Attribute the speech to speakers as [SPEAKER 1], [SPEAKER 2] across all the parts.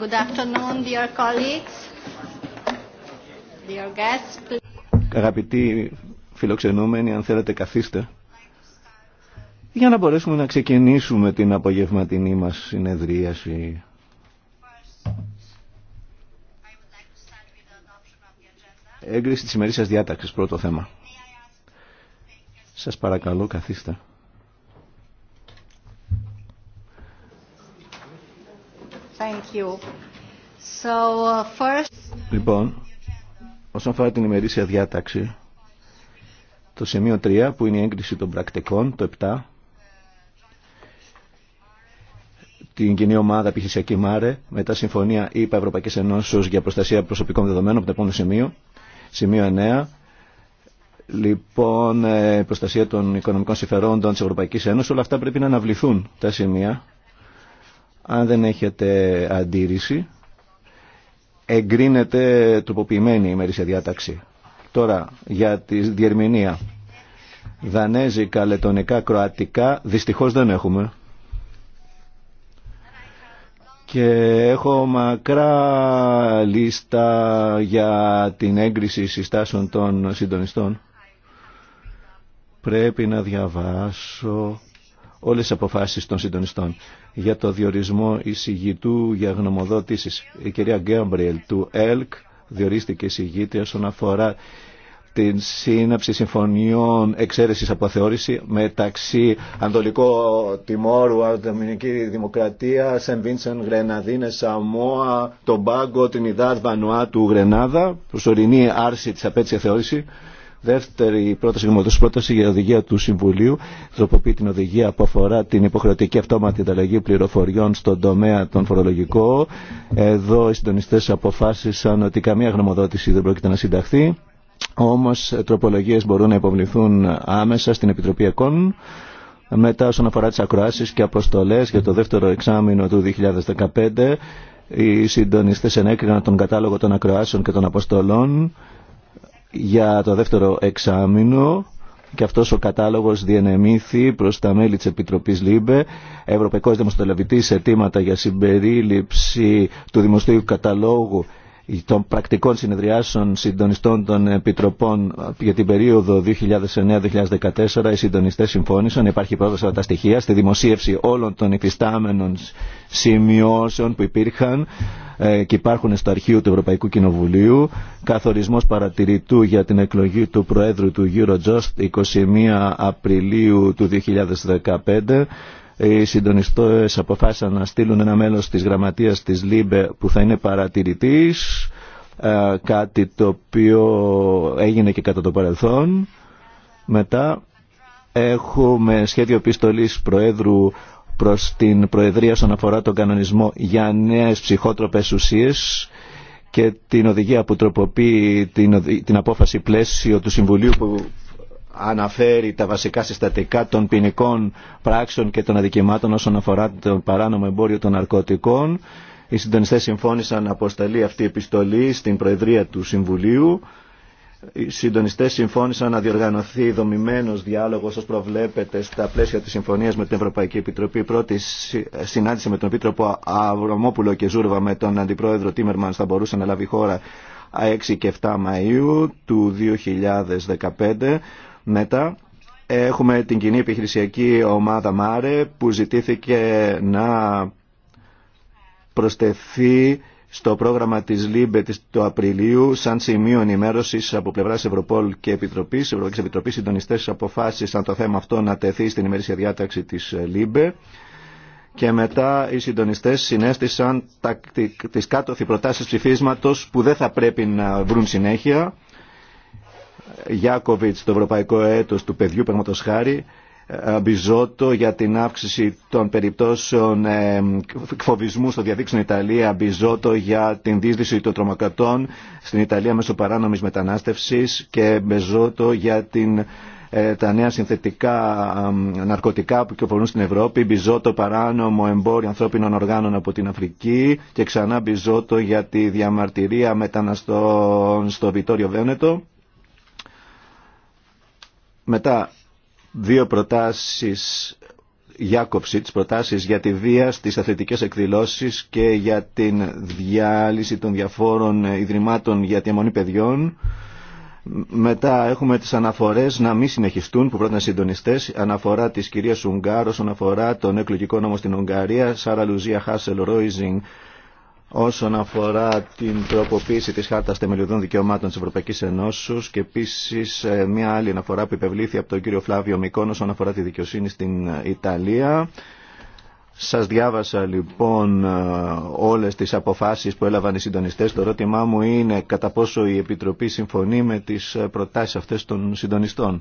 [SPEAKER 1] Good afternoon, dear colleagues, dear guests.
[SPEAKER 2] Αγαπητοί φιλοξενούμενοι, αν θέλετε καθίστε. Για να μπορέσουμε να ξεκινήσουμε την απογευματινή μας συνεδρίαση. Έγκριση της σας διάταξης, πρώτο θέμα. Σας παρακαλώ καθίστε.
[SPEAKER 3] Uh,
[SPEAKER 2] λοιπόν, όσον αφορά την ημερήσια διάταξη, το σημείο 3 που είναι η έγκριση των πρακτικών, το 7, την κοινή ομάδα επιχειρησιακή ΜΑΡΕ, μετά συμφωνία ΕΠΑ Ευρωπαϊκής Ενώσεως για προστασία προσωπικών δεδομένων από το επόμενο σημείο, σημείο 9, Λοιπόν, ε, προστασία των οικονομικών συμφερόντων τη Ευρωπαϊκή Ένωση, όλα αυτά πρέπει να αναβληθούν τα σημεία αν δεν έχετε αντίρρηση, εγκρίνεται τροποποιημένη η ημερήσια διάταξη. Τώρα, για τη διερμηνία. Δανέζικα, λετονικά, κροατικά, δυστυχώς δεν έχουμε. Και έχω μακρά λίστα για την έγκριση συστάσεων των συντονιστών. Πρέπει να διαβάσω όλες τις αποφάσεις των συντονιστών. Για το διορισμό εισηγητού για γνωμοδότησης, η κυρία Γκέμπριελ του ΕΛΚ διορίστηκε εισηγήτρια όσον αφορά την σύναψη συμφωνιών από θεώρηση μεταξύ αντολικό Τιμόρου, Αντομινική Δημοκρατία, Σεν Βίνσεν Γρεναδίνε, Σαμόα, τον Μπάγκο, την Ιδάδ Βανουά του Γρενάδα, προσωρινή άρση τη απέτσια θεώρηση. Δεύτερη πρόταση γνωμοδότηση, πρόταση για οδηγία του Συμβουλίου, τροποποιεί την οδηγία που αφορά την υποχρεωτική αυτόματη ανταλλαγή πληροφοριών στον τομέα των φορολογικών. Εδώ οι συντονιστέ αποφάσισαν ότι καμία γνωμοδότηση δεν πρόκειται να συνταχθεί. Όμω τροπολογίε μπορούν να υποβληθούν άμεσα στην Επιτροπή ΕΚΟΝ. Μετά, όσον αφορά τι ακροάσει και αποστολέ για το δεύτερο εξάμεινο του 2015, οι συντονιστές ενέκριναν τον κατάλογο των ακροάσεων και των αποστολών για το δεύτερο εξάμεινο και αυτός ο κατάλογος διενεμήθη προς τα μέλη της Επιτροπής ΛΥΜΠΕ, Ευρωπαϊκός σε αιτήματα για συμπερίληψη του δημοσίου καταλόγου των πρακτικών συνεδριάσεων συντονιστών των επιτροπών για την περίοδο 2009-2014 οι συντονιστές συμφώνησαν, υπάρχει πρόταση από τα στοιχεία, στη δημοσίευση όλων των υφιστάμενων σημειώσεων που υπήρχαν ε, και υπάρχουν στο αρχείο του Ευρωπαϊκού Κοινοβουλίου. Καθορισμός παρατηρητού για την εκλογή του Προέδρου του Eurojust 21 Απριλίου του 2015. Οι συντονιστές αποφάσισαν να στείλουν ένα μέλος της γραμματείας της ΛΥΜΠΕ που θα είναι παρατηρητής, ε, κάτι το οποίο έγινε και κατά το παρελθόν. Μετά έχουμε σχέδιο επιστολής Προέδρου προς την Προεδρία όσον αφορά τον κανονισμό για νέες ψυχότροπες ουσίες και την οδηγία που τροποποιεί την, απόφαση πλαίσιο του Συμβουλίου που αναφέρει τα βασικά συστατικά των ποινικών πράξεων και των αδικημάτων όσον αφορά το παράνομο εμπόριο των ναρκωτικών. Οι συντονιστές συμφώνησαν να αποσταλεί αυτή η επιστολή στην Προεδρία του Συμβουλίου οι συντονιστέ συμφώνησαν να διοργανωθεί δομημένο διάλογο όπω προβλέπεται στα πλαίσια τη συμφωνία με την Ευρωπαϊκή Επιτροπή. Η πρώτη συνάντηση με τον Επίτροπο Αβρομόπουλο και Ζούρβα με τον Αντιπρόεδρο Τίμερμαν θα μπορούσε να λάβει χώρα 6 και 7 Μαΐου του 2015. Μετά έχουμε την κοινή επιχειρησιακή ομάδα ΜΑΡΕ που ζητήθηκε να προσθεθεί στο πρόγραμμα της ΛΥΜΠΕ του Απριλίου σαν σημείο ενημέρωση από πλευρά Ευρωπόλ και Επιτροπής, οι συντονιστέ συντονιστές αποφάσισαν το θέμα αυτό να τεθεί στην ημερήσια διάταξη της ε, ΛΥΜΠΕ και μετά οι συντονιστέ συνέστησαν τι τις κάτωθι προτάσεις ψηφίσματος που δεν θα πρέπει να βρουν συνέχεια. Γιακοβιτ, το Ευρωπαϊκό Έτο του Παιδιού, χάρη, ε, μπιζότο για την αύξηση των περιπτώσεων ε, φοβισμού στο διαδίκτυο στην Ιταλία, Μπιζότο για την δίσδυση των τρομοκρατών στην Ιταλία μέσω παράνομη μετανάστευση και Μπιζότο για την ε, τα νέα συνθετικά ναρκωτικά που κυκλοφορούν στην Ευρώπη, μπιζότο παράνομο εμπόριο ανθρώπινων οργάνων από την Αφρική και ξανά μπιζότο για τη διαμαρτυρία μεταναστών στο Βιτόριο Βένετο. Μετά δύο προτάσεις Γιάκοψη, τις προτάσεις για τη βία στις αθλητικές εκδηλώσεις και για την διάλυση των διαφόρων ιδρυμάτων για τη αιμονή παιδιών. Μετά έχουμε τις αναφορές να μην συνεχιστούν που πρότειναν συντονιστέ. Αναφορά της κυρίας Ουγγάρος, αναφορά τον εκλογικό νόμο στην Ουγγαρία, Σάρα Λουζία Χάσελ Ρόιζινγκ όσον αφορά την τροποποίηση της Χάρτας Θεμελιωδών Δικαιωμάτων της Ευρωπαϊκής Ενώσεως και επίσης ε, μια άλλη αναφορά που υπευλήθη από τον κύριο Φλάβιο Μικόν όσον αφορά τη δικαιοσύνη στην ε, Ιταλία. Σας διάβασα λοιπόν ε, όλες τις αποφάσεις που έλαβαν οι συντονιστές. Το ερώτημά μου είναι κατά πόσο η Επιτροπή συμφωνεί με τις προτάσεις αυτές των συντονιστών.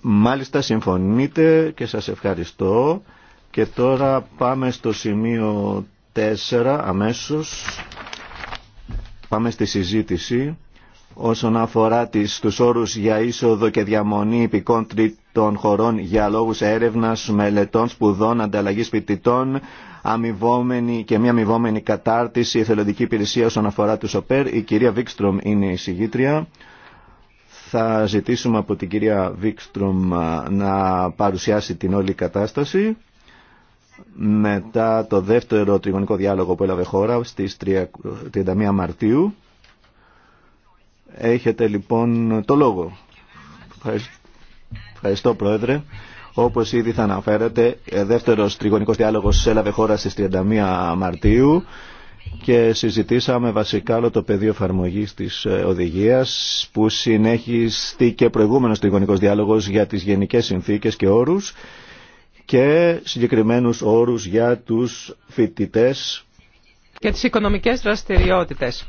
[SPEAKER 2] Μάλιστα συμφωνείτε και σας ευχαριστώ. Και τώρα πάμε στο σημείο τέσσερα αμέσως πάμε στη συζήτηση όσον αφορά τις, τους όρους για είσοδο και διαμονή υπηκών τρίτων χωρών για λόγους έρευνας, μελετών, σπουδών, ανταλλαγής σπιτιτών αμοιβόμενη και μια αμοιβόμενη κατάρτιση, εθελοντική υπηρεσία όσον αφορά τους ΟΠΕΡ. Η κυρία Βίκστρομ είναι η συγγήτρια. Θα ζητήσουμε από την κυρία Βίκστρομ ε, να παρουσιάσει την όλη κατάσταση μετά το δεύτερο τριγωνικό διάλογο που έλαβε χώρα στις 31 Μαρτίου. Έχετε λοιπόν το λόγο. Ευχαριστώ Πρόεδρε. Όπως ήδη θα αναφέρατε, ε, δεύτερος τριγωνικός διάλογος έλαβε χώρα στις 31 Μαρτίου και συζητήσαμε βασικά όλο το πεδίο εφαρμογή τη ε, οδηγία που συνέχιστηκε προηγούμενο τριγωνικός διάλογος για τι γενικέ συνθήκε και όρου και συγκεκριμένους όρους για τους φοιτητές
[SPEAKER 4] και τις οικονομικές δραστηριότητες.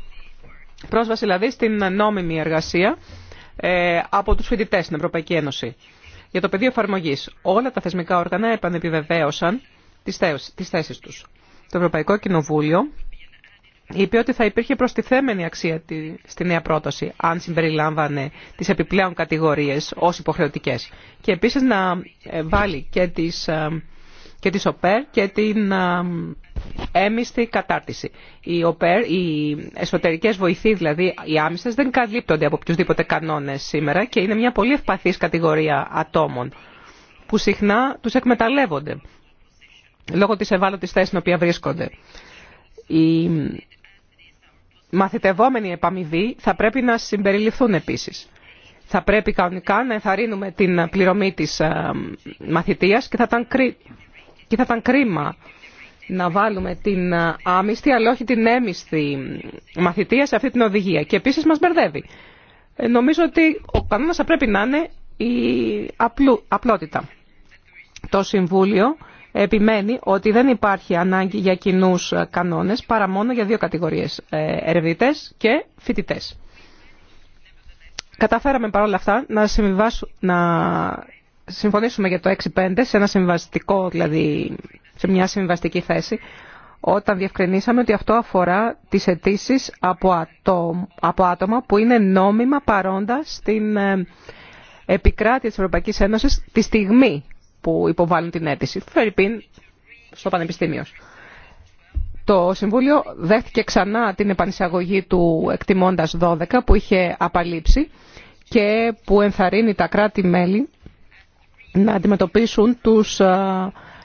[SPEAKER 4] Πρόσβαση δηλαδή στην νόμιμη εργασία ε, από τους φοιτητές στην Ευρωπαϊκή Ένωση. Για το πεδίο εφαρμογή, όλα τα θεσμικά όργανα επανεπιβεβαίωσαν τις θέσεις τους. Το Ευρωπαϊκό Κοινοβούλιο είπε ότι θα υπήρχε προστιθέμενη αξία στη νέα πρόταση αν συμπεριλάμβανε τις επιπλέον κατηγορίες ως υποχρεωτικές και επίσης να ε, βάλει και τις, ε, και τις ΟΠΕΡ και την ε, έμιστη κατάρτιση. Οι ΟΠΕΡ, οι εσωτερικές βοηθοί δηλαδή οι άμυστες δεν καλύπτονται από οποιουσδήποτε κανόνες σήμερα και είναι μια πολύ ευπαθής κατηγορία ατόμων που συχνά τους εκμεταλλεύονται λόγω της ευάλωτης θέσης στην οποία βρίσκονται. Η μαθητευόμενοι επαμοιβοί θα πρέπει να συμπεριληφθούν επίσης. Θα πρέπει κανονικά να ενθαρρύνουμε την πληρωμή της ε, μαθητείας και
[SPEAKER 1] θα
[SPEAKER 4] ήταν, κρίμα να βάλουμε την ε, άμυστη αλλά όχι την έμυστη μαθητεία σε αυτή την οδηγία. Και επίσης μας μπερδεύει. Ε, νομίζω ότι ο κανόνας θα πρέπει να είναι η απλού... απλότητα. Το Συμβούλιο επιμένει ότι δεν υπάρχει ανάγκη για κοινού ε, κανόνες παρά μόνο για δύο κατηγορίες, ε, ερευνητέ και φοιτητέ. Καταφέραμε παρόλα αυτά να, να συμφωνήσουμε για το 6-5 σε ένα δηλαδή σε μια συμβαστική θέση, όταν διευκρινίσαμε ότι αυτό αφορά τις αιτήσει από, από άτομα που είναι νόμιμα παρόντα στην ε, επικράτεια της Ευρωπαϊκής Ένωσης τη στιγμή που υποβάλλουν την αίτηση. Φερρυπίν στο Πανεπιστήμιο. Το Συμβούλιο δέχτηκε ξανά την επανεισαγωγή του εκτιμώντας 12 που είχε απαλείψει και που ενθαρρύνει τα κράτη-μέλη να αντιμετωπίσουν τους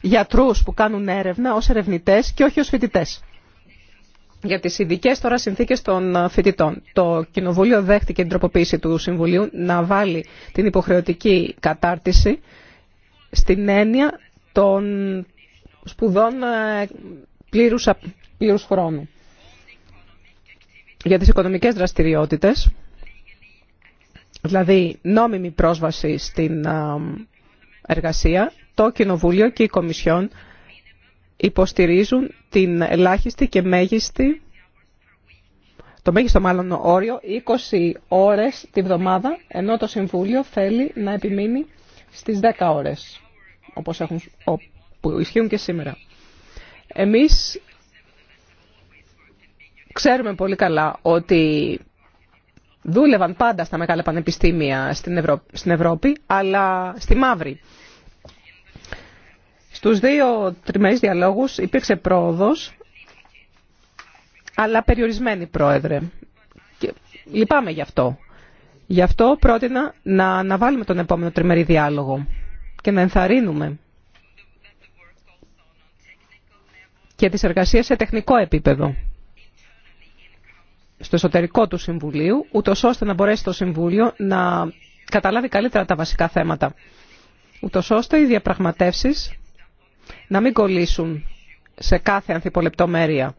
[SPEAKER 4] γιατρούς που κάνουν έρευνα ως ερευνητές και όχι ως φοιτητές. Για τις ειδικέ τώρα συνθήκες των φοιτητών. Το Κοινοβούλιο δέχτηκε την τροποποίηση του Συμβουλίου να βάλει την υποχρεωτική κατάρτιση στην έννοια των σπουδών ε, πλήρους, πλήρους χρόνου. Για τις οικονομικές δραστηριότητες, δηλαδή νόμιμη πρόσβαση στην ε, εργασία, το Κοινοβούλιο και η Κομισιόν υποστηρίζουν την ελάχιστη και μέγιστη, το μέγιστο μάλλον όριο, 20 ώρες τη βδομάδα, ενώ το Συμβούλιο θέλει να επιμείνει στις 10 ώρες, όπως έχουν, που ισχύουν και σήμερα. Εμείς ξέρουμε πολύ καλά ότι δούλευαν πάντα στα μεγάλα πανεπιστήμια στην, στην Ευρώπη, αλλά στη μαύρη. Στους δύο τριμερείς διαλόγους υπήρξε πρόοδος, αλλά περιορισμένη πρόεδρε. Και λυπάμαι γι' αυτό. Γι' αυτό πρότεινα να αναβάλουμε τον επόμενο τριμερή διάλογο και να ενθαρρύνουμε και τις εργασίες σε τεχνικό επίπεδο στο εσωτερικό του Συμβουλίου, ούτω ώστε να μπορέσει το Συμβούλιο να καταλάβει καλύτερα τα βασικά θέματα. Ούτω ώστε οι διαπραγματεύσεις να μην κολλήσουν σε κάθε ανθιπολεπτομέρεια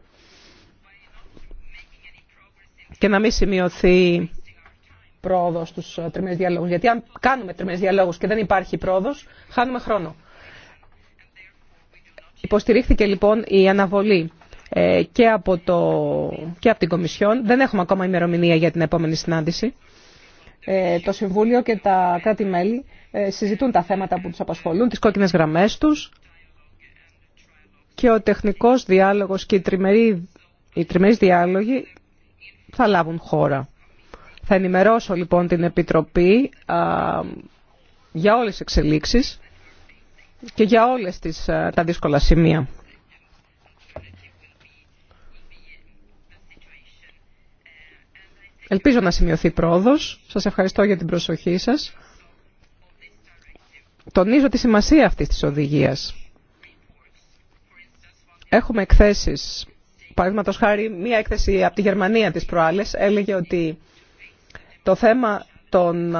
[SPEAKER 4] και να μην σημειωθεί πρόοδο στου ε, τριμμένους διαλόγου. Γιατί αν κάνουμε τριμμένους διαλόγου και δεν υπάρχει πρόοδο, χάνουμε χρόνο. Υποστηρίχθηκε λοιπόν η αναβολή ε, και, από το, και από την Κομισιόν. Δεν έχουμε ακόμα ημερομηνία για την επόμενη συνάντηση. Ε, το Συμβούλιο και τα κράτη-μέλη συζητούν τα θέματα που τους απασχολούν, τις κόκκινε γραμμές τους και ο τεχνικός διάλογος και οι τριμερείς διάλογοι θα λάβουν χώρα. Θα ενημερώσω λοιπόν την Επιτροπή για όλες τις εξελίξεις και για όλες τις, τα δύσκολα σημεία. Ελπίζω να σημειωθεί πρόοδος. Σας ευχαριστώ για την προσοχή σας. Τονίζω τη σημασία αυτής της οδηγίας. Έχουμε εκθέσεις. Παραδείγματο χάρη, μία έκθεση από τη Γερμανία της προάλλες έλεγε ότι το θέμα των,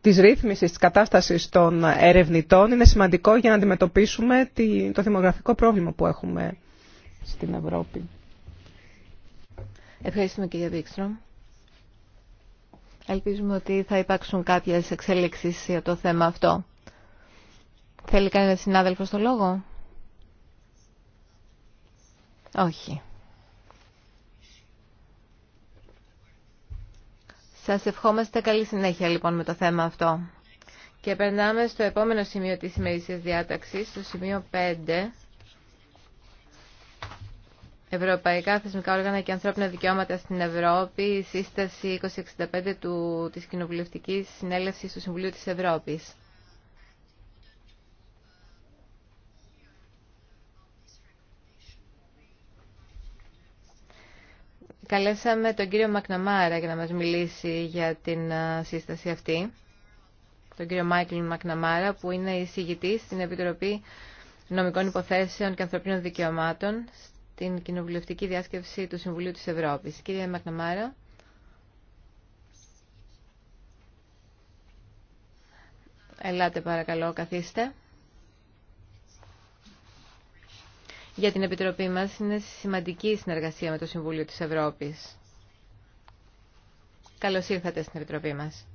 [SPEAKER 4] της ρύθμισης της κατάστασης των ερευνητών είναι σημαντικό για να αντιμετωπίσουμε το δημογραφικό πρόβλημα που έχουμε στην Ευρώπη.
[SPEAKER 3] Ευχαριστούμε κύριε Βίξτρο. Ελπίζουμε ότι θα υπάρξουν κάποιες εξέλιξεις για το θέμα αυτό. Θέλει κανένα συνάδελφος το λόγο? Όχι. Σας ευχόμαστε καλή συνέχεια λοιπόν με το θέμα αυτό. Και περνάμε στο επόμενο σημείο της ημερήσιας διάταξης, στο σημείο 5. Ευρωπαϊκά θεσμικά όργανα και ανθρώπινα δικαιώματα στην Ευρώπη, σύσταση 2065 του, της Κοινοβουλευτικής Συνέλευσης του Συμβουλίου της Ευρώπης. Καλέσαμε τον κύριο Μακναμάρα για να μας μιλήσει για την σύσταση αυτή. Τον κύριο Μάικλ Μακναμάρα που είναι εισηγητής στην Επιτροπή Νομικών Υποθέσεων και Ανθρωπίνων Δικαιωμάτων στην Κοινοβουλευτική Διάσκευση του Συμβουλίου της Ευρώπης. Κύριε Μακναμάρα. Ελάτε παρακαλώ, καθίστε. Για την Επιτροπή μας είναι σημαντική η συνεργασία με το Συμβούλιο της Ευρώπης. Καλώς ήρθατε στην Επιτροπή μας.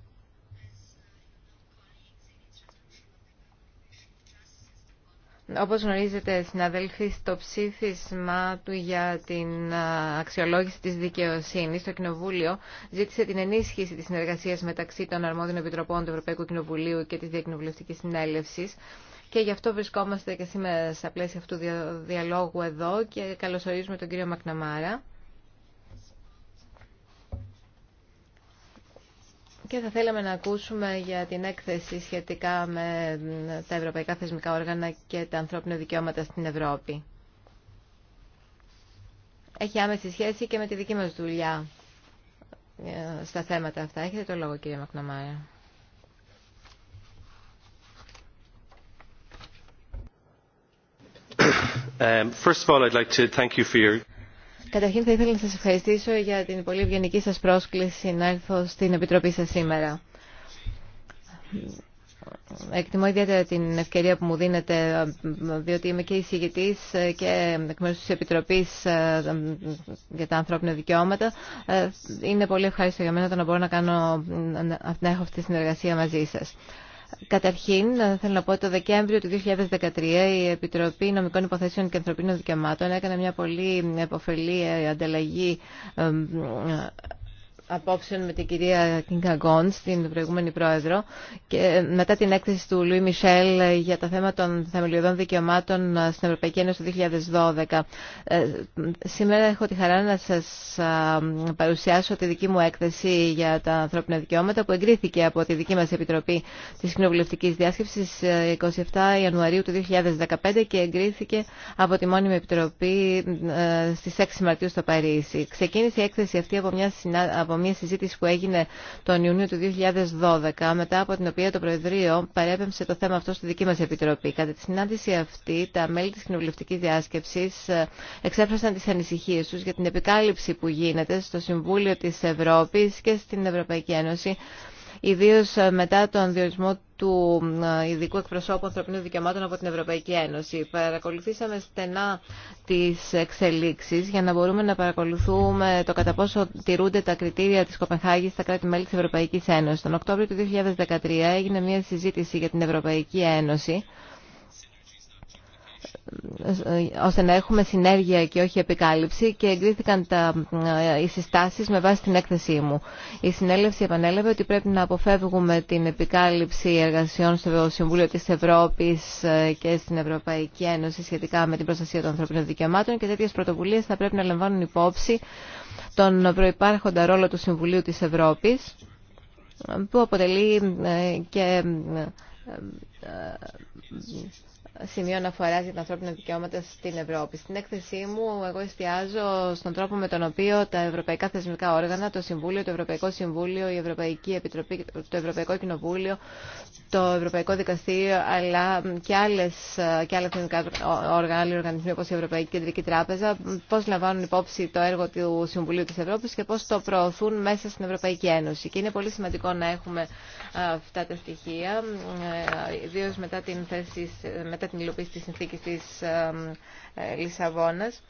[SPEAKER 3] Όπως γνωρίζετε, συναδέλφοι, στο ψήφισμα του για την αξιολόγηση της δικαιοσύνης, το Κοινοβούλιο ζήτησε την ενίσχυση της συνεργασίας μεταξύ των αρμόδιων επιτροπών του Ευρωπαϊκού Κοινοβουλίου και της Διακοινοβουλευτικής Συνέλευσης, και γι' αυτό βρισκόμαστε και σήμερα στα πλαίσια αυτού του διαλόγου εδώ και καλωσορίζουμε τον κύριο Μακναμάρα. Και θα θέλαμε να ακούσουμε για την έκθεση σχετικά με τα ευρωπαϊκά θεσμικά όργανα και τα ανθρώπινα δικαιώματα στην Ευρώπη. Έχει άμεση σχέση και με τη δική μας δουλειά ε, στα θέματα αυτά. Έχετε το λόγο κύριε Μακναμάρα.
[SPEAKER 1] Um, first of
[SPEAKER 3] Καταρχήν θα ήθελα να σας ευχαριστήσω για την πολύ ευγενική σας πρόσκληση να έρθω στην Επιτροπή σας σήμερα. Εκτιμώ ιδιαίτερα την ευκαιρία που μου δίνετε, διότι είμαι και εισηγητής και εκ μέρους της Επιτροπής ε, για τα ανθρώπινα δικαιώματα. Ε, είναι πολύ ευχάριστο για μένα το να μπορώ να, κάνω, να έχω αυτή τη συνεργασία μαζί σας. Καταρχήν, θέλω να πω ότι το Δεκέμβριο του 2013 η Επιτροπή Νομικών Υποθέσεων και Ανθρωπίνων Δικαιωμάτων έκανε μια πολύ επωφελή ε, ανταλλαγή απόψεων με την κυρία Κίνκα Γκόν, την προηγούμενη πρόεδρο, και μετά την έκθεση του Λουί Μισελ για τα θέματα των θεμελιωδών δικαιωμάτων στην Ευρωπαϊκή Ένωση το 2012. Ε, σήμερα έχω τη χαρά να σας παρουσιάσω τη δική μου έκθεση για τα ανθρώπινα δικαιώματα που εγκρίθηκε από τη δική μας Επιτροπή της Κοινοβουλευτικής Διάσκεψης 27 ε, Ιανουαρίου του 2015 και εγκρίθηκε από τη Μόνιμη Επιτροπή ε, στις 6 Μαρτίου στο Παρίσι. Ξεκίνησε η έκθεση αυτή από μια, από μια συζήτηση που έγινε τον Ιουνίο του 2012, μετά από την οποία το Προεδρείο παρέπεμψε το θέμα αυτό στη δική μα Επιτροπή. Κατά τη συνάντηση αυτή, τα μέλη τη κοινοβουλευτική διάσκεψη ε, εξέφρασαν τι ανησυχίε του για την επικάλυψη που γίνεται στο Συμβούλιο τη Ευρώπη και στην Ευρωπαϊκή Ένωση ιδίως ε, μετά τον διορισμό του ε, ειδικού εκπροσώπου ανθρωπίνων δικαιωμάτων από την Ευρωπαϊκή Ένωση. Παρακολουθήσαμε στενά τις εξελίξεις για να μπορούμε να παρακολουθούμε το κατά πόσο τηρούνται τα κριτήρια της Κοπενχάγης στα κράτη-μέλη της Ευρωπαϊκής Ένωσης. Τον Οκτώβριο του 2013 έγινε μια συζήτηση για την Ευρωπαϊκή Ένωση ώστε να έχουμε συνέργεια και όχι επικάλυψη και εγκρίθηκαν τα, ε, οι συστάσει με βάση την έκθεσή μου. Η συνέλευση επανέλαβε ότι πρέπει να αποφεύγουμε την επικάλυψη εργασιών στο Συμβούλιο της Ευρώπης ε, και στην Ευρωπαϊκή Ένωση σχετικά με την προστασία των ανθρωπίνων δικαιωμάτων και τέτοιες πρωτοβουλίες θα πρέπει να λαμβάνουν υπόψη τον προϋπάρχοντα ρόλο του Συμβουλίου της Ευρώπης που αποτελεί ε, και σημείο αναφορά για τα ανθρώπινα δικαιώματα στην Ευρώπη. Στην έκθεσή μου, εγώ εστιάζω στον τρόπο με τον οποίο τα ευρωπαϊκά θεσμικά όργανα, το Συμβούλιο, το Ευρωπαϊκό Συμβούλιο, η Ευρωπαϊκή Επιτροπή, και το Ευρωπαϊκό Κοινοβούλιο, το Ευρωπαϊκό Δικαστήριο αλλά και, άλλες, και άλλα όργανα, οργανισμοί όπως η Ευρωπαϊκή Κεντρική Τράπεζα, πώς λαμβάνουν υπόψη το έργο του Συμβουλίου της Ευρώπης και πώς το προωθούν μέσα στην Ευρωπαϊκή Ένωση. Και είναι πολύ σημαντικό να έχουμε αυτά τα στοιχεία, ιδίω μετά την, θέση, μετά την υλοποίηση της συνθήκης της ε, ε, Λισαβόνας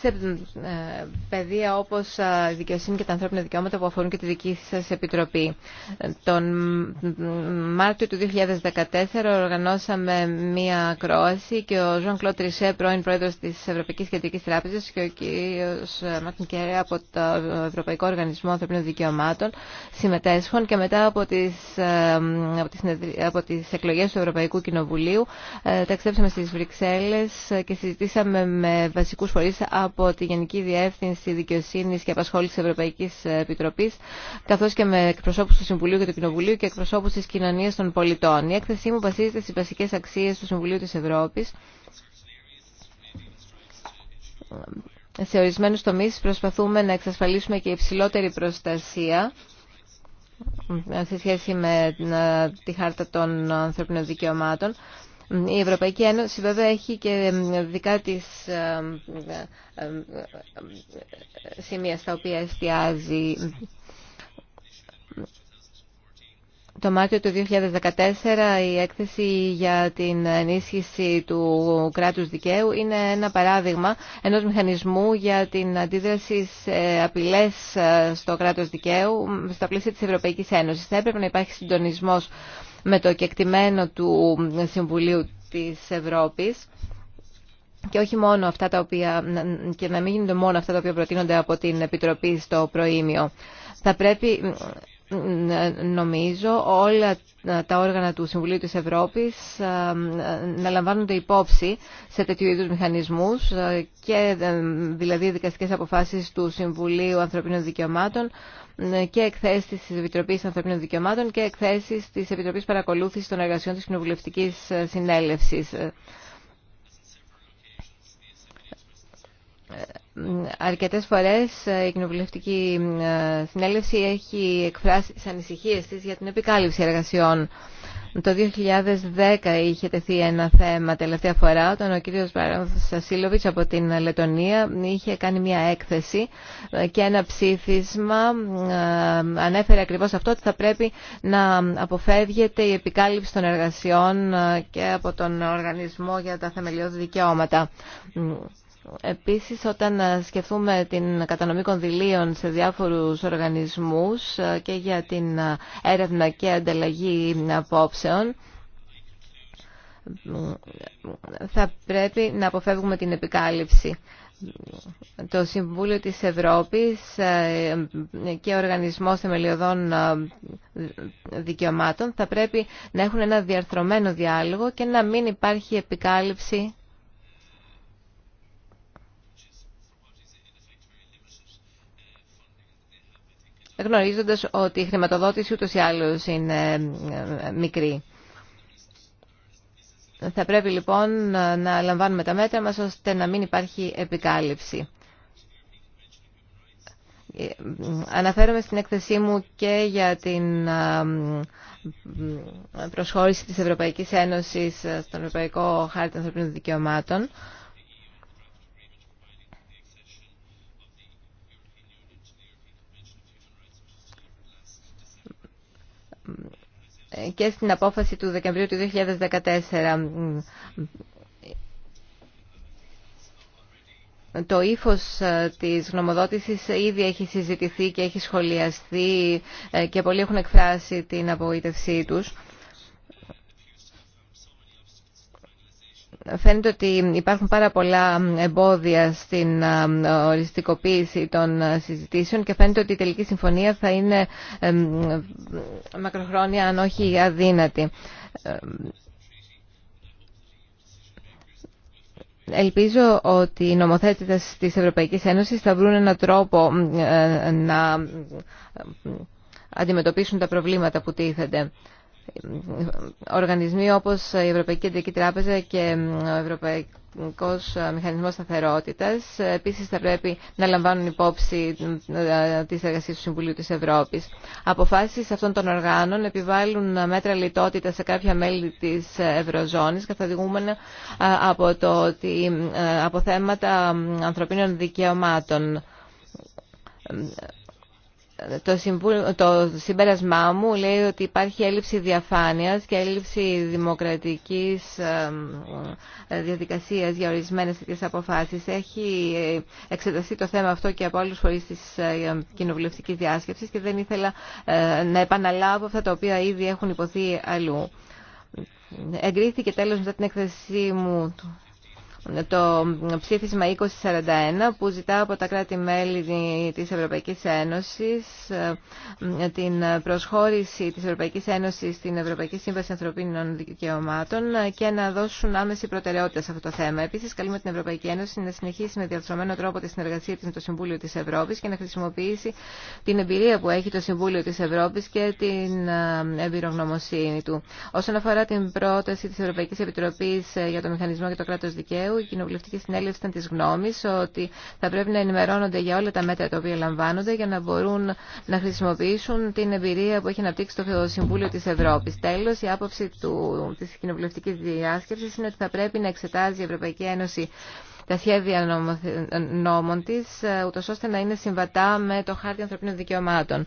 [SPEAKER 3] σε ε, παιδεία όπως η ε, δικαιοσύνη και τα ανθρώπινα δικαιώματα που αφορούν και τη δική σας επιτροπή. Τον Μάρτιο του 2014 οργανώσαμε μία κρόαση και ο Ζων Κλώτ Τρισέ, πρώην πρόεδρος της Ευρωπαϊκής Κεντρικής Τράπεζας και ο κύριος ε, Μάρτιν Κέρε από το Ευρωπαϊκό Οργανισμό Ανθρωπίνων Δικαιωμάτων συμμετέσχουν και μετά από τις, από εκλογές του Ευρωπαϊκού Κοινοβουλίου ταξιδέψαμε στις Βρυξέλλες και συζητήσαμε με βασικούς φορεί από τη Γενική Διεύθυνση Δικαιοσύνης και Απασχόλησης Ευρωπαϊκής Επιτροπής, καθώς και με εκπροσώπους του Συμβουλίου και του Κοινοβουλίου και εκπροσώπους της κοινωνίας των πολιτών. Η έκθεσή μου βασίζεται στις βασικές αξίες του Συμβουλίου της Ευρώπης, σε ορισμένου τομεί προσπαθούμε να εξασφαλίσουμε και υψηλότερη προστασία ε, σε σχέση με ε, τη Χάρτα των Ανθρωπίνων Δικαιωμάτων η Ευρωπαϊκή Ένωση βέβαια έχει και δικά της σημεία στα οποία εστιάζει. Το Μάρτιο του 2014 η έκθεση για την ενίσχυση του κράτους δικαίου είναι ένα παράδειγμα ενός μηχανισμού για την αντίδραση σε απειλές ε, στο κράτος δικαίου στα πλαίσια της Ευρωπαϊκής Ένωσης. Θα έπρεπε να υπάρχει συντονισμός με το κεκτημένο του Συμβουλίου της Ευρώπης και όχι μόνο αυτά τα οποία, και να μην γίνονται μόνο αυτά τα οποία προτείνονται από την Επιτροπή στο προήμιο. Θα πρέπει νομίζω όλα τα όργανα του Συμβουλίου της Ευρώπης ε, να λαμβάνονται υπόψη σε τέτοιου είδους μηχανισμούς ε, και ε, δηλαδή δικαστικές αποφάσεις του Συμβουλίου Ανθρωπίνων Δικαιωμάτων και εκθέσει τη Επιτροπή Ανθρωπίνων Δικαιωμάτων και εκθέσει τη επιτροπή παρακολούθηση των Εργασιών τη κοινοβουλευτική συνέλευση. αρκετές φορές ε, η Κοινοβουλευτική ε, Συνέλευση έχει εκφράσει τις ανησυχίες της για την επικάλυψη εργασιών. Το 2010 είχε τεθεί ένα θέμα τελευταία φορά όταν ο κύριος Σασίλοβιτς από την Λετωνία είχε κάνει μια έκθεση ε, και ένα ψήφισμα ανέφερε ακριβώς αυτό ότι θα πρέπει να αποφεύγεται η επικάλυψη των εργασιών και από τον Οργανισμό για τα Θεμελιώδη Δικαιώματα. Επίσης, όταν ε, σκεφτούμε την κατανομή κονδυλίων σε διάφορους οργανισμούς ε, και για την ε, έρευνα και ανταλλαγή απόψεων, θα πρέπει να αποφεύγουμε την επικάλυψη. Το Συμβούλιο της Ευρώπης και ο Οργανισμός Θεμελιωδών Δικαιωμάτων θα πρέπει να έχουν ένα διαρθρωμένο διάλογο και να μην υπάρχει επικάλυψη γνωρίζοντας ότι η χρηματοδότηση ούτως ή άλλως είναι ε, μικρή. Θα πρέπει λοιπόν να λαμβάνουμε τα μέτρα μας ώστε να μην υπάρχει επικάλυψη. Ε, αναφέρομαι στην έκθεσή μου και για την ε, προσχώρηση της Ευρωπαϊκής Ένωσης στον Ευρωπαϊκό Χάρτη Ανθρωπίνων Δικαιωμάτων και στην απόφαση του Δεκεμβρίου του 2014 Το ύφος ε, της γνωμοδότησης ήδη έχει συζητηθεί και έχει σχολιαστεί ε, και πολλοί έχουν εκφράσει την απογοήτευσή τους. Φαίνεται ότι υπάρχουν πάρα πολλά εμπόδια στην ε, οριστικοποίηση των ε, συζητήσεων και φαίνεται ότι η τελική συμφωνία θα είναι ε, μακροχρόνια αν όχι αδύνατη. Ελπίζω ότι οι νομοθέτες της Ευρωπαϊκής Ένωσης θα βρουν έναν τρόπο να αντιμετωπίσουν τα προβλήματα που τίθενται οργανισμοί όπως η Ευρωπαϊκή Κεντρική Τράπεζα και ο Ευρωπαϊκός Μηχανισμός Σταθερότητας επίσης θα πρέπει να λαμβάνουν υπόψη ε, τις εργασίες του Συμβουλίου της Ευρώπης. Αποφάσεις αυτών των οργάνων επιβάλλουν μέτρα λιτότητα σε κάποια μέλη της Ευρωζώνης καθοδηγούμενα ε, από, το ότι, ε, από θέματα ανθρωπίνων δικαιωμάτων το, το συμπέρασμά μου λέει ότι υπάρχει έλλειψη διαφάνειας και έλλειψη δημοκρατικής διαδικασίας για ορισμένες τέτοιες αποφάσεις. Έχει ε, εξεταστεί το θέμα αυτό και από άλλους φορείς της ε, κοινοβουλευτικής διάσκεψης και δεν ήθελα ε, να επαναλάβω αυτά τα οποία ήδη έχουν υποθεί αλλού. Εγκρίθηκε τέλος μετά την έκθεσή μου το ψήφισμα 2041 που ζητά από τα κράτη-μέλη της Ευρωπαϊκής Ένωσης ε, την προσχώρηση της Ευρωπαϊκής Ένωσης στην Ευρωπαϊκή Σύμβαση Ανθρωπίνων Δικαιωμάτων και να δώσουν άμεση προτεραιότητα σε αυτό το θέμα. Επίσης, καλούμε την Ευρωπαϊκή Ένωση να συνεχίσει με διαρθρωμένο τρόπο τη συνεργασία της με το Συμβούλιο της Ευρώπης και να χρησιμοποιήσει την εμπειρία που έχει το Συμβούλιο της Ευρώπης και την ε, εμπειρογνωμοσύνη του. Όσον αφορά την πρόταση της Ευρωπαϊκής Επιτροπής ε, για το Μηχανισμό και το Κράτος Δικαίου, η Κοινοβουλευτική Συνέλευση ήταν τη γνώμη ότι θα πρέπει να ενημερώνονται για όλα τα μέτρα τα οποία λαμβάνονται για να μπορούν να χρησιμοποιήσουν την εμπειρία που έχει αναπτύξει το Συμβούλιο τη Ευρώπη. Τέλο, η άποψη τη Κοινοβουλευτική Διάσκεψη είναι ότι θα πρέπει να εξετάζει η Ευρωπαϊκή Ένωση τα σχέδια νόμων της, ε, ούτως ώστε να είναι συμβατά με το χάρτη ανθρωπίνων δικαιωμάτων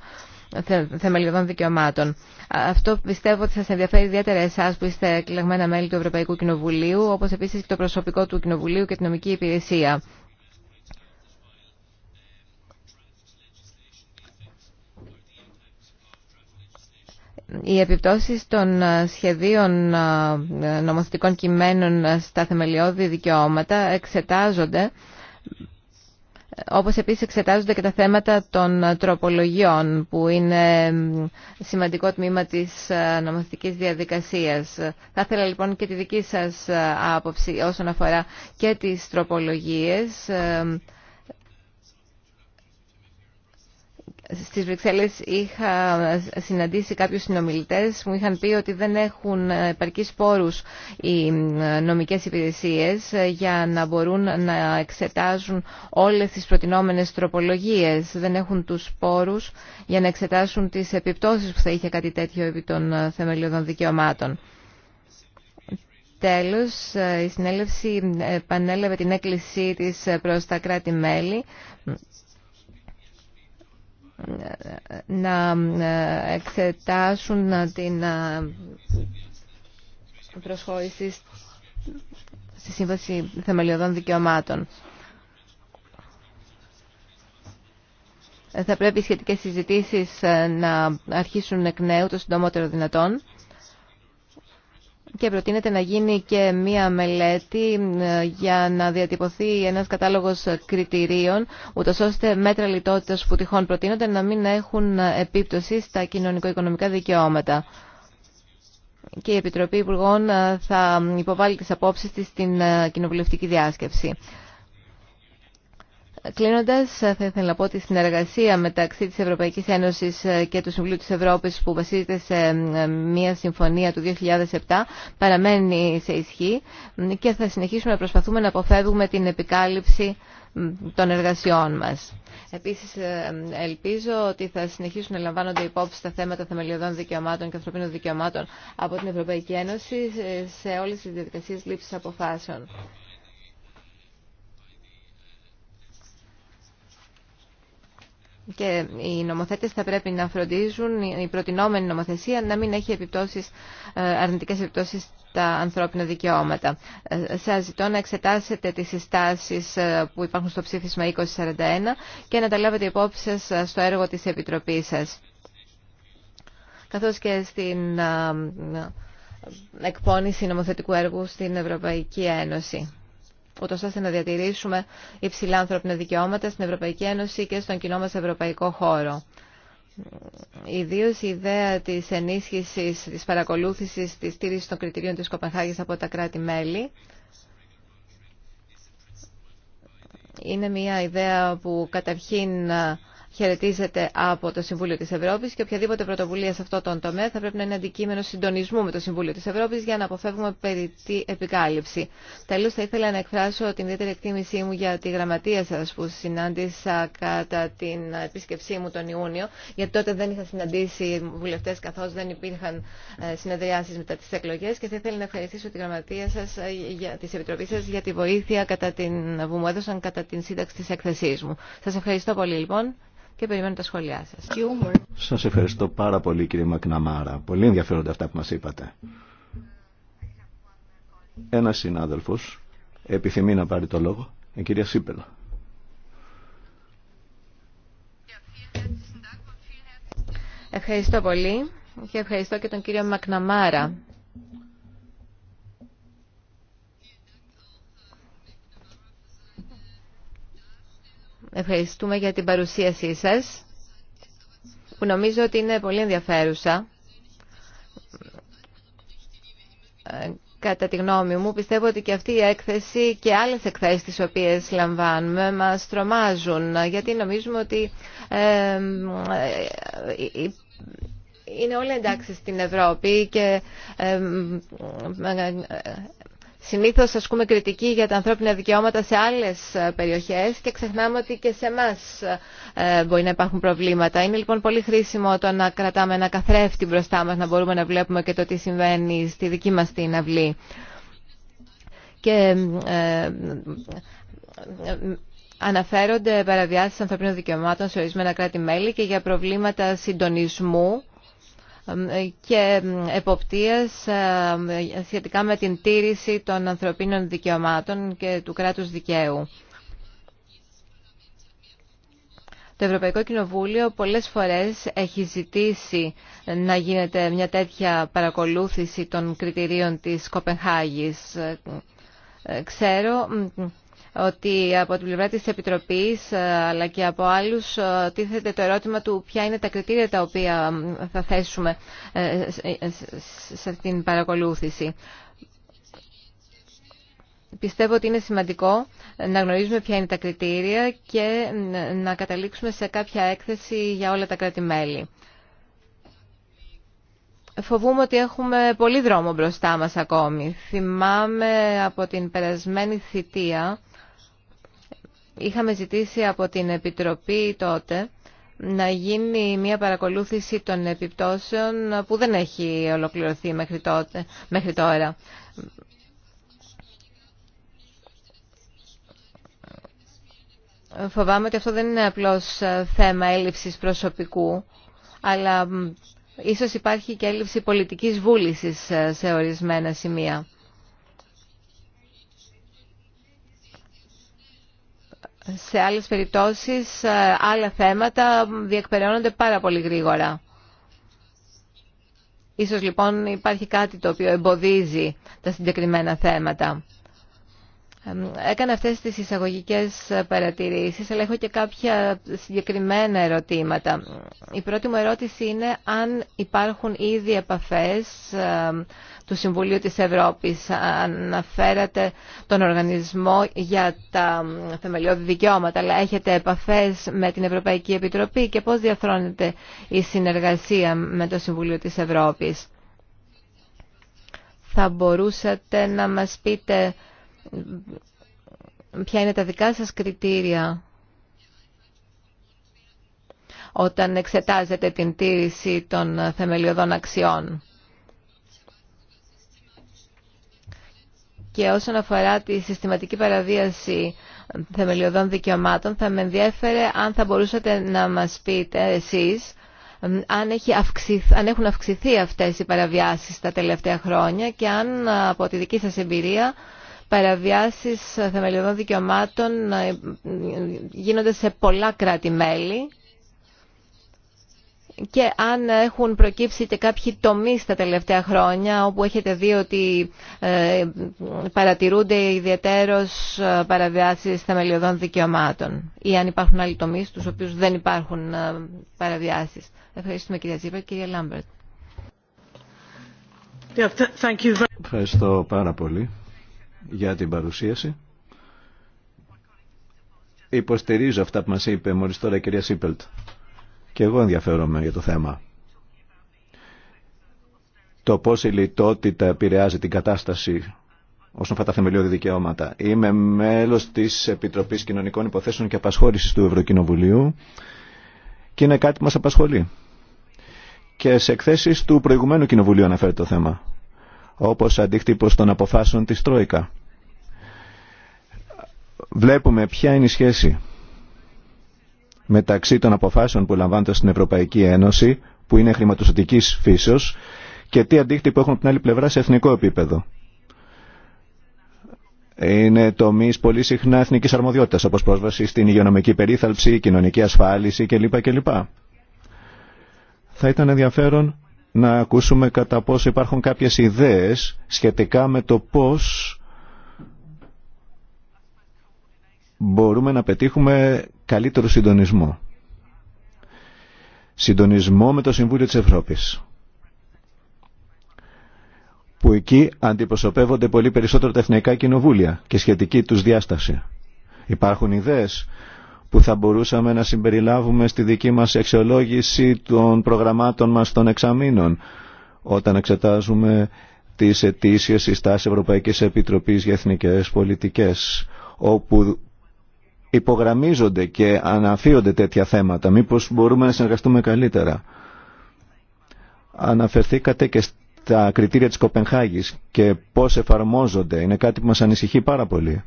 [SPEAKER 3] θεμελιωδών δικαιωμάτων. Αυτό πιστεύω ότι σας ενδιαφέρει ιδιαίτερα εσάς που είστε εκλεγμένα μέλη του Ευρωπαϊκού Κοινοβουλίου, όπως επίσης και το προσωπικό του Κοινοβουλίου και την νομική υπηρεσία. οι επιπτώσεις των σχεδίων νομοθετικών κειμένων στα θεμελιώδη δικαιώματα εξετάζονται όπως επίσης εξετάζονται και τα θέματα των τροπολογιών που είναι σημαντικό τμήμα της ε, νομοθετικής διαδικασίας. Θα ήθελα λοιπόν και τη δική σας ε, άποψη όσον αφορά και τις τροπολογίες ε, στις Βρυξέλλες είχα συναντήσει κάποιους συνομιλητές μου είχαν πει ότι δεν έχουν επαρκείς πόρους οι νομικές υπηρεσίες για να μπορούν να εξετάζουν όλες τις προτινόμενες τροπολογίες δεν έχουν τους πόρους για να εξετάσουν τις επιπτώσεις που θα είχε κάτι τέτοιο επί των θεμελιωδών δικαιωμάτων Τέλος, η συνέλευση επανέλαβε την έκκλησή της προς τα κράτη-μέλη να ε, εξετάσουν ε, την ε, προσχώρηση στη Σύμβαση Θεμελιωδών Δικαιωμάτων. Θα πρέπει οι σχετικές συζητήσεις να αρχίσουν εκ νέου το συντομότερο δυνατόν και προτείνεται να γίνει και μία μελέτη ε, για να διατυπωθεί ένας κατάλογος κριτηρίων, ούτω ώστε μέτρα λιτότητας που τυχόν προτείνονται να μην έχουν επίπτωση στα κοινωνικο-οικονομικά δικαιώματα. Και η Επιτροπή Υπουργών ε, θα υποβάλει τις απόψεις της στην ε, κοινοβουλευτική διάσκεψη. Κλείνοντα, θα ήθελα να πω ότι η συνεργασία μεταξύ τη Ευρωπαϊκή Ένωση και του Συμβουλίου τη Ευρώπη που βασίζεται σε ε, μια συμφωνία του 2007 παραμένει σε ισχύ και θα συνεχίσουμε να προσπαθούμε να αποφεύγουμε την επικάλυψη των εργασιών μας. Επίσης, ε, ελπίζω ότι θα συνεχίσουν να λαμβάνονται υπόψη τα θέματα θεμελιωδών δικαιωμάτων και ανθρωπίνων δικαιωμάτων από την Ευρωπαϊκή Ένωση ε, σε όλες τις διαδικασίες λήψης αποφάσεων. και οι νομοθέτες θα πρέπει να φροντίζουν η προτινόμενη νομοθεσία να μην έχει επιπτώσεις, ε, αρνητικές επιπτώσεις στα ανθρώπινα δικαιώματα. Ε, σας ζητώ να εξετάσετε τις συστάσεις ε, που υπάρχουν στο ψήφισμα 2041 και να τα λάβετε υπόψη σας στο έργο της Επιτροπής σας. Καθώς και στην εκπόνηση νομοθετικού έργου στην Ευρωπαϊκή Ένωση ούτως ώστε να διατηρήσουμε υψηλά ανθρώπινα δικαιώματα στην Ευρωπαϊκή Ένωση και στον κοινό μας ευρωπαϊκό χώρο. Ιδίω η ιδέα της ενίσχυσης, της παρακολούθησης, της στήριξης των κριτηρίων της Κοπενχάγης από τα κράτη-μέλη είναι μια ιδέα που καταρχήν χαιρετίζεται από το Συμβούλιο της Ευρώπης και οποιαδήποτε πρωτοβουλία σε αυτό τον τομέα θα πρέπει να είναι αντικείμενο συντονισμού με το Συμβούλιο της Ευρώπης για να αποφεύγουμε περιττή επικάλυψη. Τέλος, θα ήθελα να εκφράσω την ιδιαίτερη εκτίμησή μου για τη γραμματεία σας που συνάντησα κατά την επίσκεψή μου τον Ιούνιο, γιατί τότε δεν είχα συναντήσει βουλευτές καθώς δεν υπήρχαν ε, συνεδριάσεις μετά τις εκλογές και θα ήθελα να ευχαριστήσω τη γραμματεία σας, ε, για, τις σα, για τη βοήθεια κατά την, που μου έδωσαν κατά την σύνταξη τη εκθεσή μου. Σας ευχαριστώ πολύ λοιπόν και περιμένω τα σχόλιά σας.
[SPEAKER 2] Σας ευχαριστώ πάρα πολύ κύριε Μακναμάρα. Πολύ ενδιαφέροντα αυτά που μας είπατε. Ένα συνάδελφος επιθυμεί να πάρει το λόγο. Η κυρία Σίπελα.
[SPEAKER 3] Ευχαριστώ πολύ και ευχαριστώ και τον κύριο Μακναμάρα Ευχαριστούμε για την παρουσίασή σας, που νομίζω ότι είναι πολύ ενδιαφέρουσα. Κατά τη γνώμη μου, πιστεύω ότι και αυτή η έκθεση και άλλες εκθέσεις τις οποίες λαμβάνουμε μας τρομάζουν, γιατί νομίζουμε ότι είναι όλα εντάξει στην Ευρώπη και Συνήθως ασκούμε κριτική για τα ανθρώπινα δικαιώματα σε άλλες ε, περιοχές και ξεχνάμε ότι και σε εμά ε, μπορεί να υπάρχουν προβλήματα. Είναι λοιπόν πολύ χρήσιμο το να κρατάμε ένα καθρέφτη μπροστά μας, να μπορούμε να βλέπουμε και το τι συμβαίνει στη δική μας την αυλή. Και ε, αναφέρονται παραβιάσεις ανθρωπίνων δικαιωμάτων σε ορισμένα κράτη-μέλη και για προβλήματα συντονισμού και εποπτείας ε, σχετικά με την τήρηση των ανθρωπίνων δικαιωμάτων και του κράτους δικαίου. Το Ευρωπαϊκό Κοινοβούλιο πολλές φορές έχει ζητήσει να γίνεται μια τέτοια παρακολούθηση των κριτηρίων της Κοπενχάγης. Ε, ε, ξέρω ότι από την πλευρά της Επιτροπής ε, αλλά και από άλλους ε, τίθεται το ερώτημα του ποια είναι τα κριτήρια τα οποία θα θέσουμε ε, σε αυτήν την παρακολούθηση. Πιστεύω ότι είναι σημαντικό να γνωρίζουμε ποια είναι τα κριτήρια και να καταλήξουμε σε κάποια έκθεση για όλα τα κράτη-μέλη. Φοβούμαι ότι έχουμε πολύ δρόμο μπροστά μας ακόμη. Θυμάμαι από την περασμένη θητεία είχαμε ζητήσει από την Επιτροπή τότε να γίνει μια παρακολούθηση των επιπτώσεων που δεν έχει ολοκληρωθεί μέχρι, τότε, μέχρι τώρα. Φοβάμαι ότι αυτό δεν είναι απλώς θέμα έλλειψης προσωπικού, αλλά ίσως υπάρχει και έλλειψη πολιτικής βούλησης σε ορισμένα σημεία. σε άλλες περιπτώσεις ε, άλλα θέματα διεκπεραιώνονται πάρα πολύ γρήγορα. Ίσως λοιπόν υπάρχει κάτι το οποίο εμποδίζει τα συγκεκριμένα θέματα. Έκανα αυτές τις εισαγωγικές ε, παρατηρήσεις, αλλά έχω και κάποια συγκεκριμένα ερωτήματα. Η πρώτη μου ερώτηση είναι αν υπάρχουν ήδη επαφές ε, του Συμβουλίου της Ευρώπης. Αναφέρατε τον οργανισμό για τα θεμελιώδη δικαιώματα, αλλά έχετε επαφές με την Ευρωπαϊκή Επιτροπή και πώς διαφρώνεται η συνεργασία με το Συμβουλίο της Ευρώπης. Θα μπορούσατε να μας πείτε ποια είναι τα δικά σας κριτήρια όταν εξετάζετε την τήρηση των θεμελιωδών αξιών. Και όσον αφορά τη συστηματική παραβίαση θεμελιωδών δικαιωμάτων, θα με ενδιέφερε αν θα μπορούσατε να μας πείτε εσείς αν, έχει αυξηθ, αν έχουν αυξηθεί αυτές οι παραβιάσεις τα τελευταία χρόνια και αν από τη δική σας εμπειρία παραβιάσεις θεμελιωδών δικαιωμάτων ε, γίνονται σε πολλά κράτη-μέλη και αν έχουν προκύψει και κάποιοι τομείς τα τελευταία χρόνια όπου έχετε δει ότι ε, παρατηρούνται ιδιαίτερως ε, παραβιάσεις θεμελιωδών δικαιωμάτων ή αν υπάρχουν άλλοι τομείς στους οποίους δεν υπάρχουν παραβιάσεις. Ευχαριστούμε κυρία Τζίπερ. και κυρία Λάμπερτ.
[SPEAKER 2] Ευχαριστώ πάρα πολύ για την παρουσίαση. Υποστηρίζω αυτά που μας είπε μόλις τώρα η κυρία Σίπελτ. Και εγώ ενδιαφέρομαι για το θέμα. Το πώς η λιτότητα επηρεάζει την κατάσταση όσον αφορά τα θεμελιώδη δικαιώματα. Είμαι μέλος της Επιτροπής Κοινωνικών Υποθέσεων και Απασχόλησης του Ευρωκοινοβουλίου και είναι κάτι που μας απασχολεί. Και σε εκθέσεις του προηγουμένου Κοινοβουλίου αναφέρεται το θέμα όπως αντίκτυπος των αποφάσεων της Τρόικα. Βλέπουμε ποια είναι η σχέση μεταξύ των αποφάσεων που λαμβάνονται στην Ευρωπαϊκή Ένωση, που είναι χρηματοσωτικής φύσεως, και τι αντίκτυπο έχουν από την άλλη πλευρά σε εθνικό επίπεδο. Είναι τομεί πολύ συχνά εθνική αρμοδιότητα, όπω πρόσβαση στην υγειονομική περίθαλψη, κοινωνική ασφάλιση κλπ. κλπ. Θα ήταν ενδιαφέρον να ακούσουμε κατά πόσο υπάρχουν κάποιες ιδέες σχετικά με το πώς μπορούμε να πετύχουμε καλύτερο συντονισμό. Συντονισμό με το Συμβούλιο της Ευρώπης που εκεί αντιπροσωπεύονται πολύ περισσότερο τα εθνικά κοινοβούλια και σχετική τους διάσταση. Υπάρχουν ιδέες που θα μπορούσαμε να συμπεριλάβουμε στη δική μας αξιολόγηση των προγραμμάτων μας των εξαμήνων όταν εξετάζουμε τις αιτήσιες συστάσεις Ευρωπαϊκής Επιτροπής για Εθνικές Πολιτικές όπου υπογραμμίζονται και αναφύονται τέτοια θέματα. Μήπως μπορούμε να συνεργαστούμε καλύτερα. Αναφερθήκατε και στα κριτήρια της Κοπενχάγης και πώς εφαρμόζονται. Είναι κάτι που μας ανησυχεί πάρα πολύ.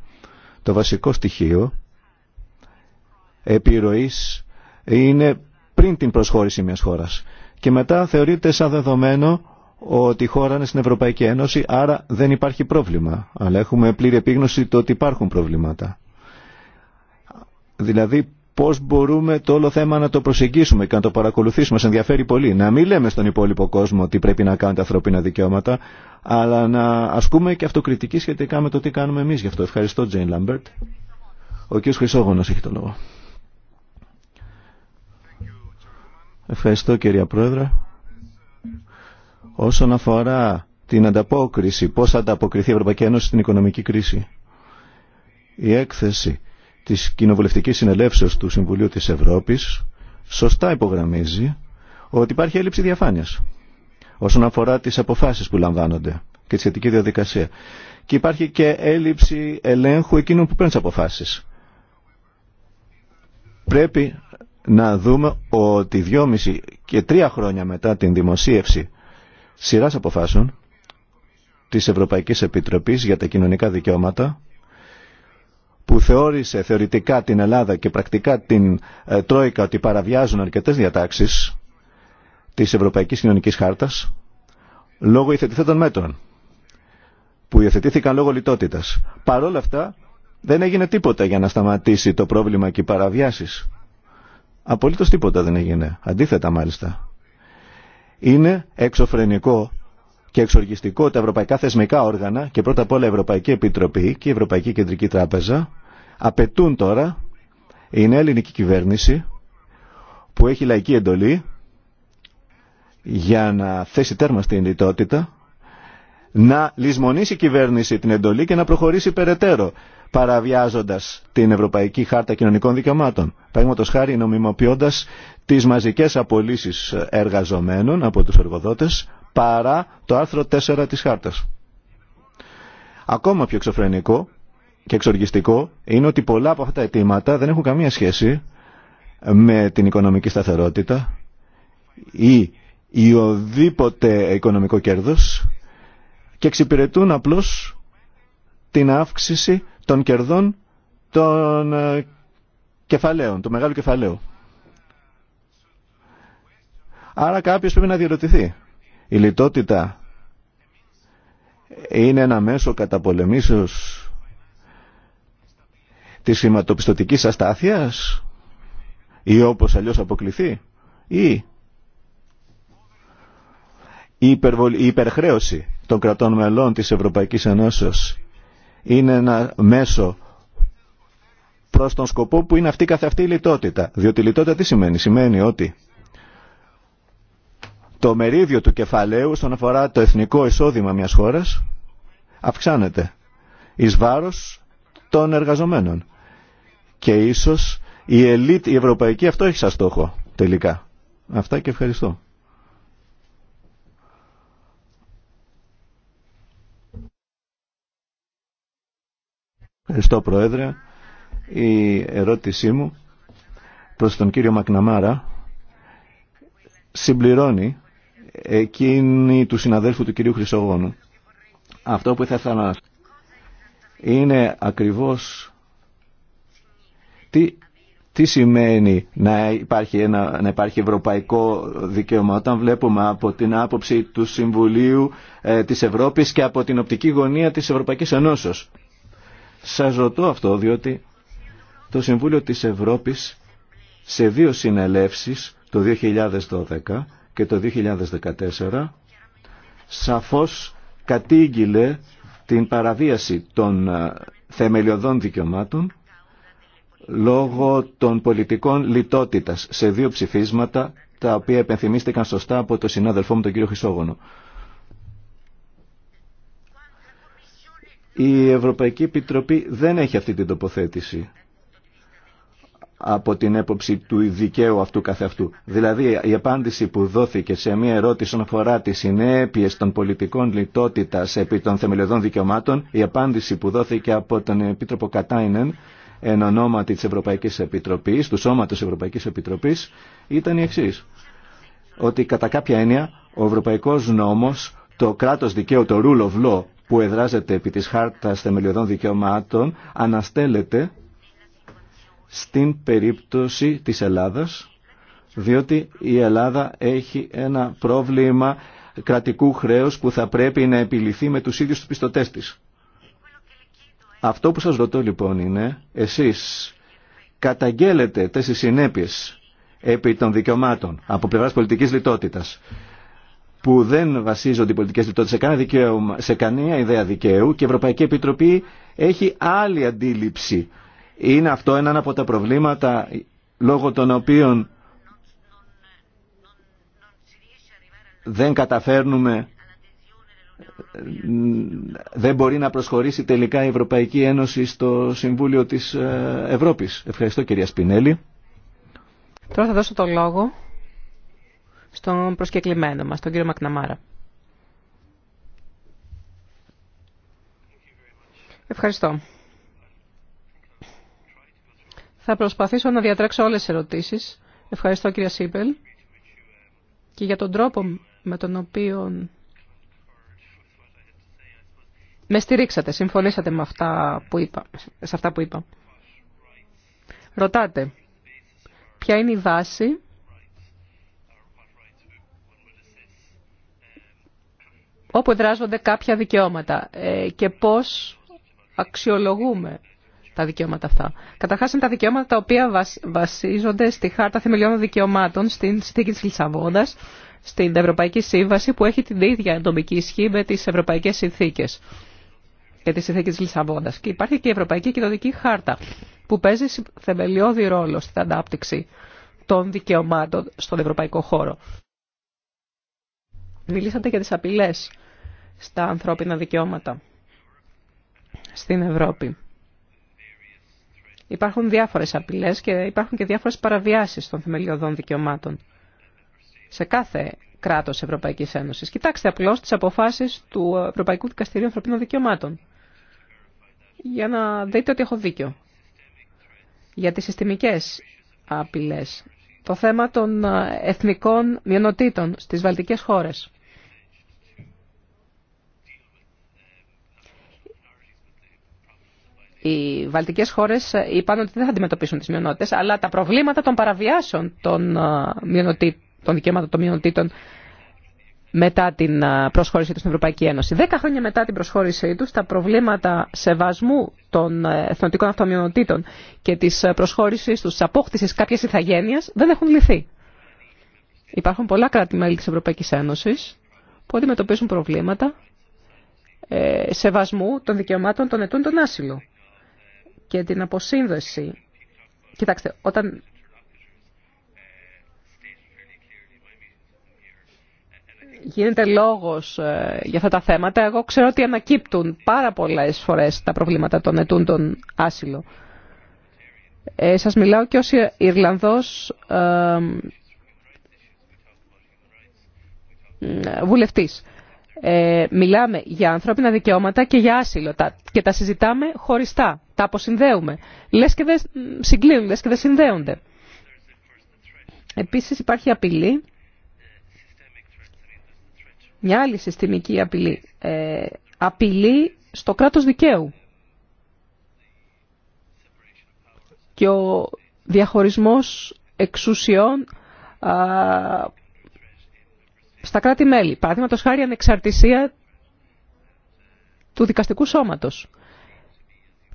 [SPEAKER 2] Το βασικό στοιχείο επιρροής είναι πριν την προσχώρηση μιας χώρας. Και μετά θεωρείται σαν δεδομένο ότι η χώρα είναι στην Ευρωπαϊκή Ένωση, άρα δεν υπάρχει πρόβλημα. Αλλά έχουμε πλήρη επίγνωση το ότι υπάρχουν προβλήματα. Δηλαδή, πώς μπορούμε το όλο θέμα να το προσεγγίσουμε και να το παρακολουθήσουμε. Σε ενδιαφέρει πολύ. Να μην λέμε στον υπόλοιπο κόσμο τι πρέπει να κάνουν τα ανθρώπινα δικαιώματα, αλλά να ασκούμε και αυτοκριτική σχετικά με το τι κάνουμε εμείς γι' αυτό. Ευχαριστώ, Τζέιν Λάμπερτ. Ο κ. Χρυσόγονος έχει το λόγο. Ευχαριστώ κυρία Πρόεδρε. Όσον αφορά την ανταπόκριση, πώς θα ανταποκριθεί η Ευρωπαϊκή Ένωση στην οικονομική κρίση. Η έκθεση της Κοινοβουλευτικής Συνελεύσεως του Συμβουλίου της Ευρώπης σωστά υπογραμμίζει ότι υπάρχει έλλειψη διαφάνειας όσον αφορά τις αποφάσεις που λαμβάνονται και τη σχετική διαδικασία. Και υπάρχει και έλλειψη ελέγχου εκείνων που παίρνουν τι αποφάσεις. Πρέπει να δούμε ότι δυόμιση και τρία χρόνια μετά την δημοσίευση σειράς αποφάσεων της Ευρωπαϊκής Επιτροπής για τα κοινωνικά δικαιώματα που θεώρησε θεωρητικά την Ελλάδα και πρακτικά την ε, Τρόικα ότι παραβιάζουν αρκετές διατάξεις της Ευρωπαϊκής Κοινωνικής Χάρτας λόγω υθετηθέτων μέτρων που υθετήθηκαν λόγω λιτότητας. Παρ' όλα αυτά δεν έγινε τίποτα για να σταματήσει το πρόβλημα και οι παραβιάσεις Απολύτως τίποτα δεν έγινε. Αντίθετα μάλιστα. Είναι εξωφρενικό και εξοργιστικό τα ευρωπαϊκά θεσμικά όργανα και πρώτα απ' όλα η Ευρωπαϊκή Επιτροπή και η Ευρωπαϊκή Κεντρική Τράπεζα απαιτούν τώρα η νέα ελληνική κυβέρνηση που έχει λαϊκή εντολή για να θέσει τέρμα στην λιτότητα να λησμονήσει η κυβέρνηση την εντολή και να προχωρήσει περαιτέρω παραβιάζοντα την Ευρωπαϊκή Χάρτα Κοινωνικών Δικαιωμάτων. Παραδείγματο χάρη νομιμοποιώντα τι μαζικέ απολύσει εργαζομένων από του εργοδότε παρά το άρθρο 4 τη Χάρτα. Ακόμα πιο εξωφρενικό και εξοργιστικό είναι ότι πολλά από αυτά τα αιτήματα δεν έχουν καμία σχέση με την οικονομική σταθερότητα ή οδήποτε οικονομικό κέρδος και εξυπηρετούν απλώς την αύξηση των κερδών των ε, κεφαλαίων, του μεγάλου κεφαλαίου. Άρα κάποιος πρέπει να διερωτηθεί. Η λιτότητα είναι ένα μέσο καταπολεμήσεως της χρηματοπιστωτικής αστάθειας ή όπως αλλιώς αποκληθεί ή η υπερχρέωση των κρατών μελών της Ευρωπαϊκής Ενώσεως είναι ένα μέσο προς τον σκοπό που είναι αυτή καθεαυτή η λιτότητα. Διότι η λιτότητα τι σημαίνει. Σημαίνει ότι το μερίδιο του κεφαλαίου στον αφορά το εθνικό εισόδημα μιας χώρας αυξάνεται εις βάρος των εργαζομένων. Και ίσως η ελίτ, η ευρωπαϊκή, αυτό έχει σαν στόχο τελικά. Αυτά και ευχαριστώ. Ευχαριστώ Πρόεδρε. Η ερώτησή μου προς τον κύριο Μακναμάρα συμπληρώνει εκείνη του συναδέλφου του κυρίου Χρυσογόνου. Αυτό που ήθελα να είναι ακριβώς τι, τι σημαίνει να υπάρχει, ένα, να υπάρχει ευρωπαϊκό δικαίωμα όταν βλέπουμε από την άποψη του Συμβουλίου ε, της Ευρώπης και από την οπτική γωνία της Ευρωπαϊκής Ενώσεως σας ρωτώ αυτό διότι το Συμβούλιο της Ευρώπης σε δύο συνελεύσεις το 2012 και το 2014 σαφώς κατήγγειλε την παραβίαση των ε, θεμελιωδών δικαιωμάτων λόγω των πολιτικών λιτότητας σε δύο ψηφίσματα τα οποία επενθυμίστηκαν σωστά από το συνάδελφό μου τον κύριο Χρυσόγονο. Η Ευρωπαϊκή Επιτροπή δεν έχει αυτή την τοποθέτηση από την έποψη του δικαίου αυτού καθεαυτού. Δηλαδή η απάντηση που δόθηκε σε μια ερώτηση όσον αφορά τις συνέπειες των πολιτικών λιτότητας επί των θεμελιωδών δικαιωμάτων, η απάντηση που δόθηκε από τον Επίτροπο Κατάινεν εν ονόματι της Ευρωπαϊκής Επιτροπής, του Σώματος Ευρωπαϊκής Επιτροπής, ήταν η εξή. Ότι κατά κάποια έννοια ο Ευρωπαϊκός νόμος, το κράτος δικαίου, το rule of law που εδράζεται επί της χάρτας θεμελιωδών δικαιωμάτων αναστέλλεται στην περίπτωση της Ελλάδας διότι η Ελλάδα έχει ένα πρόβλημα κρατικού χρέους που θα πρέπει να επιληθεί με τους ίδιους τους πιστωτές της. Αυτό που σας ρωτώ λοιπόν είναι, εσείς καταγγέλλετε τις συνέπειες επί των δικαιωμάτων από πλευράς πολιτικής λιτότητας που δεν βασίζονται οι πολιτικές λιτότητες σε, κανένα δικαίωμα, σε κανένα ιδέα δικαίου και η Ευρωπαϊκή Επιτροπή έχει άλλη αντίληψη. Είναι αυτό ένα από τα προβλήματα λόγω των οποίων δεν καταφέρνουμε δεν μπορεί να προσχωρήσει τελικά η Ευρωπαϊκή Ένωση στο Συμβούλιο της ε, Ευρώπης. Ευχαριστώ κυρία Σπινέλη.
[SPEAKER 4] Τώρα θα δώσω το λόγο στον προσκεκλημένο μας, τον κύριο Μακναμάρα. Ευχαριστώ. Θα προσπαθήσω να διατρέξω όλες τις ερωτήσεις. Ευχαριστώ κύριε Σίπελ και για τον τρόπο με τον οποίο με στηρίξατε, συμφωνήσατε με αυτά που είπα, σε αυτά που είπα. Ρωτάτε, ποια είναι η βάση όπου εδράζονται κάποια δικαιώματα ε, και πώς αξιολογούμε τα δικαιώματα αυτά. Καταρχά είναι τα δικαιώματα τα οποία βασίζονται στη Χάρτα Θεμελιών Δικαιωμάτων, στην Συνθήκη τη Λισαβόνα, στην Ευρωπαϊκή Σύμβαση που έχει την ίδια εντομική ισχύ με τι Ευρωπαϊκέ Συνθήκε και τη Συνθήκη τη Λισαβόνα. Και υπάρχει και η Ευρωπαϊκή Κοινωνική Χάρτα που παίζει θεμελιώδη ρόλο στην ανάπτυξη των δικαιωμάτων στον ευρωπαϊκό χώρο. Μιλήσατε για τις απειλέ στα ανθρώπινα δικαιώματα στην Ευρώπη. Υπάρχουν διάφορες απειλές και υπάρχουν και διάφορες παραβιάσεις των θεμελιωδών δικαιωμάτων σε κάθε κράτος Ευρωπαϊκής Ένωσης. Κοιτάξτε απλώς τις αποφάσεις του Ευρωπαϊκού Δικαστηρίου Ανθρωπίνων Δικαιωμάτων για να δείτε ότι έχω δίκιο. Για τις συστημικές απειλές. Το θέμα των εθνικών μειονοτήτων στις βαλτικές χώρες. οι Βαλτικέ χώρε είπαν ότι δεν θα αντιμετωπίσουν τι μειονότητες, αλλά τα προβλήματα των παραβιάσεων των, ε, των δικαιωμάτων των μειονοτήτων μετά την ε, προσχώρησή του στην Ευρωπαϊκή Ένωση. Δέκα χρόνια μετά την προσχώρησή του, τα προβλήματα σεβασμού των ε, εθνοτικών αυτομειονοτήτων και τη προσχώρησή του, τη απόκτηση κάποια ηθαγένεια, δεν έχουν λυθεί. Υπάρχουν πολλά κράτη-μέλη τη Ευρωπαϊκή Ένωση που αντιμετωπίζουν προβλήματα σεβασμού των δικαιωμάτων των ετών των άσυλων και την αποσύνδεση. Κοιτάξτε, όταν γίνεται λόγος ε, για αυτά τα θέματα, εγώ ξέρω ότι ανακύπτουν πάρα πολλές φορές τα προβλήματα των ετούντων άσυλο. Ε, σας μιλάω και ως Ιρλανδός ε, ε, βουλευτής. Ε, μιλάμε για ανθρώπινα δικαιώματα και για άσυλο τα, και τα συζητάμε χωριστά τα αποσυνδέουμε. Λες και δεν συγκλίνουν, λες και δεν συνδέονται. Επίσης υπάρχει απειλή, μια άλλη συστημική απειλή, ε, απειλή στο κράτος δικαίου. Και ο διαχωρισμός εξουσιών α, στα κράτη-μέλη. Παραδείγματος χάρη ανεξαρτησία του δικαστικού σώματος.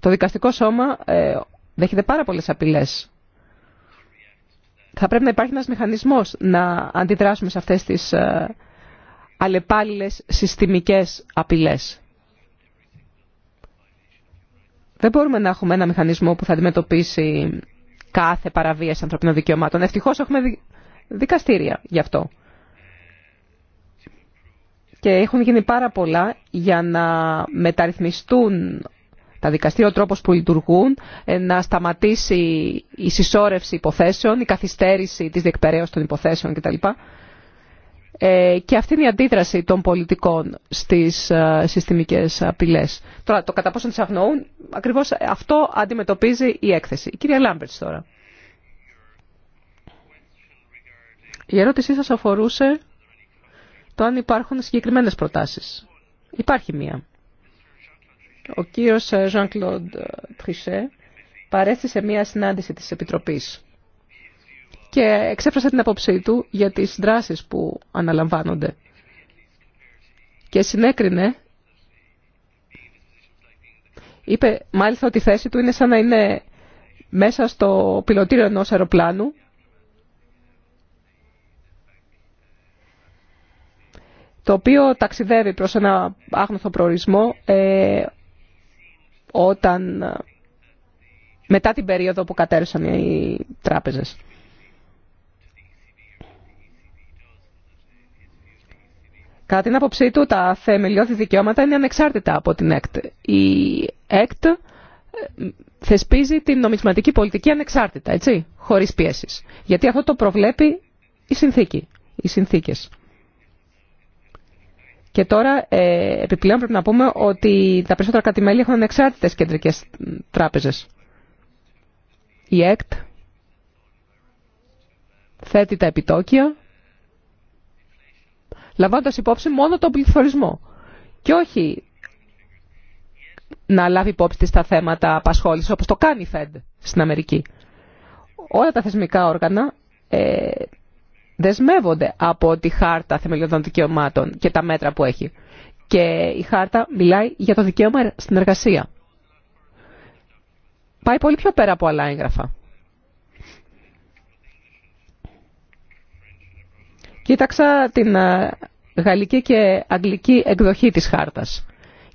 [SPEAKER 4] Το δικαστικό σώμα ε, δέχεται πάρα πολλές απειλές. Θα πρέπει να υπάρχει ένας μηχανισμός να αντιδράσουμε σε αυτές τις ε, αλλεπάλληλες συστημικές απειλές. Δεν μπορούμε να έχουμε ένα μηχανισμό που θα αντιμετωπίσει κάθε παραβίαση ανθρωπίνων δικαιωμάτων. Ευτυχώς έχουμε δικαστήρια γι' αυτό. Και έχουν γίνει πάρα πολλά για να μεταρρυθμιστούν τα δικαστήρια, ο τρόπος που λειτουργούν, ε, να σταματήσει η συσσόρευση υποθέσεων, η καθυστέρηση της διεκπαιρέως των υποθέσεων κτλ. Ε, και αυτή είναι η αντίδραση των πολιτικών στις ε, συστημικές απειλές. Τώρα, το κατά πόσο τις αγνοούν, ακριβώς αυτό αντιμετωπίζει η έκθεση. Η κυρία Λάμπερτς τώρα. Η ερώτησή σας αφορούσε το αν υπάρχουν συγκεκριμένες προτάσεις. Υπάρχει μία. Ο κύριος ε, Jean-Claude ε, Trichet παρέστησε μια συνάντηση της Επιτροπής και εξέφρασε την απόψή του για τις δράσεις που αναλαμβάνονται και συνέκρινε είπε μάλιστα ότι η θέση του είναι σαν να είναι μέσα στο πιλωτήριο ενός αεροπλάνου το οποίο ταξιδεύει προς ένα άγνωθο προορισμό ε, όταν, ε, μετά την περίοδο που κατέρευσαν οι τράπεζες. Κατά την άποψή του, τα θεμελιώδη δικαιώματα είναι ανεξάρτητα από την ΕΚΤ. Η ΕΚΤ ε, θεσπίζει την νομισματική πολιτική ανεξάρτητα, έτσι, χωρίς πιέσεις. Γιατί αυτό το προβλέπει η συνθήκη, οι συνθήκες. Και τώρα ε, επιπλέον πρέπει να πούμε ότι τα περισσοτερα κατημέλη έχουν ανεξάρτητες κεντρικές τράπεζες. Η ΕΚΤ θέτει τα επιτόκια λαμβάνοντας υπόψη μόνο τον πληθωρισμό και όχι να λάβει υπόψη τη τα θέματα απασχόλησης όπως το κάνει η ΦΕΔ στην Αμερική. Όλα τα θεσμικά όργανα ε, δεσμεύονται από τη Χάρτα Θεμελιωδών Δικαιωμάτων και τα μέτρα που έχει. Και η Χάρτα μιλάει για το δικαίωμα στην εργασία. Πάει πολύ πιο πέρα από άλλα έγγραφα. Κοίταξα την ε, γαλλική και αγγλική εκδοχή της χάρτας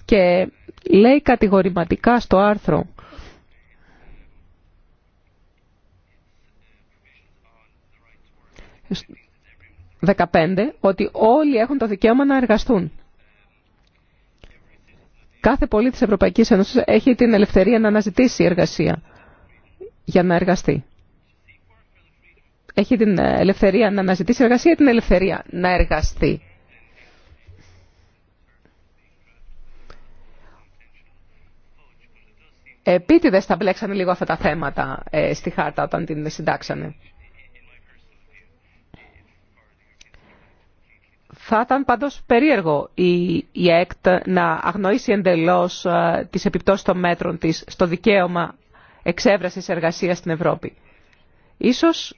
[SPEAKER 4] και λέει κατηγορηματικά στο άρθρο 15 ότι όλοι έχουν το δικαίωμα να εργαστούν. Κάθε πολίτη της Ευρωπαϊκής Ένωσης έχει την ελευθερία να αναζητήσει εργασία για να εργαστεί. Έχει την ελευθερία να αναζητήσει εργασία ή την ελευθερία να εργαστεί. Επίτηδες τα μπλέξανε λίγο αυτά τα θέματα ε, στη χάρτα όταν την συντάξανε. Θα ήταν πάντως περίεργο η ΕΚΤ να αγνοήσει εντελώς ε, τις επιπτώσεις των μέτρων της στο δικαίωμα εξέβρασης εργασίας στην Ευρώπη. Ίσως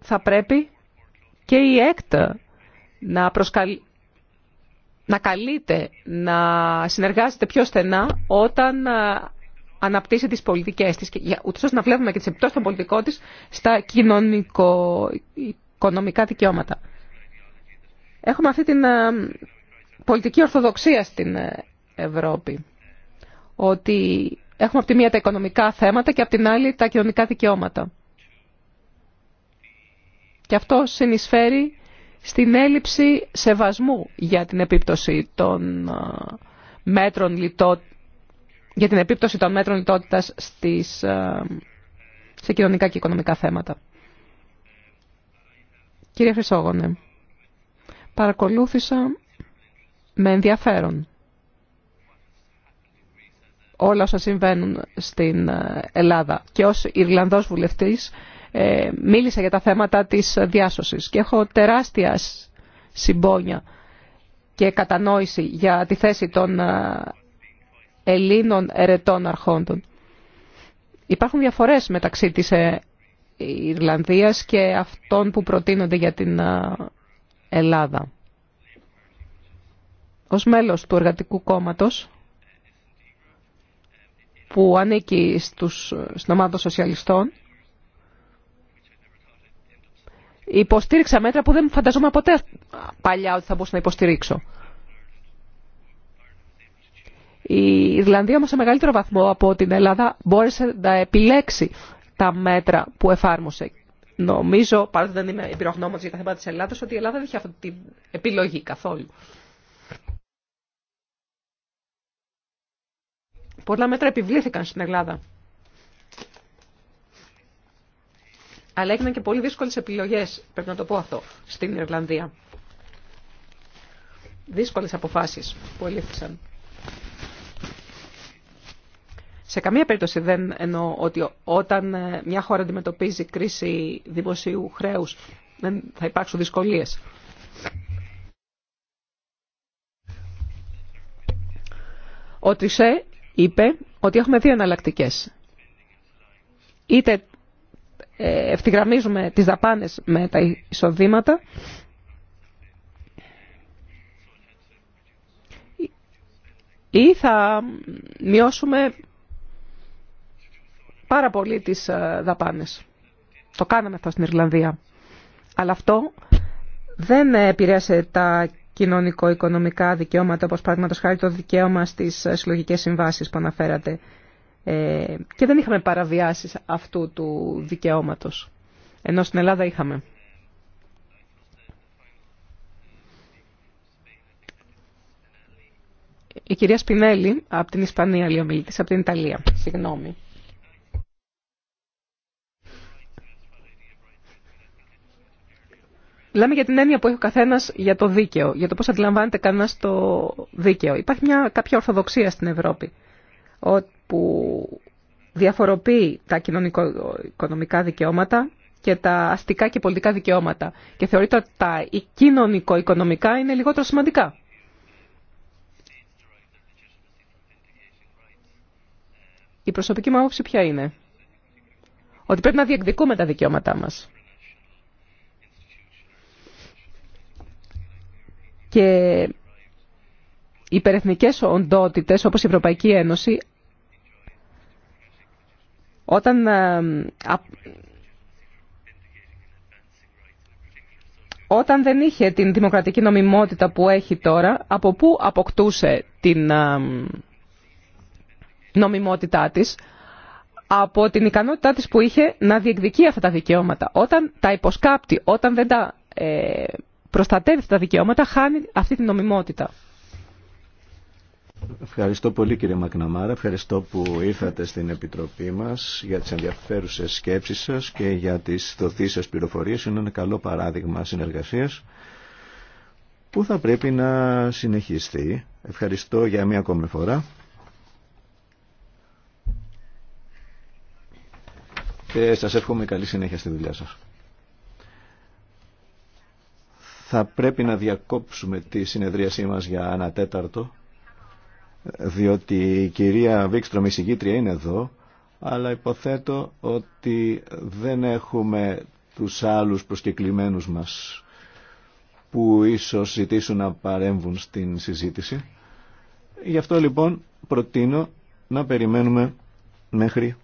[SPEAKER 4] θα πρέπει και η ΕΚΤ να, προσκαλ... να καλείται να συνεργάζεται πιο στενά όταν ε, αναπτύσσει τις πολιτικές της, ούτως ώστε να βλέπουμε και τις επιπτώσεις των πολιτικών της στα κοινωνικο-οικονομικά δικαιώματα. Έχουμε αυτή την ε, πολιτική ορθοδοξία στην ε, Ευρώπη. Ότι έχουμε από τη μία τα οικονομικά θέματα και από την άλλη τα κοινωνικά δικαιώματα. Και αυτό συνεισφέρει στην έλλειψη σεβασμού για την επίπτωση των ε, μέτρων για την επίπτωση των μέτρων λιτότητας στις, σε κοινωνικά και οικονομικά θέματα. Κύριε Χρυσόγονε, παρακολούθησα με ενδιαφέρον όλα όσα συμβαίνουν στην ε, Ελλάδα. Και ως Ιρλανδός βουλευτής ε, μίλησα για τα θέματα της διάσωσης και έχω τεράστια συμπόνια και κατανόηση για τη θέση των ε, Ελλήνων ερετών αρχόντων. Υπάρχουν διαφορές μεταξύ της Ιρλανδίας και αυτών που προτείνονται για την Ελλάδα. Ως μέλος του Εργατικού Κόμματος, που ανήκει στους, στην ομάδα των σοσιαλιστών, υποστήριξα μέτρα που δεν φανταζόμουν ποτέ παλιά ότι θα μπορούσα να υποστηρίξω. Η Ιρλανδία όμως σε μεγαλύτερο βαθμό από την Ελλάδα μπόρεσε να επιλέξει τα μέτρα που εφάρμοσε Νομίζω, ότι δεν είμαι εμπειρογνώμων για τα θέματα της Ελλάδας, ότι η Ελλάδα δεν έχει αυτή την επιλογή καθόλου. Πολλά μέτρα επιβλήθηκαν στην Ελλάδα. Αλλά έγιναν και πολύ δύσκολες επιλογές, πρέπει να το πω αυτό, στην Ιρλανδία. Δύσκολες αποφάσεις που ελήφθησαν. Σε καμία περίπτωση δεν εννοώ ότι όταν ε, μια χώρα αντιμετωπίζει κρίση δημοσίου χρέους δεν θα υπάρξουν δυσκολίες. Ο Τρισέ είπε ότι έχουμε δύο εναλλακτικέ. Είτε ε, ευθυγραμμίζουμε τις δαπάνες με τα εισοδήματα ή θα μειώσουμε πάρα πολύ τις ε, δαπάνες. Το κάναμε αυτό στην Ιρλανδία. Αλλά αυτό δεν επηρέασε τα κοινωνικο-οικονομικά δικαιώματα, όπως παραδείγματος χάρη το δικαίωμα στις ε, συλλογικές συμβάσεις που αναφέρατε. Ε, και δεν είχαμε παραβιάσεις αυτού του δικαιώματος, ενώ στην Ελλάδα είχαμε. Η κυρία Σπινέλη, από την Ισπανία, λέει από την Ιταλία. Συγγνώμη. Λέμε για την έννοια που έχει ο καθένα για το δίκαιο, για το πώ αντιλαμβάνεται κανένα το δίκαιο. Υπάρχει μια κάποια ορθοδοξία στην Ευρώπη που διαφοροποιεί τα κοινωνικο-οικονομικά δικαιώματα και τα αστικά και πολιτικά δικαιώματα και θεωρείται ότι τα κοινωνικο-οικονομικά είναι λιγότερο σημαντικά. Η προσωπική μου άποψη ποια είναι. Ότι πρέπει να διεκδικούμε τα δικαιώματά μας. και οι υπερεθνικές οντότητες όπως η Ευρωπαϊκή Ένωση όταν ε, όταν δεν είχε την δημοκρατική νομιμότητα που έχει τώρα, από πού αποκτούσε την ε, νομιμότητά της, από την ικανότητά της που είχε να διεκδικεί αυτά τα δικαιώματα. Όταν τα υποσκάπτει, όταν δεν τα ε, προστατεύει τα δικαιώματα χάνει αυτή την νομιμότητα.
[SPEAKER 2] Ευχαριστώ πολύ κύριε Μακναμάρα, ευχαριστώ που ήρθατε στην Επιτροπή μας για τις ενδιαφέρουσες σκέψεις σας και για τις δοθείς σας πληροφορίες. Είναι ένα καλό παράδειγμα συνεργασίας που θα πρέπει να συνεχιστεί. Ευχαριστώ για μία ακόμη φορά. Και σας εύχομαι καλή συνέχεια στη δουλειά σας θα πρέπει να διακόψουμε τη συνεδρίασή μας για ένα τέταρτο διότι η κυρία Βίξτρομ η είναι εδώ αλλά υποθέτω ότι δεν έχουμε τους άλλους προσκεκλημένους μας που ίσως ζητήσουν να παρέμβουν στην συζήτηση. Γι' αυτό λοιπόν προτείνω να περιμένουμε μέχρι...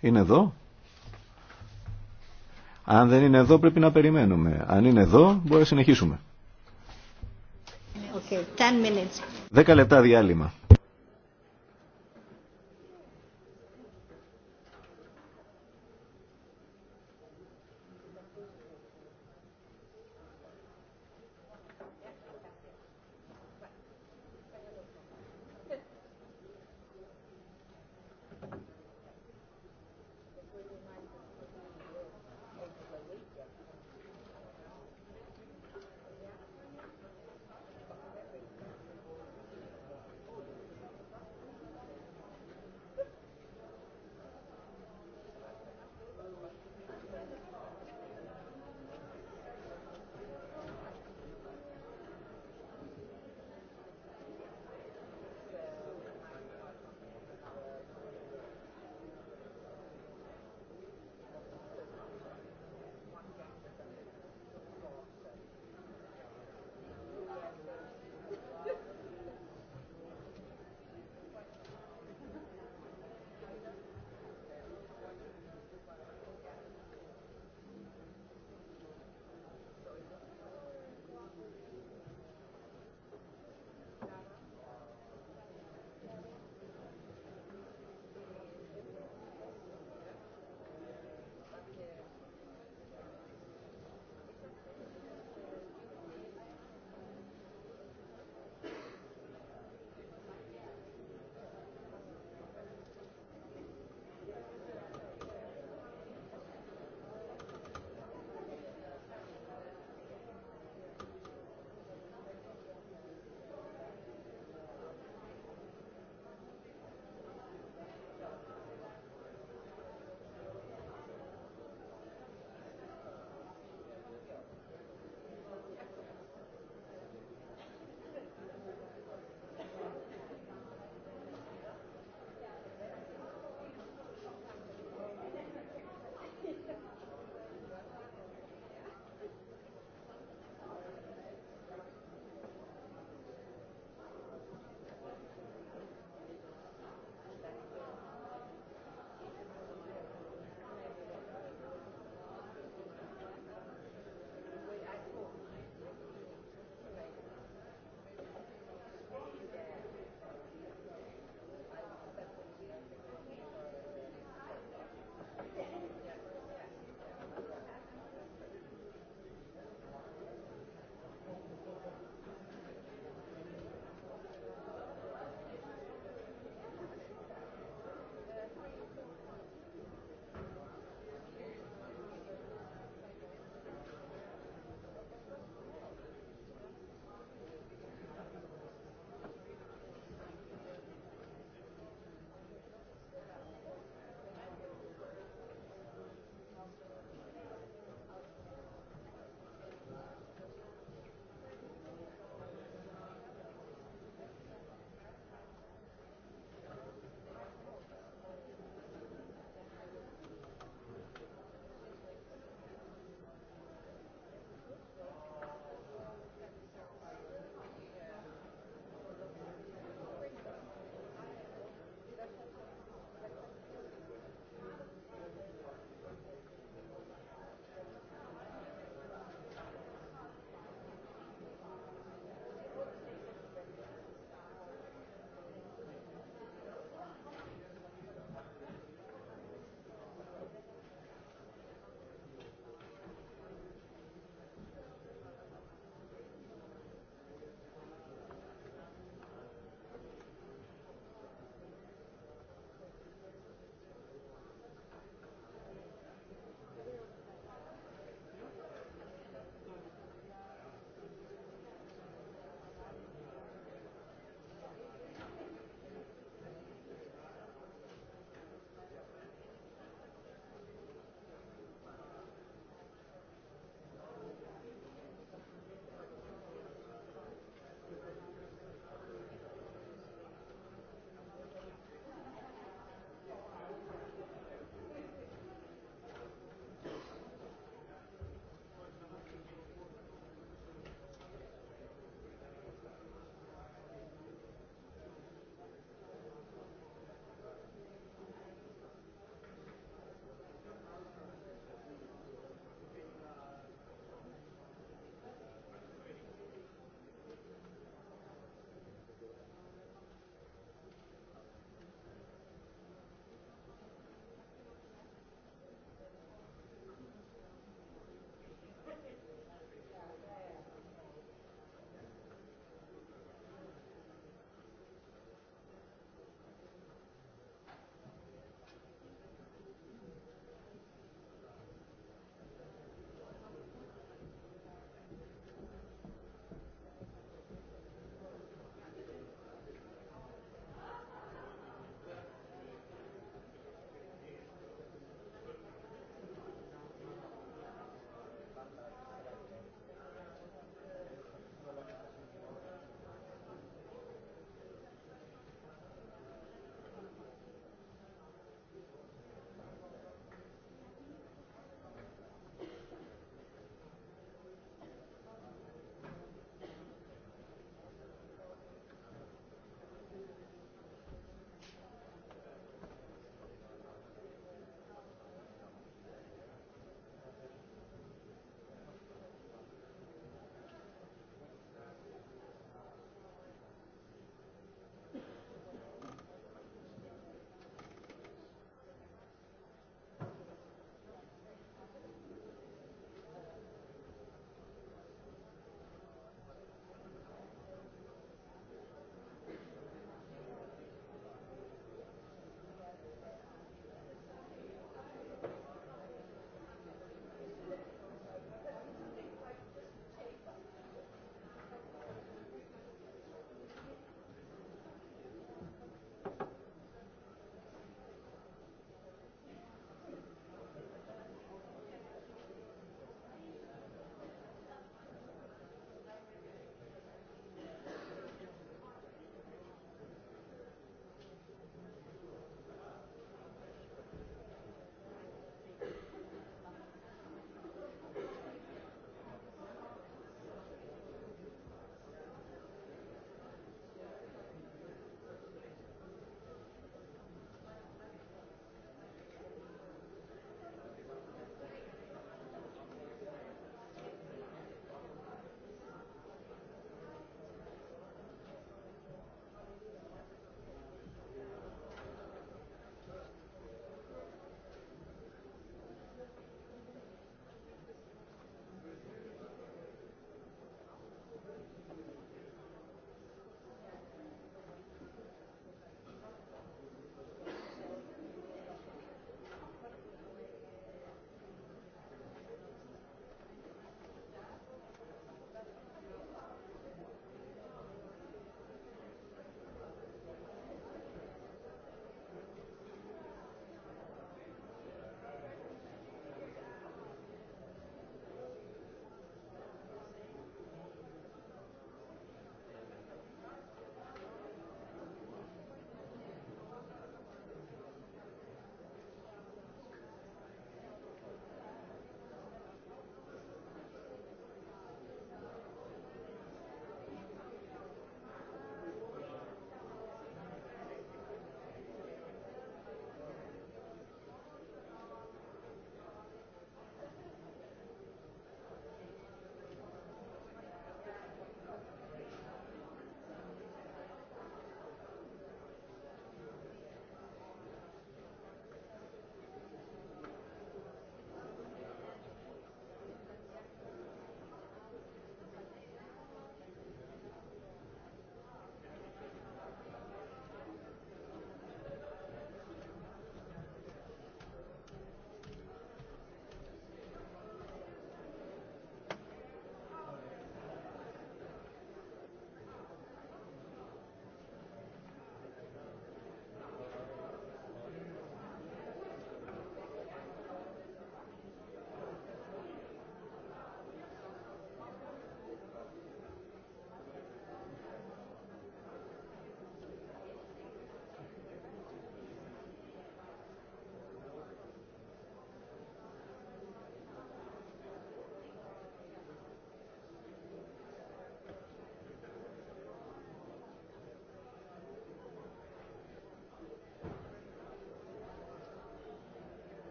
[SPEAKER 2] Είναι εδώ? Αν δεν είναι εδώ πρέπει να περιμένουμε. Αν είναι εδώ μπορεί να συνεχίσουμε. Δέκα λεπτά διάλειμμα.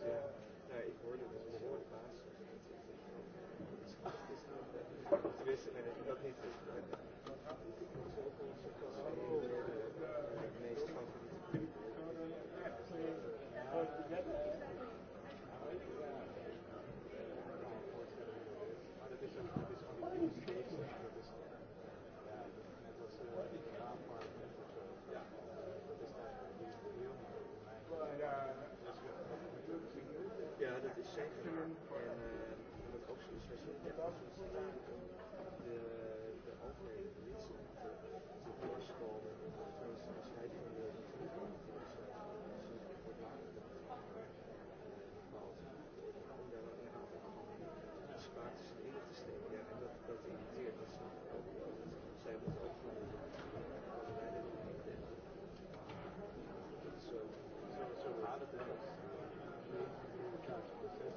[SPEAKER 1] Yeah, ja,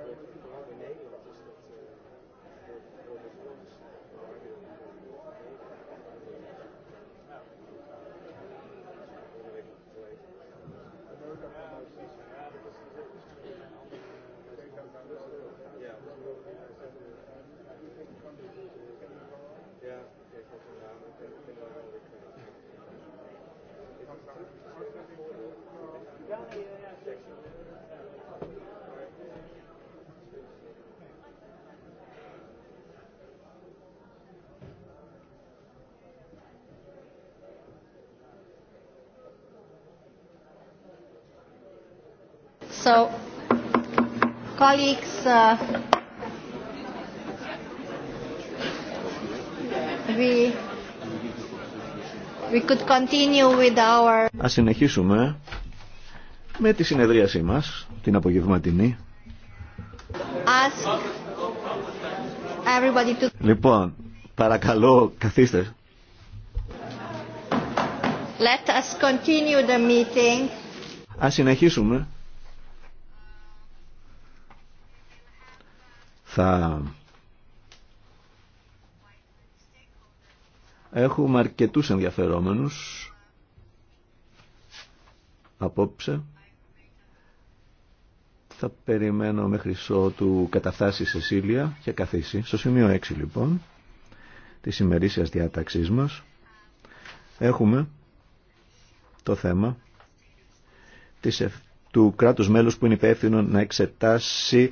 [SPEAKER 1] Nederland is So, colleagues, uh, we,
[SPEAKER 3] we could continue with our...
[SPEAKER 2] Ας συνεχίσουμε με τη συνεδρίασή μας, την απογευματινή.
[SPEAKER 3] Ask
[SPEAKER 1] everybody to...
[SPEAKER 2] Λοιπόν, παρακαλώ, καθίστε.
[SPEAKER 1] Let us continue the meeting.
[SPEAKER 2] Ας συνεχίσουμε. θα έχουμε αρκετούς ενδιαφερόμενους απόψε. Θα περιμένω μέχρι ότου καταφτάσει η Σεσίλια και καθίσει. Στο σημείο 6 λοιπόν της ημερήσιας διάταξής μας έχουμε το θέμα της, του κράτους μέλους που είναι υπεύθυνο να εξετάσει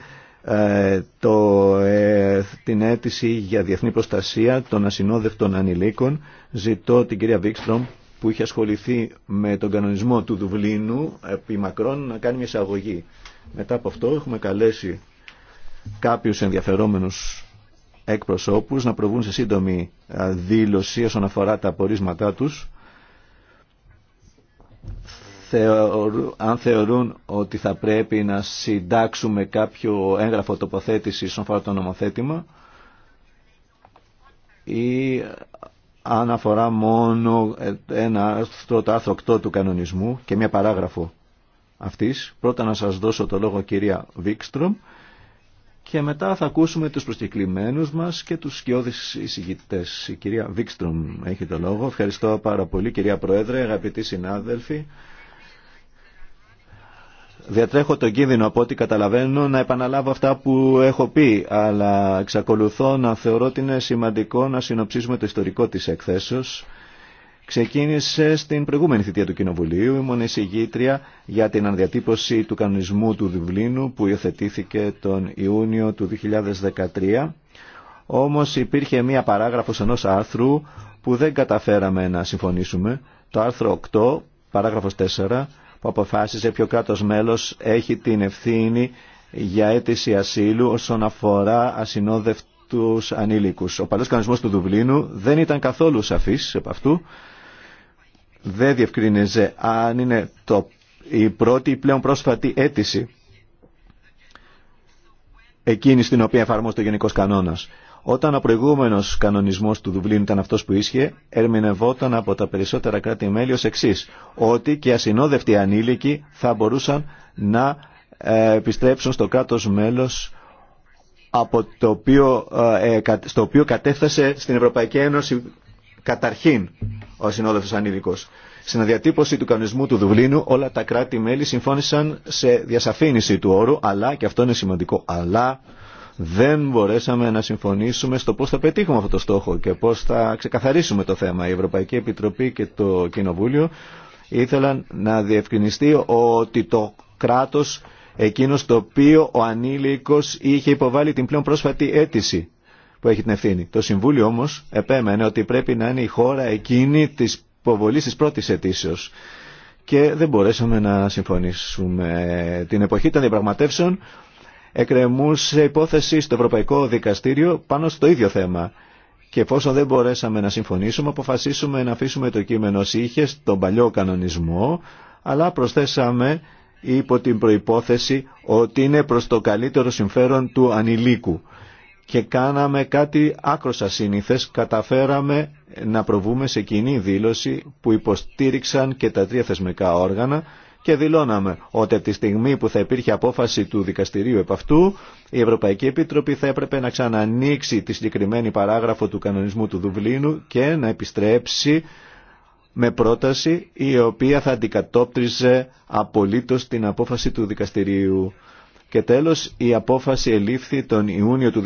[SPEAKER 2] ε, το, ε, την αίτηση για διεθνή προστασία των ασυνόδευτων ανηλίκων. Ζητώ την κυρία Βίξτρομ που είχε ασχοληθεί με τον κανονισμό του Δουβλίνου επί Μακρόν να κάνει μια εισαγωγή. Μετά από αυτό έχουμε καλέσει κάποιους ενδιαφερόμενους εκπροσώπους να προβούν σε σύντομη ε, δήλωση όσον αφορά τα απορίσματά τους αν θεωρούν ότι θα πρέπει να συντάξουμε κάποιο έγγραφο τοποθέτηση στον αφορά το νομοθέτημα ή αν αφορά μόνο ένα άρθρο, το άρθρο 8 του κανονισμού και μια παράγραφο αυτής. Πρώτα να σας δώσω το λόγο κυρία Βίκστρομ και μετά θα ακούσουμε τους προσκεκλημένους μας και τους σκιώδεις εισηγητές. Η κυρία Βίκστρομ έχει το λόγο. Ευχαριστώ πάρα πολύ κυρία Πρόεδρε, αγαπητοί συνάδελφοι. Διατρέχω τον κίνδυνο από ό,τι καταλαβαίνω να επαναλάβω αυτά που έχω πει, αλλά εξακολουθώ να θεωρώ ότι είναι σημαντικό να συνοψίσουμε το ιστορικό της εκθέσεως. Ξεκίνησε στην προηγούμενη θητεία του Κοινοβουλίου, ήμουν εισηγήτρια για την ανδιατύπωση του κανονισμού του Δουβλίνου που υιοθετήθηκε τον Ιούνιο του 2013. Όμως υπήρχε μία παράγραφος ενός άρθρου που δεν καταφέραμε να συμφωνήσουμε, το άρθρο 8, παράγραφος 4, που αποφάσισε ποιο κράτος μέλος έχει την ευθύνη για αίτηση ασύλου όσον αφορά ασυνόδευτους ανήλικους. Ο παλαιός κανονισμός του Δουβλίνου δεν ήταν καθόλου σαφής από αυτού. Δεν διευκρίνεζε αν είναι το, η πρώτη ή πλέον πρόσφατη αίτηση εκείνη στην οποία εφαρμόζεται ο Γενικός Κανόνας. Όταν ο προηγούμενο κανονισμό του Δουβλίνου ήταν αυτό που ίσχυε, ερμηνευόταν από τα περισσότερα κράτη-μέλη ω εξή. Ότι και ασυνόδευτοι ανήλικοι θα μπορούσαν να ε, επιστρέψουν στο κράτο μέλο από το οποίο, ε, στο οποίο κατέφτασε στην Ευρωπαϊκή Ένωση καταρχήν ο ασυνόδευτος ανήλικος. Στην αδιατύπωση του κανονισμού του Δουβλίνου όλα τα κράτη-μέλη συμφώνησαν σε διασαφήνιση του όρου, αλλά, και αυτό είναι σημαντικό, αλλά δεν μπορέσαμε να συμφωνήσουμε στο πώς θα πετύχουμε αυτό το στόχο και πώς θα ξεκαθαρίσουμε το θέμα. Η Ευρωπαϊκή Επιτροπή και το Κοινοβούλιο ήθελαν να διευκρινιστεί ότι το κράτος εκείνο το οποίο ο ανήλικος είχε υποβάλει την πλέον πρόσφατη αίτηση που έχει την ευθύνη. Το Συμβούλιο όμως επέμενε ότι πρέπει να είναι η χώρα εκείνη της υποβολής της πρώτης αιτήσεως και δεν μπορέσαμε να συμφωνήσουμε. Την εποχή των διαπραγματεύσεων εκρεμούσε υπόθεση στο Ευρωπαϊκό Δικαστήριο πάνω στο ίδιο θέμα. Και εφόσον δεν μπορέσαμε να συμφωνήσουμε, αποφασίσουμε να αφήσουμε το κείμενο είχε στον παλιό κανονισμό, αλλά προσθέσαμε υπό την προϋπόθεση ότι είναι προς το καλύτερο συμφέρον του ανηλίκου. Και κάναμε κάτι άκρος ασύνηθες, καταφέραμε να προβούμε σε κοινή δήλωση που υποστήριξαν και τα τρία θεσμικά όργανα και δηλώναμε ότι από τη στιγμή που θα υπήρχε απόφαση του δικαστηρίου επ' αυτού, η Ευρωπαϊκή Επίτροπη θα έπρεπε να ξανανοίξει τη συγκεκριμένη παράγραφο του κανονισμού του Δουβλίνου και να επιστρέψει με πρόταση η οποία θα αντικατόπτριζε απολύτως την απόφαση του δικαστηρίου. Και τέλος η απόφαση ελήφθη τον Ιούνιο του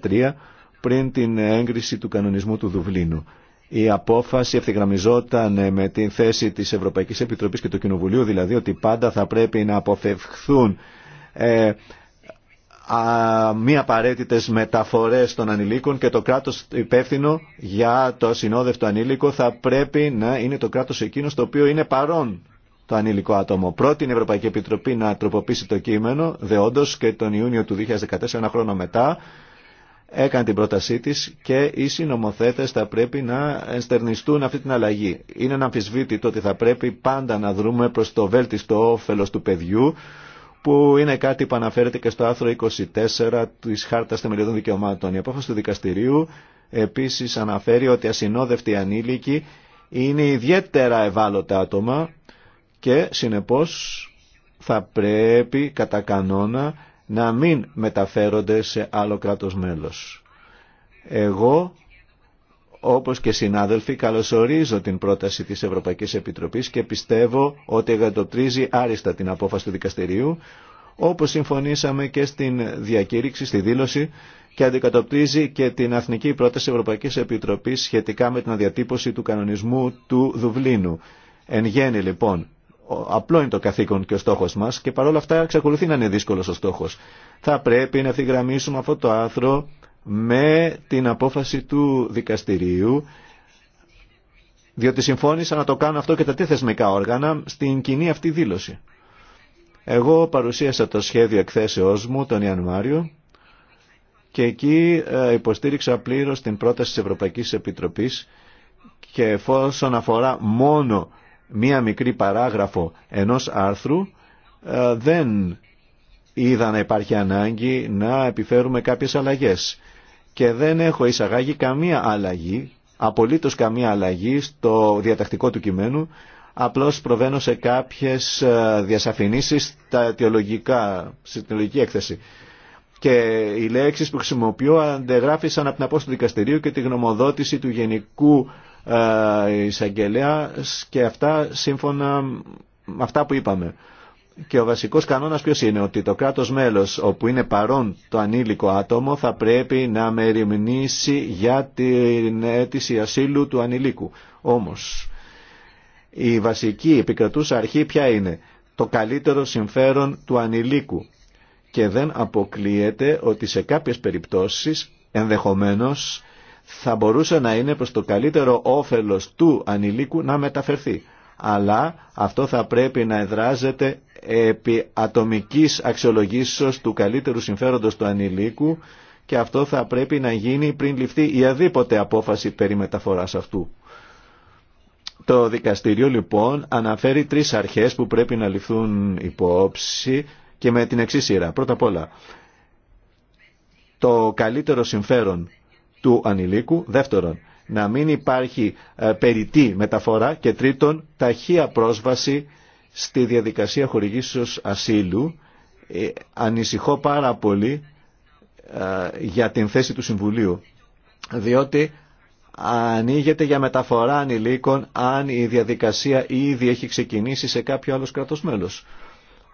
[SPEAKER 2] 2013 πριν την έγκριση του κανονισμού του Δουβλίνου. Η απόφαση ευθυγραμμιζόταν ε, με την θέση της Ευρωπαϊκής Επιτροπής και του Κοινοβουλίου, δηλαδή ότι πάντα θα πρέπει να αποφευχθούν ε, α, μη απαραίτητε μεταφορές των ανηλίκων και το κράτος υπεύθυνο για το συνόδευτο ανήλικο θα πρέπει να είναι το κράτος εκείνο το οποίο είναι παρόν το ανήλικο άτομο. Πρώτη η Ευρωπαϊκή Επιτροπή να τροποποιήσει το κείμενο, δεόντως και τον Ιούνιο του 2014, ένα χρόνο μετά, έκανε την πρότασή της και οι συνομοθέτες θα πρέπει να ενστερνιστούν αυτή την αλλαγή. Είναι αναμφισβήτητο ότι θα πρέπει πάντα να δρούμε προς το βέλτιστο όφελος του παιδιού που είναι κάτι που αναφέρεται και στο άρθρο 24 της Χάρτας Θεμελιωδών Δικαιωμάτων. Η απόφαση του δικαστηρίου επίσης αναφέρει ότι ασυνόδευτοι ανήλικοι είναι ιδιαίτερα ευάλωτα άτομα και συνεπώς θα πρέπει κατά κανόνα να μην μεταφέρονται σε άλλο κράτος μέλος. Εγώ, όπως και συνάδελφοι, καλωσορίζω την πρόταση της Ευρωπαϊκής Επιτροπής και πιστεύω ότι εγκατοπτρίζει άριστα την απόφαση του δικαστηρίου, όπως συμφωνήσαμε και στην διακήρυξη, στη δήλωση και αντικατοπτρίζει και την Αθνική Πρόταση Ευρωπαϊκής Επιτροπής σχετικά με την αδιατύπωση του κανονισμού του Δουβλίνου. Εν γέννη λοιπόν, απλό είναι το καθήκον και ο στόχο μα και παρόλα αυτά εξακολουθεί να είναι δύσκολο ο στόχο. Θα πρέπει να ευθυγραμμίσουμε αυτό το άθρο με την απόφαση του δικαστηρίου διότι συμφώνησα να το κάνω αυτό και τα τι θεσμικά όργανα στην κοινή αυτή δήλωση. Εγώ παρουσίασα το σχέδιο εκθέσεώς μου τον Ιανουάριο και εκεί ε, υποστήριξα πλήρως την πρόταση της Ευρωπαϊκής Επιτροπής και εφόσον αφορά μόνο μία μικρή παράγραφο ενός άρθρου ε, δεν είδα να υπάρχει ανάγκη να επιφέρουμε κάποιες αλλαγές. Και δεν έχω εισαγάγει καμία αλλαγή, απολύτως καμία αλλαγή στο διατακτικό του κειμένου, απλώς προβαίνω σε κάποιες ε, διασαφηνίσεις στα αιτιολογικά, στην αιτιολογική έκθεση. Και οι λέξεις που χρησιμοποιώ αντεγράφησαν από την απόσταση του δικαστηρίου και τη γνωμοδότηση του Γενικού ε, η εισαγγελέα και αυτά σύμφωνα με αυτά που είπαμε. Και ο βασικός κανόνας ποιος είναι, ότι το κράτος μέλος όπου είναι παρόν το ανήλικο άτομο θα πρέπει να μεριμνήσει για την αίτηση ασύλου του ανηλίκου. Όμως, η βασική επικρατούσα αρχή ποια είναι, το καλύτερο συμφέρον του ανηλίκου. Και δεν αποκλείεται ότι σε κάποιες περιπτώσεις, ενδεχομένως, θα μπορούσε να είναι προς το καλύτερο όφελος του ανηλίκου να μεταφερθεί. Αλλά αυτό θα πρέπει να εδράζεται επί ατομικής αξιολογήσεως του καλύτερου συμφέροντος του ανηλίκου και αυτό θα πρέπει να γίνει πριν ληφθεί η αδίποτε απόφαση περί μεταφοράς αυτού. Το δικαστήριο λοιπόν αναφέρει τρεις αρχές που πρέπει να ληφθούν υπόψη και με την εξή σειρά. Πρώτα απ' όλα, το καλύτερο συμφέρον του ανηλίκου. Δεύτερον, να μην υπάρχει ε, περιττή μεταφορά και τρίτον, ταχεία πρόσβαση στη διαδικασία χορηγήσεως ασύλου. Ε, ανησυχώ πάρα πολύ ε, για την θέση του Συμβουλίου, διότι ανοίγεται για μεταφορά ανηλίκων αν η διαδικασία ήδη έχει ξεκινήσει σε κάποιο άλλο κράτος μέλος.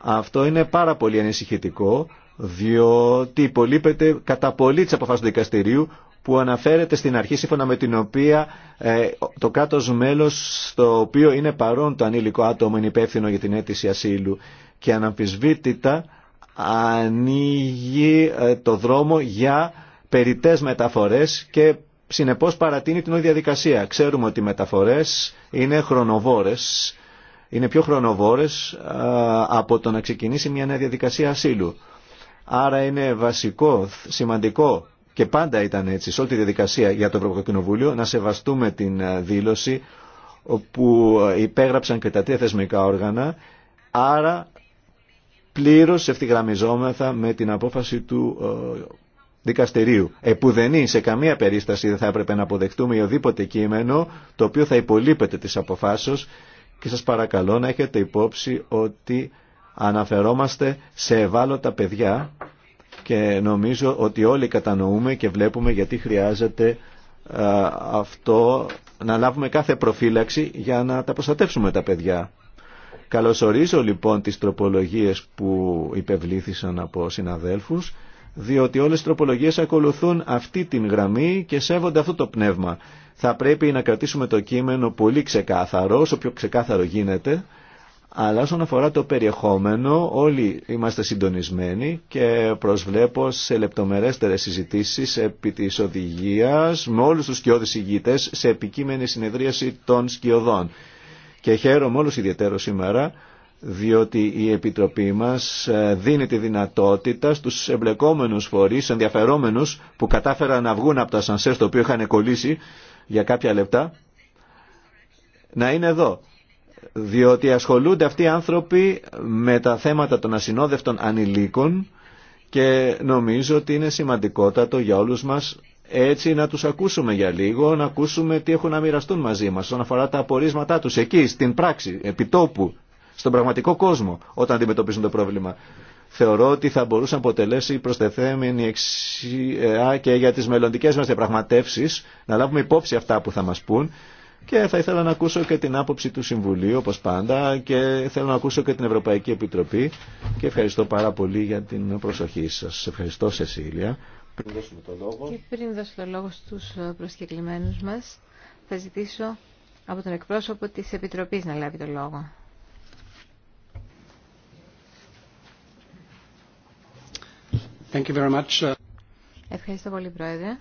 [SPEAKER 2] Αυτό είναι πάρα πολύ ανησυχητικό, διότι υπολείπεται κατά πολύ τη αποφάση του δικαστηρίου που αναφέρεται στην αρχή σύμφωνα με την οποία ε, το κάτω μέλος στο οποίο είναι παρόν το ανήλικο άτομο είναι υπεύθυνο για την αίτηση ασύλου και αναμφισβήτητα ανοίγει ε, το δρόμο για περιτές μεταφορές και συνεπώς παρατείνει την όλη διαδικασία. Ξέρουμε ότι οι μεταφορές είναι χρονοβόρες, είναι πιο χρονοβόρες ε, από το να ξεκινήσει μια νέα διαδικασία ασύλου. Άρα είναι βασικό, σημαντικό και πάντα ήταν έτσι σε όλη τη διαδικασία για το Ευρωπαϊκό Κοινοβούλιο να σεβαστούμε την ε, δήλωση που ε, υπέγραψαν και τα τρία θεσμικά όργανα άρα πλήρως ευθυγραμμιζόμεθα με την απόφαση του ε, δικαστηρίου. Επουδενή σε καμία περίσταση δεν θα έπρεπε να αποδεχτούμε οδήποτε κείμενο το οποίο θα υπολείπεται της αποφάσεως και σας παρακαλώ να έχετε υπόψη ότι αναφερόμαστε σε ευάλωτα παιδιά και νομίζω ότι όλοι κατανοούμε και βλέπουμε γιατί χρειάζεται αυτό να λάβουμε κάθε προφύλαξη για να τα προστατεύσουμε τα παιδιά. Καλωσορίζω λοιπόν τις τροπολογίες που υπευλήθησαν από συναδέλφους διότι όλες οι τροπολογίες ακολουθούν αυτή την γραμμή και σέβονται αυτό το πνεύμα. Θα πρέπει να κρατήσουμε το κείμενο πολύ ξεκάθαρο, όσο πιο ξεκάθαρο γίνεται, αλλά όσον αφορά το περιεχόμενο, όλοι είμαστε συντονισμένοι και προσβλέπω σε λεπτομερέστερες συζητήσεις επί της οδηγίας με όλους τους σκιώδεις ηγητές σε επικείμενη συνεδρίαση των σκιωδών. Και χαίρομαι όλους ιδιαίτερο σήμερα διότι η Επιτροπή μας ε, δίνει τη δυνατότητα στους εμπλεκόμενους φορείς, ενδιαφερόμενους που κατάφεραν να βγουν από τα σανσέρ στο οποίο είχαν κολλήσει για κάποια λεπτά, να είναι εδώ διότι ασχολούνται αυτοί οι άνθρωποι με τα θέματα των ασυνόδευτων ανηλίκων και νομίζω ότι είναι σημαντικότατο για όλους μας έτσι να τους ακούσουμε για λίγο, να ακούσουμε τι έχουν να μοιραστούν μαζί μας όσον αφορά τα απορίσματά τους εκεί, στην πράξη, επιτόπου, στον πραγματικό κόσμο όταν αντιμετωπίζουν το πρόβλημα. Θεωρώ ότι θα μπορούσε να αποτελέσει προστεθέμενη εξιά και για τις μελλοντικέ μας διαπραγματεύσεις να λάβουμε υπόψη αυτά που θα μας πούν και θα ήθελα να ακούσω και την άποψη του Συμβουλίου, όπως πάντα, και θέλω να ακούσω και την Ευρωπαϊκή Επιτροπή. Και ευχαριστώ πάρα πολύ για την προσοχή σας. Ευχαριστώ, Σεσίλια. Πριν δώσουμε το λόγο...
[SPEAKER 3] Και πριν δώσω το λόγο στους προσκεκλημένους μας, θα ζητήσω από τον εκπρόσωπο της Επιτροπής να λάβει το λόγο.
[SPEAKER 1] Uh-
[SPEAKER 3] ευχαριστώ πολύ, Πρόεδρε.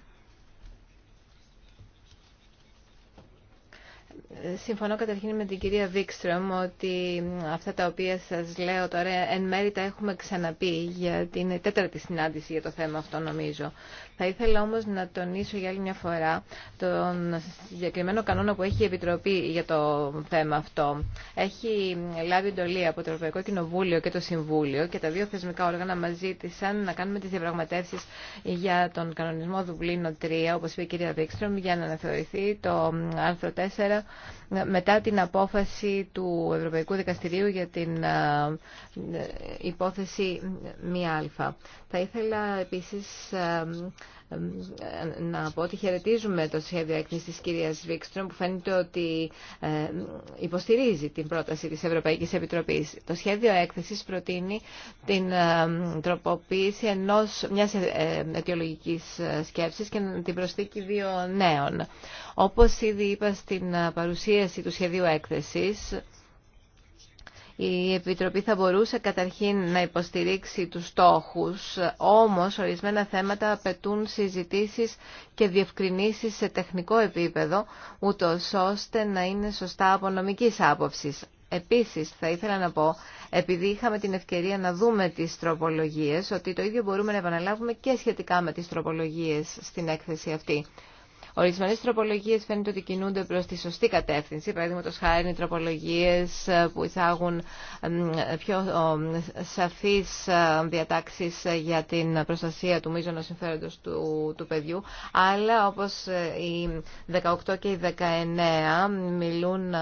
[SPEAKER 3] Συμφωνώ καταρχήν με την κυρία Βίξτρομ ότι αυτά τα οποία σας λέω τώρα εν μέρη τα έχουμε ξαναπεί για την τέταρτη συνάντηση για το θέμα αυτό νομίζω. Θα ήθελα όμως να τονίσω για άλλη μια φορά τον συγκεκριμένο κανόνα που έχει η Επιτροπή για το θέμα αυτό. Έχει λάβει εντολή από το Ευρωπαϊκό Κοινοβούλιο και το Συμβούλιο και τα δύο θεσμικά όργανα μας ζήτησαν να κάνουμε τις διαπραγματεύσεις για τον κανονισμό Δουβλίνο 3 όπως είπε η κυρία Βίξτρομ για να αναθεωρηθεί το άρθρο 4 μετά την απόφαση του Ευρωπαϊκού Δικαστηρίου για την ε, ε, υπόθεση 1α. Θα ήθελα επίσης ε, ε, να πω ότι χαιρετίζουμε το σχέδιο έκθεση της κυρίας Βίξτρομ που φαίνεται ότι ε, υποστηρίζει την πρόταση της Ευρωπαϊκής Επιτροπής. Το σχέδιο έκθεσης προτείνει την ε, τροποποίηση ενός, μιας αιτιολογικής σκέψης και την προσθήκη δύο νέων. Όπως ήδη είπα στην παρουσίαση του σχεδίου έκθεσης, η Επιτροπή θα μπορούσε καταρχήν να υποστηρίξει τους στόχους, όμως ορισμένα θέματα απαιτούν συζητήσεις και διευκρινήσεις σε τεχνικό επίπεδο, ούτω ώστε να είναι σωστά από νομικής άποψης. Επίσης, θα ήθελα να πω, επειδή είχαμε την ευκαιρία να δούμε τις τροπολογίες, ότι το ίδιο μπορούμε να επαναλάβουμε και σχετικά με τις τροπολογίες στην έκθεση αυτή. Ορισμένε τροπολογίε φαίνεται ότι κινούνται προ τη σωστή κατεύθυνση. Παραδείγματο χάρη είναι τροπολογίε ε, που εισάγουν πιο σαφεί ε, διατάξει ε, για την προστασία του μείζωνο συμφέροντο του, του παιδιού. Αλλά όπω οι 18 και οι 19 μιλούν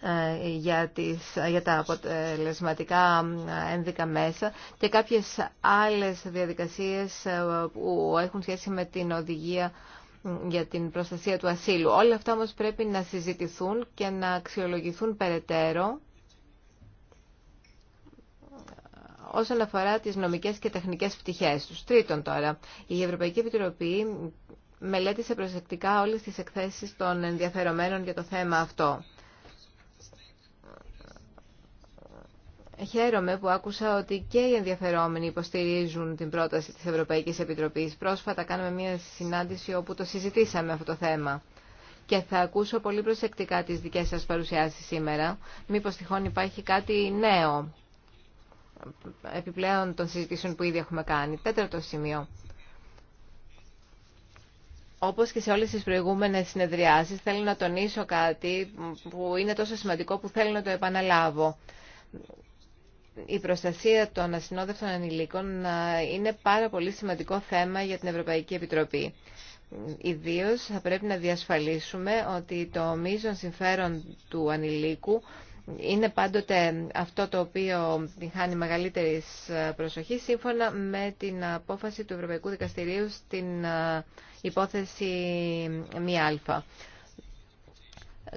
[SPEAKER 3] ε, για, τις, για τα αποτελεσματικά ε, ένδικα μέσα και κάποιες άλλες διαδικασίες ε, που έχουν σχέση με την οδηγία για την προστασία του ασύλου. Όλα αυτά όμως πρέπει να συζητηθούν και να αξιολογηθούν περαιτέρω όσον αφορά τις νομικές και τεχνικές πτυχές τους. Τρίτον τώρα, η Ευρωπαϊκή Επιτροπή μελέτησε προσεκτικά όλες τις εκθέσεις των ενδιαφερομένων για το θέμα αυτό. Χαίρομαι που άκουσα ότι και οι ενδιαφερόμενοι υποστηρίζουν την πρόταση της Ευρωπαϊκής Επιτροπής. Πρόσφατα κάναμε μια συνάντηση όπου το συζητήσαμε αυτό το θέμα. Και θα ακούσω πολύ προσεκτικά τις δικές σας παρουσιάσεις σήμερα. Μήπως τυχόν υπάρχει κάτι νέο επιπλέον των συζητήσεων που ήδη έχουμε κάνει. Τέταρτο σημείο. Όπως και σε όλες τις προηγούμενες συνεδριάσεις, θέλω να τονίσω κάτι που είναι τόσο σημαντικό που θέλω να το επαναλάβω η προστασία των ασυνόδευτων ανηλίκων ε, είναι πάρα πολύ σημαντικό θέμα για την Ευρωπαϊκή Επιτροπή. Ιδίω θα πρέπει να διασφαλίσουμε ότι το μείζον συμφέρον του ανηλίκου είναι πάντοτε αυτό το οποίο την χάνει μεγαλύτερη ε, προσοχή σύμφωνα με την απόφαση του Ευρωπαϊκού Δικαστηρίου στην ε, υποθεση Μια 1α.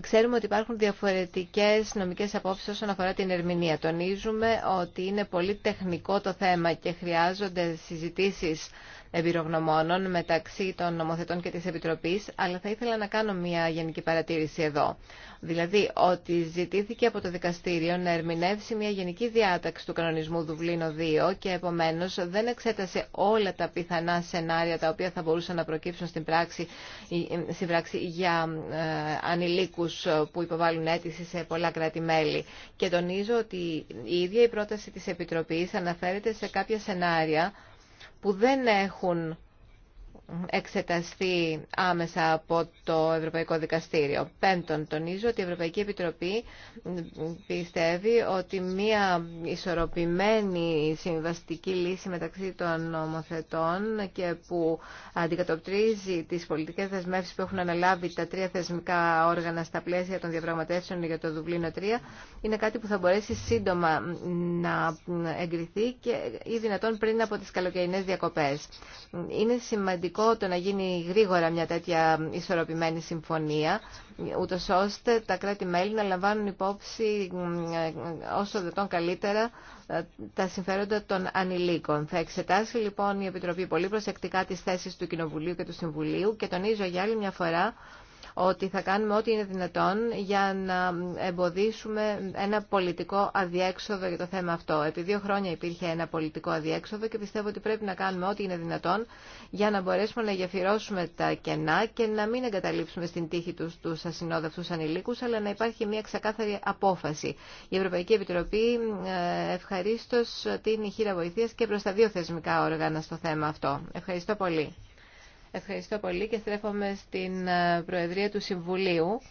[SPEAKER 3] Ξέρουμε ότι υπάρχουν διαφορετικές νομικές απόψεις όσον αφορά την ερμηνεία. Τονίζουμε ότι είναι πολύ τεχνικό το θέμα και χρειάζονται συζητήσεις εμπειρογνωμόνων μεταξύ των νομοθετών και της Επιτροπής, αλλά θα ήθελα να κάνω μια γενική παρατήρηση εδώ. Δηλαδή ότι ζητήθηκε από το δικαστήριο να ερμηνεύσει μια γενική διάταξη του κανονισμού Δουβλίνο 2 και επομένως δεν εξέτασε όλα τα πιθανά σενάρια τα οποία θα μπορούσαν να προκύψουν στην πράξη, στην πράξη για ε, ανηλίκους που υποβάλλουν αίτηση σε πολλά κράτη-μέλη. Και τονίζω ότι η ίδια η πρόταση της Επιτροπής αναφέρεται σε κάποια σενάρια που δεν έχουν εξεταστεί άμεσα από το Ευρωπαϊκό Δικαστήριο. Πέμπτον, τονίζω ότι η Ευρωπαϊκή Επιτροπή πιστεύει ότι μία ισορροπημένη συμβαστική λύση μεταξύ των νομοθετών και που αντικατοπτρίζει τις πολιτικές δεσμεύσεις που έχουν αναλάβει τα τρία θεσμικά όργανα στα πλαίσια των διαπραγματεύσεων για το Δουβλίνο 3 είναι κάτι που θα μπορέσει σύντομα να εγκριθεί και ή δυνατόν πριν από τις καλοκαιρινές διακοπές. Είναι σημαντικό σημαντικό το να γίνει γρήγορα μια τέτοια ισορροπημένη συμφωνία, ούτω ώστε τα κράτη-μέλη να λαμβάνουν υπόψη όσο δεν καλύτερα ε, τα συμφέροντα των ανηλίκων. Θα εξετάσει λοιπόν η Επιτροπή πολύ προσεκτικά τις θέσεις του Κοινοβουλίου και του Συμβουλίου και τονίζω για άλλη μια φορά ότι θα κάνουμε ό,τι είναι δυνατόν για να εμποδίσουμε ένα πολιτικό αδιέξοδο για το θέμα αυτό. Επί δύο χρόνια υπήρχε ένα πολιτικό αδιέξοδο και πιστεύω ότι πρέπει να κάνουμε ό,τι είναι δυνατόν για να μπορέσουμε να γεφυρώσουμε τα κενά και να μην εγκαταλείψουμε στην τύχη τους τους ασυνόδευτους ανηλίκους, αλλά να υπάρχει μια ξεκάθαρη απόφαση. Η Ευρωπαϊκή Επιτροπή ε, ευχαρίστως την χείρα βοηθείας και προς τα δύο θεσμικά όργανα στο θέμα αυτό. Ευχαριστώ πολύ. Ευχαριστώ πολύ και στρέφομαι στην ε, Προεδρία του Συμβουλίου.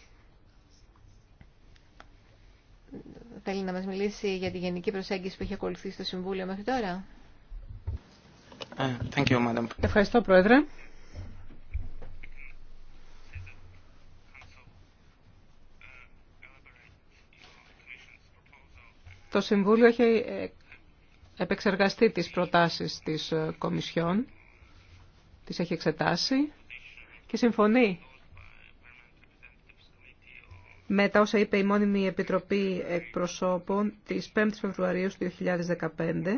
[SPEAKER 3] Θέλει να μας μιλήσει για τη γενική προσέγγιση που έχει ακολουθεί στο Συμβούλιο μέχρι τώρα.
[SPEAKER 1] Ε, thank you,
[SPEAKER 4] Madam. Ευχαριστώ, Πρόεδρε. Το Συμβούλιο έχει ε, επεξεργαστεί τις προτάσεις της Κομισιόν τις έχει εξετάσει και συμφωνεί με τα όσα είπε η μόνιμη Επιτροπή Εκπροσώπων της 5ης Φεβρουαρίου του 2015.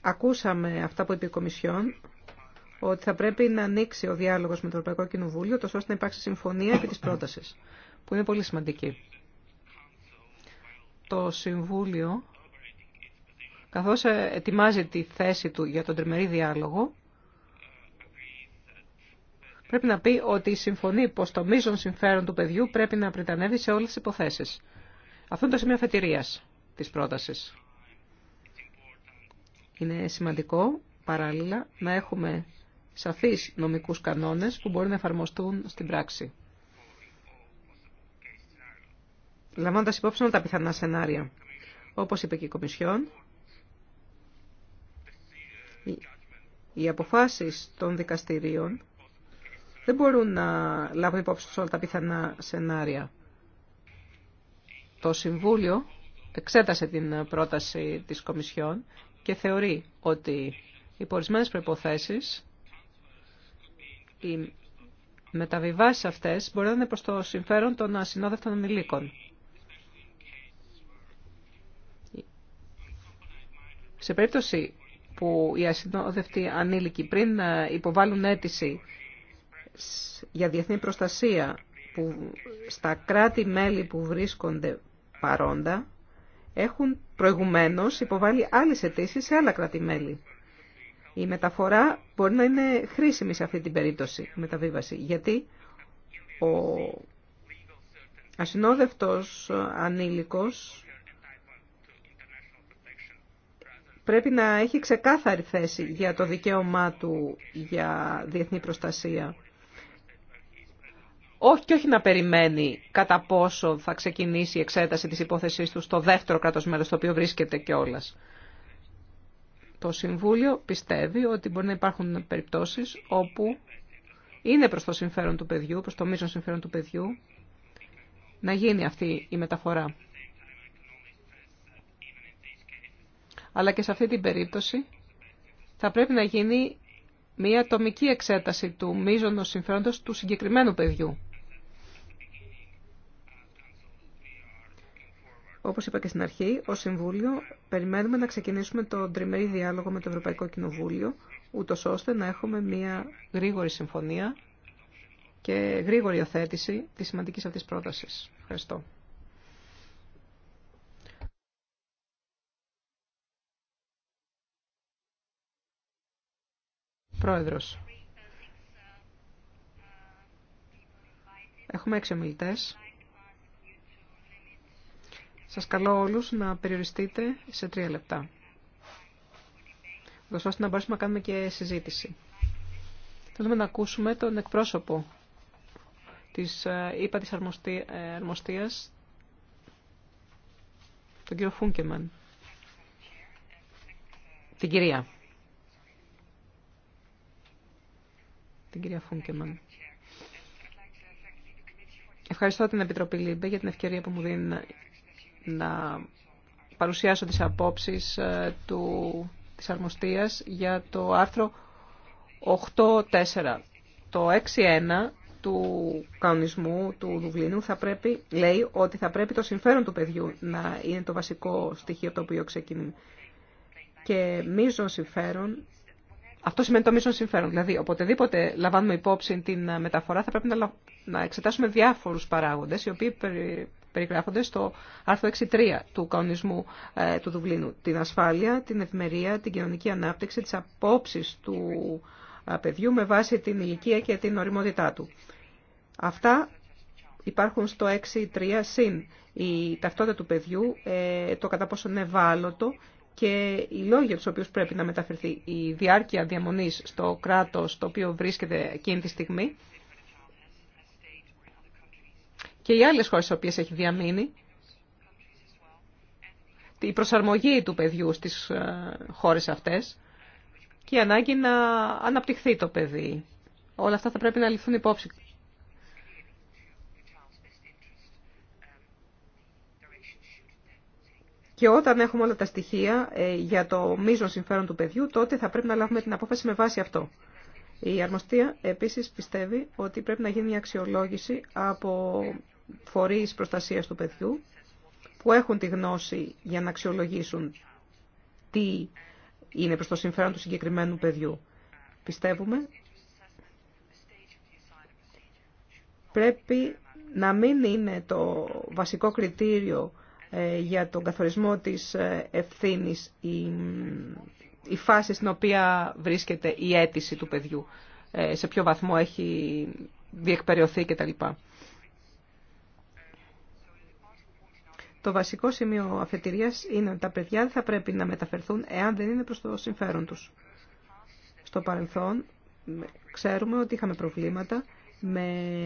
[SPEAKER 4] Ακούσαμε αυτά που είπε η Κομισιόν, ότι θα πρέπει να ανοίξει ο διάλογος με το Ευρωπαϊκό Κοινοβούλιο, τόσο ώστε να υπάρξει συμφωνία επί της πρότασης, που είναι πολύ σημαντική. Το Συμβούλιο καθώς ε, ετοιμάζει τη θέση του για τον τριμερή διάλογο, πρέπει να πει ότι συμφωνεί πως το μείζον συμφέρον του παιδιού πρέπει να πριτανεύει σε όλες τις υποθέσεις. Αυτό είναι το σημείο αφετηρίας της πρότασης. Είναι σημαντικό, παράλληλα, να έχουμε σαφείς νομικούς κανόνες που μπορούν να εφαρμοστούν στην πράξη. Λαμβάνοντας υπόψη όλα τα πιθανά σενάρια. Όπως είπε και η Κομισιόν, οι αποφάσεις των δικαστηρίων δεν μπορούν να λάβουν υπόψη σε όλα τα πιθανά σενάρια. Το Συμβούλιο εξέτασε την πρόταση της Κομισιόν και θεωρεί ότι οι ορισμένε προϋποθέσεις, οι μεταβιβάσεις αυτές μπορεί να είναι προς το συμφέρον των ασυνόδευτων ανηλίκων. Σε περίπτωση που οι ασυνόδευτοι ανήλικοι πριν ε, υποβάλουν αίτηση για διεθνή προστασία που στα κράτη-μέλη που βρίσκονται παρόντα έχουν προηγουμένως υποβάλει άλλες αιτήσει σε άλλα κράτη-μέλη. Η μεταφορά μπορεί να είναι χρήσιμη σε αυτή την περίπτωση, η μεταβίβαση, γιατί ο ασυνόδευτος ανήλικος πρέπει να έχει ξεκάθαρη θέση για το δικαίωμά του για διεθνή προστασία. Όχι και όχι να περιμένει κατά πόσο θα ξεκινήσει η εξέταση της υπόθεσής του στο δεύτερο κράτος μέλος στο οποίο βρίσκεται κιόλα. Το Συμβούλιο πιστεύει ότι μπορεί να υπάρχουν περιπτώσεις όπου είναι προς το συμφέρον του παιδιού, προς το μείζον συμφέρον του παιδιού, να γίνει αυτή η μεταφορά. αλλά και σε αυτή την περίπτωση θα πρέπει να γίνει μια ατομική εξέταση του μείζωνος συμφέροντος του συγκεκριμένου παιδιού. Όπως είπα και στην αρχή, ως Συμβούλιο περιμένουμε να ξεκινήσουμε τον τριμερή διάλογο με το Ευρωπαϊκό Κοινοβούλιο, ούτω ώστε να έχουμε μια γρήγορη συμφωνία και γρήγορη οθέτηση της σημαντικής αυτής πρότασης. Ευχαριστώ. Πρόεδρος. Έχουμε έξι ομιλητές. Σας καλώ όλους να περιοριστείτε σε τρία λεπτά. Δώσ' ώστε να μπορέσουμε να κάνουμε και συζήτηση. Θέλουμε να ακούσουμε τον εκπρόσωπο της ε, ΥΠΑ της ε, Αρμοστίας, τον κύριο Φούνκεμαν. Την κυρία. την κυρία Φούνκεμαν. Ευχαριστώ την Επιτροπή Λίμπε για την ευκαιρία που μου δίνει να παρουσιάσω τις απόψεις ε, του, της αρμοστίας για το άρθρο 8.4. Το 6.1 του κανονισμού του Δουβλίνου θα πρέπει, λέει ότι θα πρέπει το συμφέρον του παιδιού να είναι το βασικό στοιχείο το οποίο ξεκινούν. Και μείζον συμφέρον αυτό σημαίνει το μισό συμφέρον. Δηλαδή, οποτεδήποτε λαμβάνουμε υπόψη την ε, μεταφορά, θα πρέπει να, να εξετάσουμε διάφορου παράγοντε, οι οποίοι περιγράφονται στο άρθρο 6.3 του κανονισμού ε, του Δουβλίνου. Την ασφάλεια, την ευμερία, την κοινωνική ανάπτυξη, τι απόψει του ε, παιδιού με βάση την ηλικία και την οριμότητά του. Αυτά υπάρχουν στο 6.3 συν η ταυτότητα του παιδιού, το κατά πόσο είναι ευάλωτο και οι λόγοι για τους οποίους πρέπει να μεταφερθεί η διάρκεια διαμονής στο κράτος το οποίο βρίσκεται εκείνη τη στιγμή και οι άλλες χώρες στι οποίε έχει διαμείνει, η προσαρμογή του παιδιού στις ε, χώρες αυτές και η ανάγκη να αναπτυχθεί το παιδί. Όλα αυτά θα πρέπει να ληφθούν υπόψη Και όταν έχουμε όλα τα στοιχεία ε, για το μείζον συμφέρον του παιδιού, τότε θα πρέπει να λάβουμε την απόφαση με βάση αυτό. Η αρμοστία επίσης πιστεύει ότι πρέπει να γίνει μια αξιολόγηση από φορείς προστασίας του παιδιού που έχουν τη γνώση για να αξιολογήσουν τι είναι προς το συμφέρον του συγκεκριμένου παιδιού. Πιστεύουμε πρέπει να μην είναι το βασικό κριτήριο ε, για τον καθορισμό της ε, ευθύνης η, η φάση στην οποία βρίσκεται η αίτηση του παιδιού, ε, σε ποιο βαθμό έχει διεκπεριωθεί κτλ. Το βασικό σημείο αφετηρίας είναι ότι τα παιδιά δεν θα πρέπει να μεταφερθούν εάν δεν είναι προς το συμφέρον τους. Στο παρελθόν ξέρουμε ότι είχαμε προβλήματα με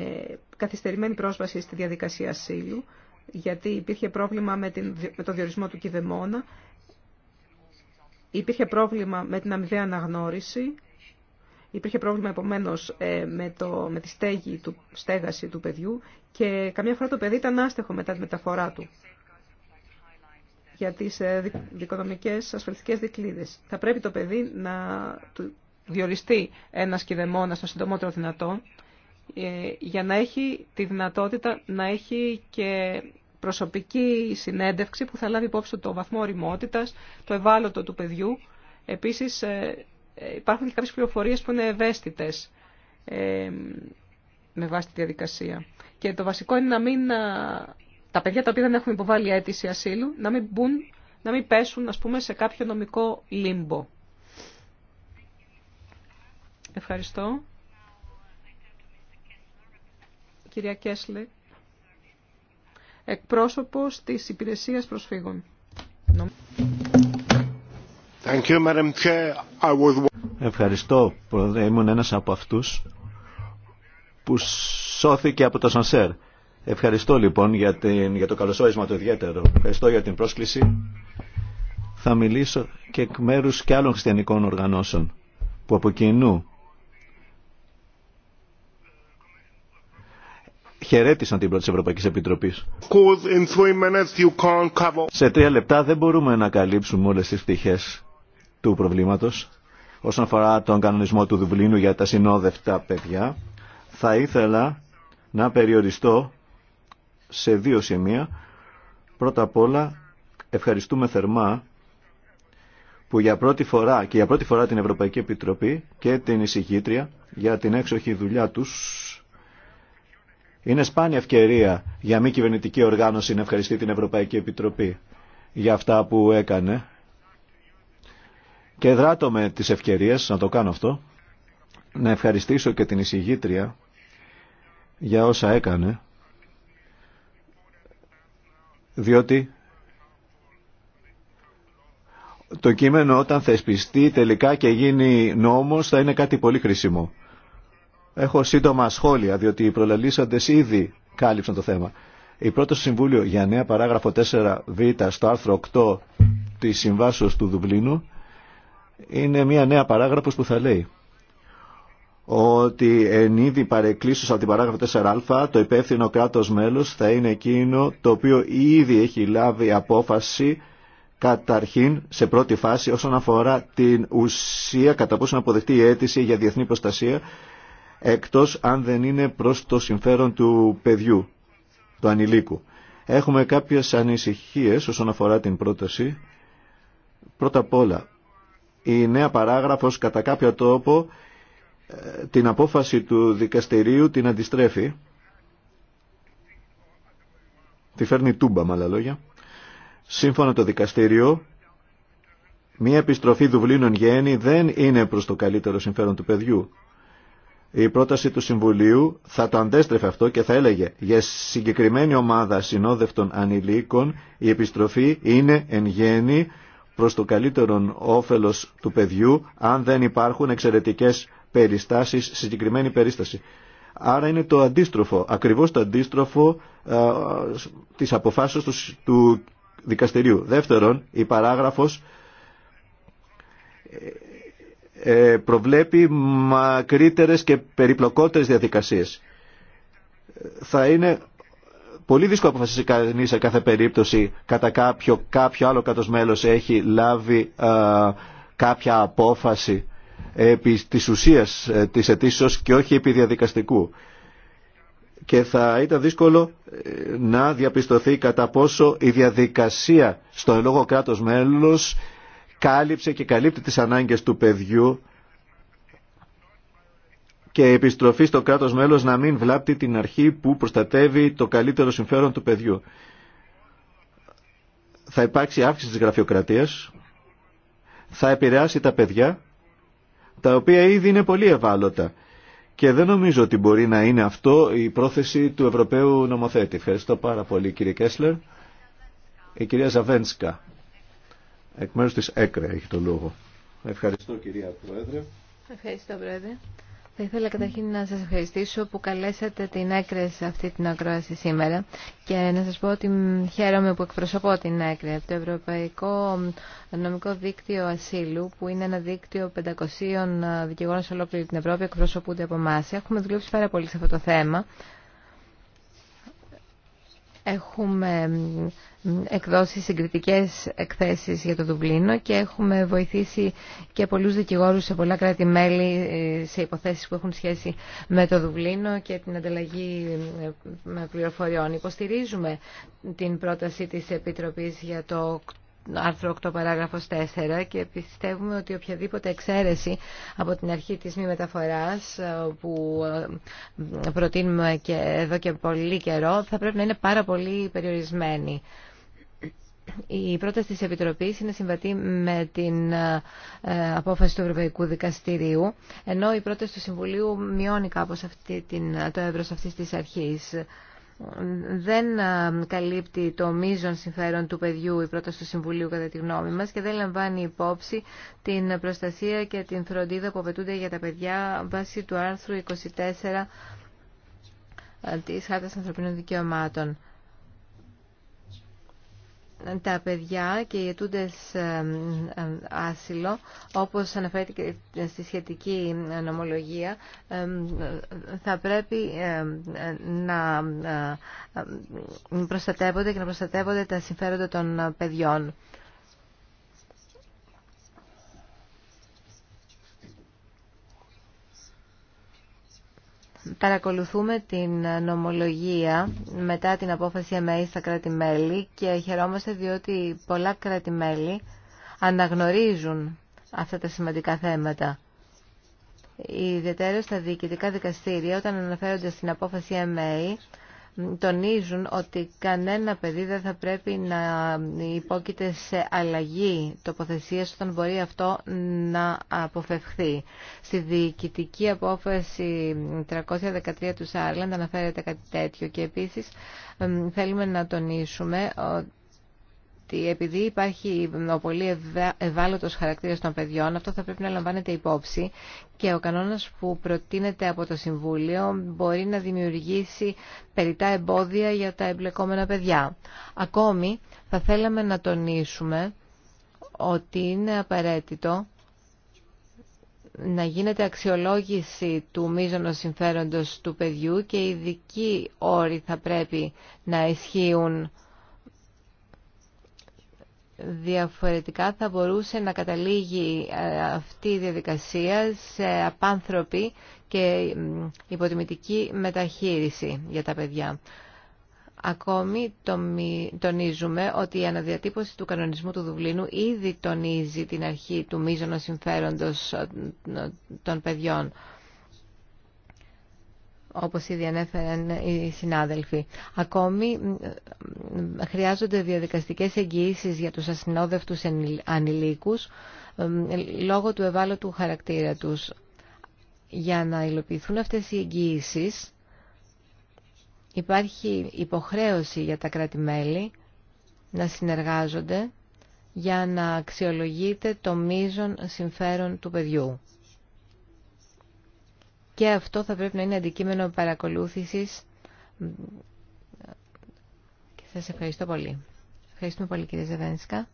[SPEAKER 4] καθυστερημένη πρόσβαση στη διαδικασία ασύλου, γιατί υπήρχε πρόβλημα με, την, το διορισμό του κηδεμόνα, υπήρχε πρόβλημα με την αμοιβαία αναγνώριση, υπήρχε πρόβλημα επομένως ε, με, το, με τη στέγη του, στέγαση του παιδιού και καμιά φορά το παιδί ήταν άστεχο μετά τη μεταφορά του για τις ε, δικονομικές ασφαλιστικές δικλείδες. Θα πρέπει το παιδί να του διοριστεί ένας κηδεμόνας στο συντομότερο δυνατό, ε, για να έχει τη δυνατότητα να έχει και προσωπική συνέντευξη που θα λάβει υπόψη το βαθμό οριμότητας, το ευάλωτο του παιδιού. Επίσης ε, ε, υπάρχουν και κάποιες πληροφορίες που είναι ευαίσθητες με βάση τη διαδικασία. Και το βασικό είναι να μην, τα παιδιά τα οποία δεν έχουν υποβάλει αίτηση ασύλου να μην, μπουν, να μην πέσουν ας πούμε, σε κάποιο νομικό λίμπο. Ευχαριστώ κυρία Κέσλε, εκπρόσωπος της Υπηρεσίας Προσφύγων.
[SPEAKER 2] Ευχαριστώ, Πρόεδρε. Ήμουν ένας από αυτούς που σώθηκε από το Σανσέρ. Ευχαριστώ λοιπόν για, την, για το καλωσόρισμα το ιδιαίτερο. Ευχαριστώ για την πρόσκληση. Θα μιλήσω και εκ μέρους και άλλων χριστιανικών οργανώσεων που από κοινού χαιρέτησαν την πρώτη Ευρωπαϊκή Επιτροπή. Σε τρία λεπτά δεν μπορούμε να καλύψουμε όλε τι πτυχέ του προβλήματο. Όσον αφορά τον κανονισμό του Δουβλίνου για τα συνόδευτα παιδιά, θα ήθελα να περιοριστώ σε δύο σημεία. Πρώτα απ' όλα, ευχαριστούμε θερμά που για πρώτη φορά και για πρώτη φορά την Ευρωπαϊκή Επιτροπή και την εισηγήτρια για την έξοχη δουλειά τους είναι σπάνια ευκαιρία για μη κυβερνητική οργάνωση να ευχαριστεί την Ευρωπαϊκή Επιτροπή για αυτά που έκανε. Και δράτω με τις ευκαιρίες να το κάνω αυτό, να ευχαριστήσω και την εισηγήτρια για όσα έκανε, διότι το κείμενο όταν θεσπιστεί τελικά και γίνει νόμος θα είναι κάτι πολύ χρήσιμο. Έχω σύντομα σχόλια, διότι οι προλαλήσαντε ήδη κάλυψαν το θέμα. Η πρώτη Συμβούλιο για νέα παράγραφο 4β στο άρθρο 8 τη συμβάσεω του Δουβλίνου είναι μια νέα παράγραφο που θα λέει ότι εν είδη παρεκκλήσεως από την παράγραφο 4α το υπεύθυνο κράτος μέλος θα είναι εκείνο το οποίο ήδη έχει λάβει απόφαση καταρχήν σε πρώτη φάση όσον αφορά την ουσία κατά πόσο να αποδεχτεί η αίτηση για διεθνή προστασία εκτός αν δεν είναι προς το συμφέρον του παιδιού, του ανηλίκου. Έχουμε κάποιες ανησυχίες όσον αφορά την πρόταση. Πρώτα απ' όλα, η νέα παράγραφος κατά κάποιο τρόπο ε, την απόφαση του δικαστηρίου την αντιστρέφει. Τη φέρνει τούμπα με άλλα λόγια. Σύμφωνα το δικαστήριο, μια επιστροφή Δουβλίνων γέννη δεν είναι προς το καλύτερο συμφέρον του παιδιού η πρόταση του Συμβουλίου θα το αντέστρεφε αυτό και θα έλεγε για συγκεκριμένη ομάδα συνόδευτων ανηλίκων η επιστροφή είναι εν γέννη προς το καλύτερον όφελος του παιδιού αν δεν υπάρχουν εξαιρετικές περιστάσεις συγκεκριμένη περίσταση. Άρα είναι το αντίστροφο, ακριβώς το αντίστροφο της αποφάσεως του, του δικαστηρίου. Δεύτερον, η παράγραφος ε, προβλέπει μακρύτερες και περιπλοκότερες διαδικασίες. Θα είναι πολύ δύσκολο να αποφασίσει κανείς σε κάθε περίπτωση κατά κάποιο, κάποιο άλλο κάτω μέλος έχει λάβει κάποια απόφαση επί της ουσίας ε, της αιτήσεως και όχι επί διαδικαστικού. Και θα ήταν δύσκολο ε, να διαπιστωθεί κατά πόσο η διαδικασία στον λόγο κράτος μέλος κάλυψε και καλύπτει τις ανάγκες του παιδιού και η επιστροφή στο κράτος μέλος να μην βλάπτει την αρχή που προστατεύει το καλύτερο συμφέρον του παιδιού. Θα υπάρξει αύξηση της γραφειοκρατίας, θα επηρεάσει τα παιδιά, τα οποία ήδη είναι πολύ ευάλωτα. Και δεν νομίζω ότι μπορεί να είναι αυτό η πρόθεση του Ευρωπαίου νομοθέτη. Ευχαριστώ πάρα πολύ κύριε Κέσλερ. Η κυρία Ζαβένσκα. Εκ μέρους της ΕΚΡΕ έχει το λόγο. Ευχαριστώ κυρία Πρόεδρε.
[SPEAKER 3] Ευχαριστώ Πρόεδρε. Θα ήθελα καταρχήν να σας ευχαριστήσω που καλέσατε την ΕΚΡΕ σε αυτή την ακρόαση σήμερα και να σας πω ότι χαίρομαι που εκπροσωπώ την ΕΚΡΕ, το Ευρωπαϊκό Νομικό Δίκτυο Ασύλου, που είναι ένα δίκτυο 500 δικηγόρων σε ολόκληρη την Ευρώπη, εκπροσωπούνται από εμά. Έχουμε δουλέψει πάρα πολύ σε αυτό το θέμα Έχουμε εκδώσει συγκριτικές εκθέσεις για το Δουβλίνο και έχουμε βοηθήσει και πολλούς δικηγόρους σε πολλά κράτη-μέλη ε, σε υποθέσεις που έχουν σχέση με το Δουβλίνο και την ανταλλαγή ε, πληροφοριών. Υποστηρίζουμε την πρόταση της Επιτροπής για το άρθρο 8 παράγραφος 4 και πιστεύουμε ότι οποιαδήποτε εξαίρεση από την αρχή της μη μεταφοράς ε, που ε, προτείνουμε και εδώ και πολύ καιρό θα πρέπει να είναι πάρα πολύ περιορισμένη. Η πρόταση της Επιτροπής είναι συμβατή με την ε, απόφαση του Ευρωπαϊκού Δικαστηρίου, ενώ η πρόταση του Συμβουλίου μειώνει κάπως αυτή την, το εύρος αυτής της αρχής δεν καλύπτει το μείζον συμφέρον του παιδιού η πρόταση του Συμβουλίου κατά τη γνώμη μας και δεν λαμβάνει υπόψη την προστασία και την φροντίδα που απαιτούνται για τα παιδιά βάσει του άρθρου 24 ε, της Χάρτας Ανθρωπίνων Δικαιωμάτων τα παιδιά και οι αιτούντες άσυλο, όπως και στη σχετική νομολογία, θα πρέπει να προστατεύονται και να προστατεύονται τα συμφέροντα των παιδιών. παρακολουθούμε την νομολογία μετά την απόφαση ΕΜΕΗ στα κράτη-μέλη και χαιρόμαστε διότι πολλά κράτη-μέλη αναγνωρίζουν αυτά τα σημαντικά θέματα. Ιδιαίτερα στα διοικητικά δικαστήρια, όταν αναφέρονται στην απόφαση MA, τονίζουν ότι κανένα παιδί δεν θα πρέπει να υπόκειται σε αλλαγή τοποθεσίας όταν μπορεί αυτό να αποφευχθεί. Στη διοικητική απόφαση 313 του Σάρλαντ αναφέρεται κάτι τέτοιο και επίσης θέλουμε να τονίσουμε ότι επειδή υπάρχει ο πολύ ευάλωτο χαρακτήρα των παιδιών, αυτό θα πρέπει να λαμβάνεται υπόψη και ο κανόνα που προτείνεται από το Συμβούλιο μπορεί να δημιουργήσει περιτά εμπόδια για τα εμπλεκόμενα παιδιά. Ακόμη, θα θέλαμε να τονίσουμε ότι είναι απαραίτητο να γίνεται αξιολόγηση του μείζωνος συμφέροντος του παιδιού και ειδικοί όροι θα πρέπει να ισχύουν Διαφορετικά θα μπορούσε να καταλήγει ε, αυτή η διαδικασία σε απάνθρωπη και υποτιμητική μεταχείριση για τα παιδιά. Ακόμη τονίζουμε ότι η αναδιατύπωση του κανονισμού του Δουβλίνου ήδη τονίζει την αρχή του μείζωνος συμφέροντος ε, των παιδιών όπως ήδη ανέφεραν οι συνάδελφοι. Ακόμη χρειάζονται διαδικαστικές εγγυήσεις για τους ασυνόδευτους ανηλίκους λόγω του ευάλωτου χαρακτήρα τους. Για να υλοποιηθούν αυτές οι εγγυήσεις υπάρχει υποχρέωση για τα κράτη-μέλη να συνεργάζονται για να αξιολογείται το μείζον συμφέρον του παιδιού και αυτό θα πρέπει να είναι αντικείμενο παρακολούθησης και σας ευχαριστώ πολύ. Ευχαριστούμε πολύ κύριε Ζεβένσκα.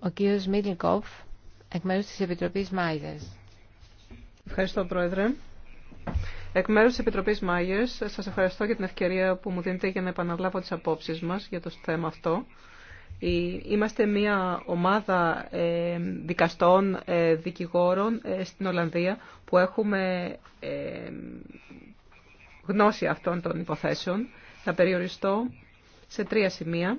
[SPEAKER 3] Ο κύριος Μίτλικοφ, εκ μέρους της Επιτροπής Μάιζες. Ευχαριστώ Πρόεδρε.
[SPEAKER 4] Εκ μέρους της Επιτροπής Μάιερς, σας ευχαριστώ για την ευκαιρία που μου δίνετε για να επαναλάβω τις απόψεις μας για το θέμα αυτό Είμαστε μια ομάδα ε, δικαστών, ε, δικηγόρων ε, στην Ολλανδία που έχουμε γνώση αυτών των υποθέσεων. Θα περιοριστώ σε τρία σημεία.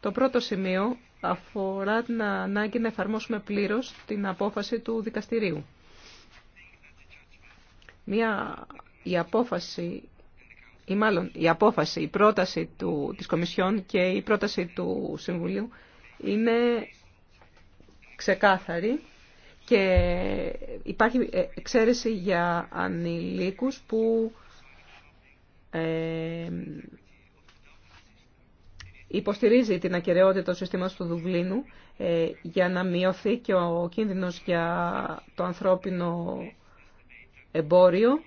[SPEAKER 4] Το πρώτο σημείο αφορά την ανάγκη να εφαρμόσουμε πλήρως την απόφαση του δικαστηρίου. Μια, η απόφαση ή μάλλον η απόφαση, η πρόταση του, της Κομισιόν και η πρόταση του Συμβουλίου είναι ξεκάθαρη και υπάρχει εξαίρεση για ανηλίκους που ε, υποστηρίζει την ακαιρεότητα του συστήματος του Δουβλίνου ε, για να μειωθεί και ο κίνδυνος για το ανθρώπινο εμπόριο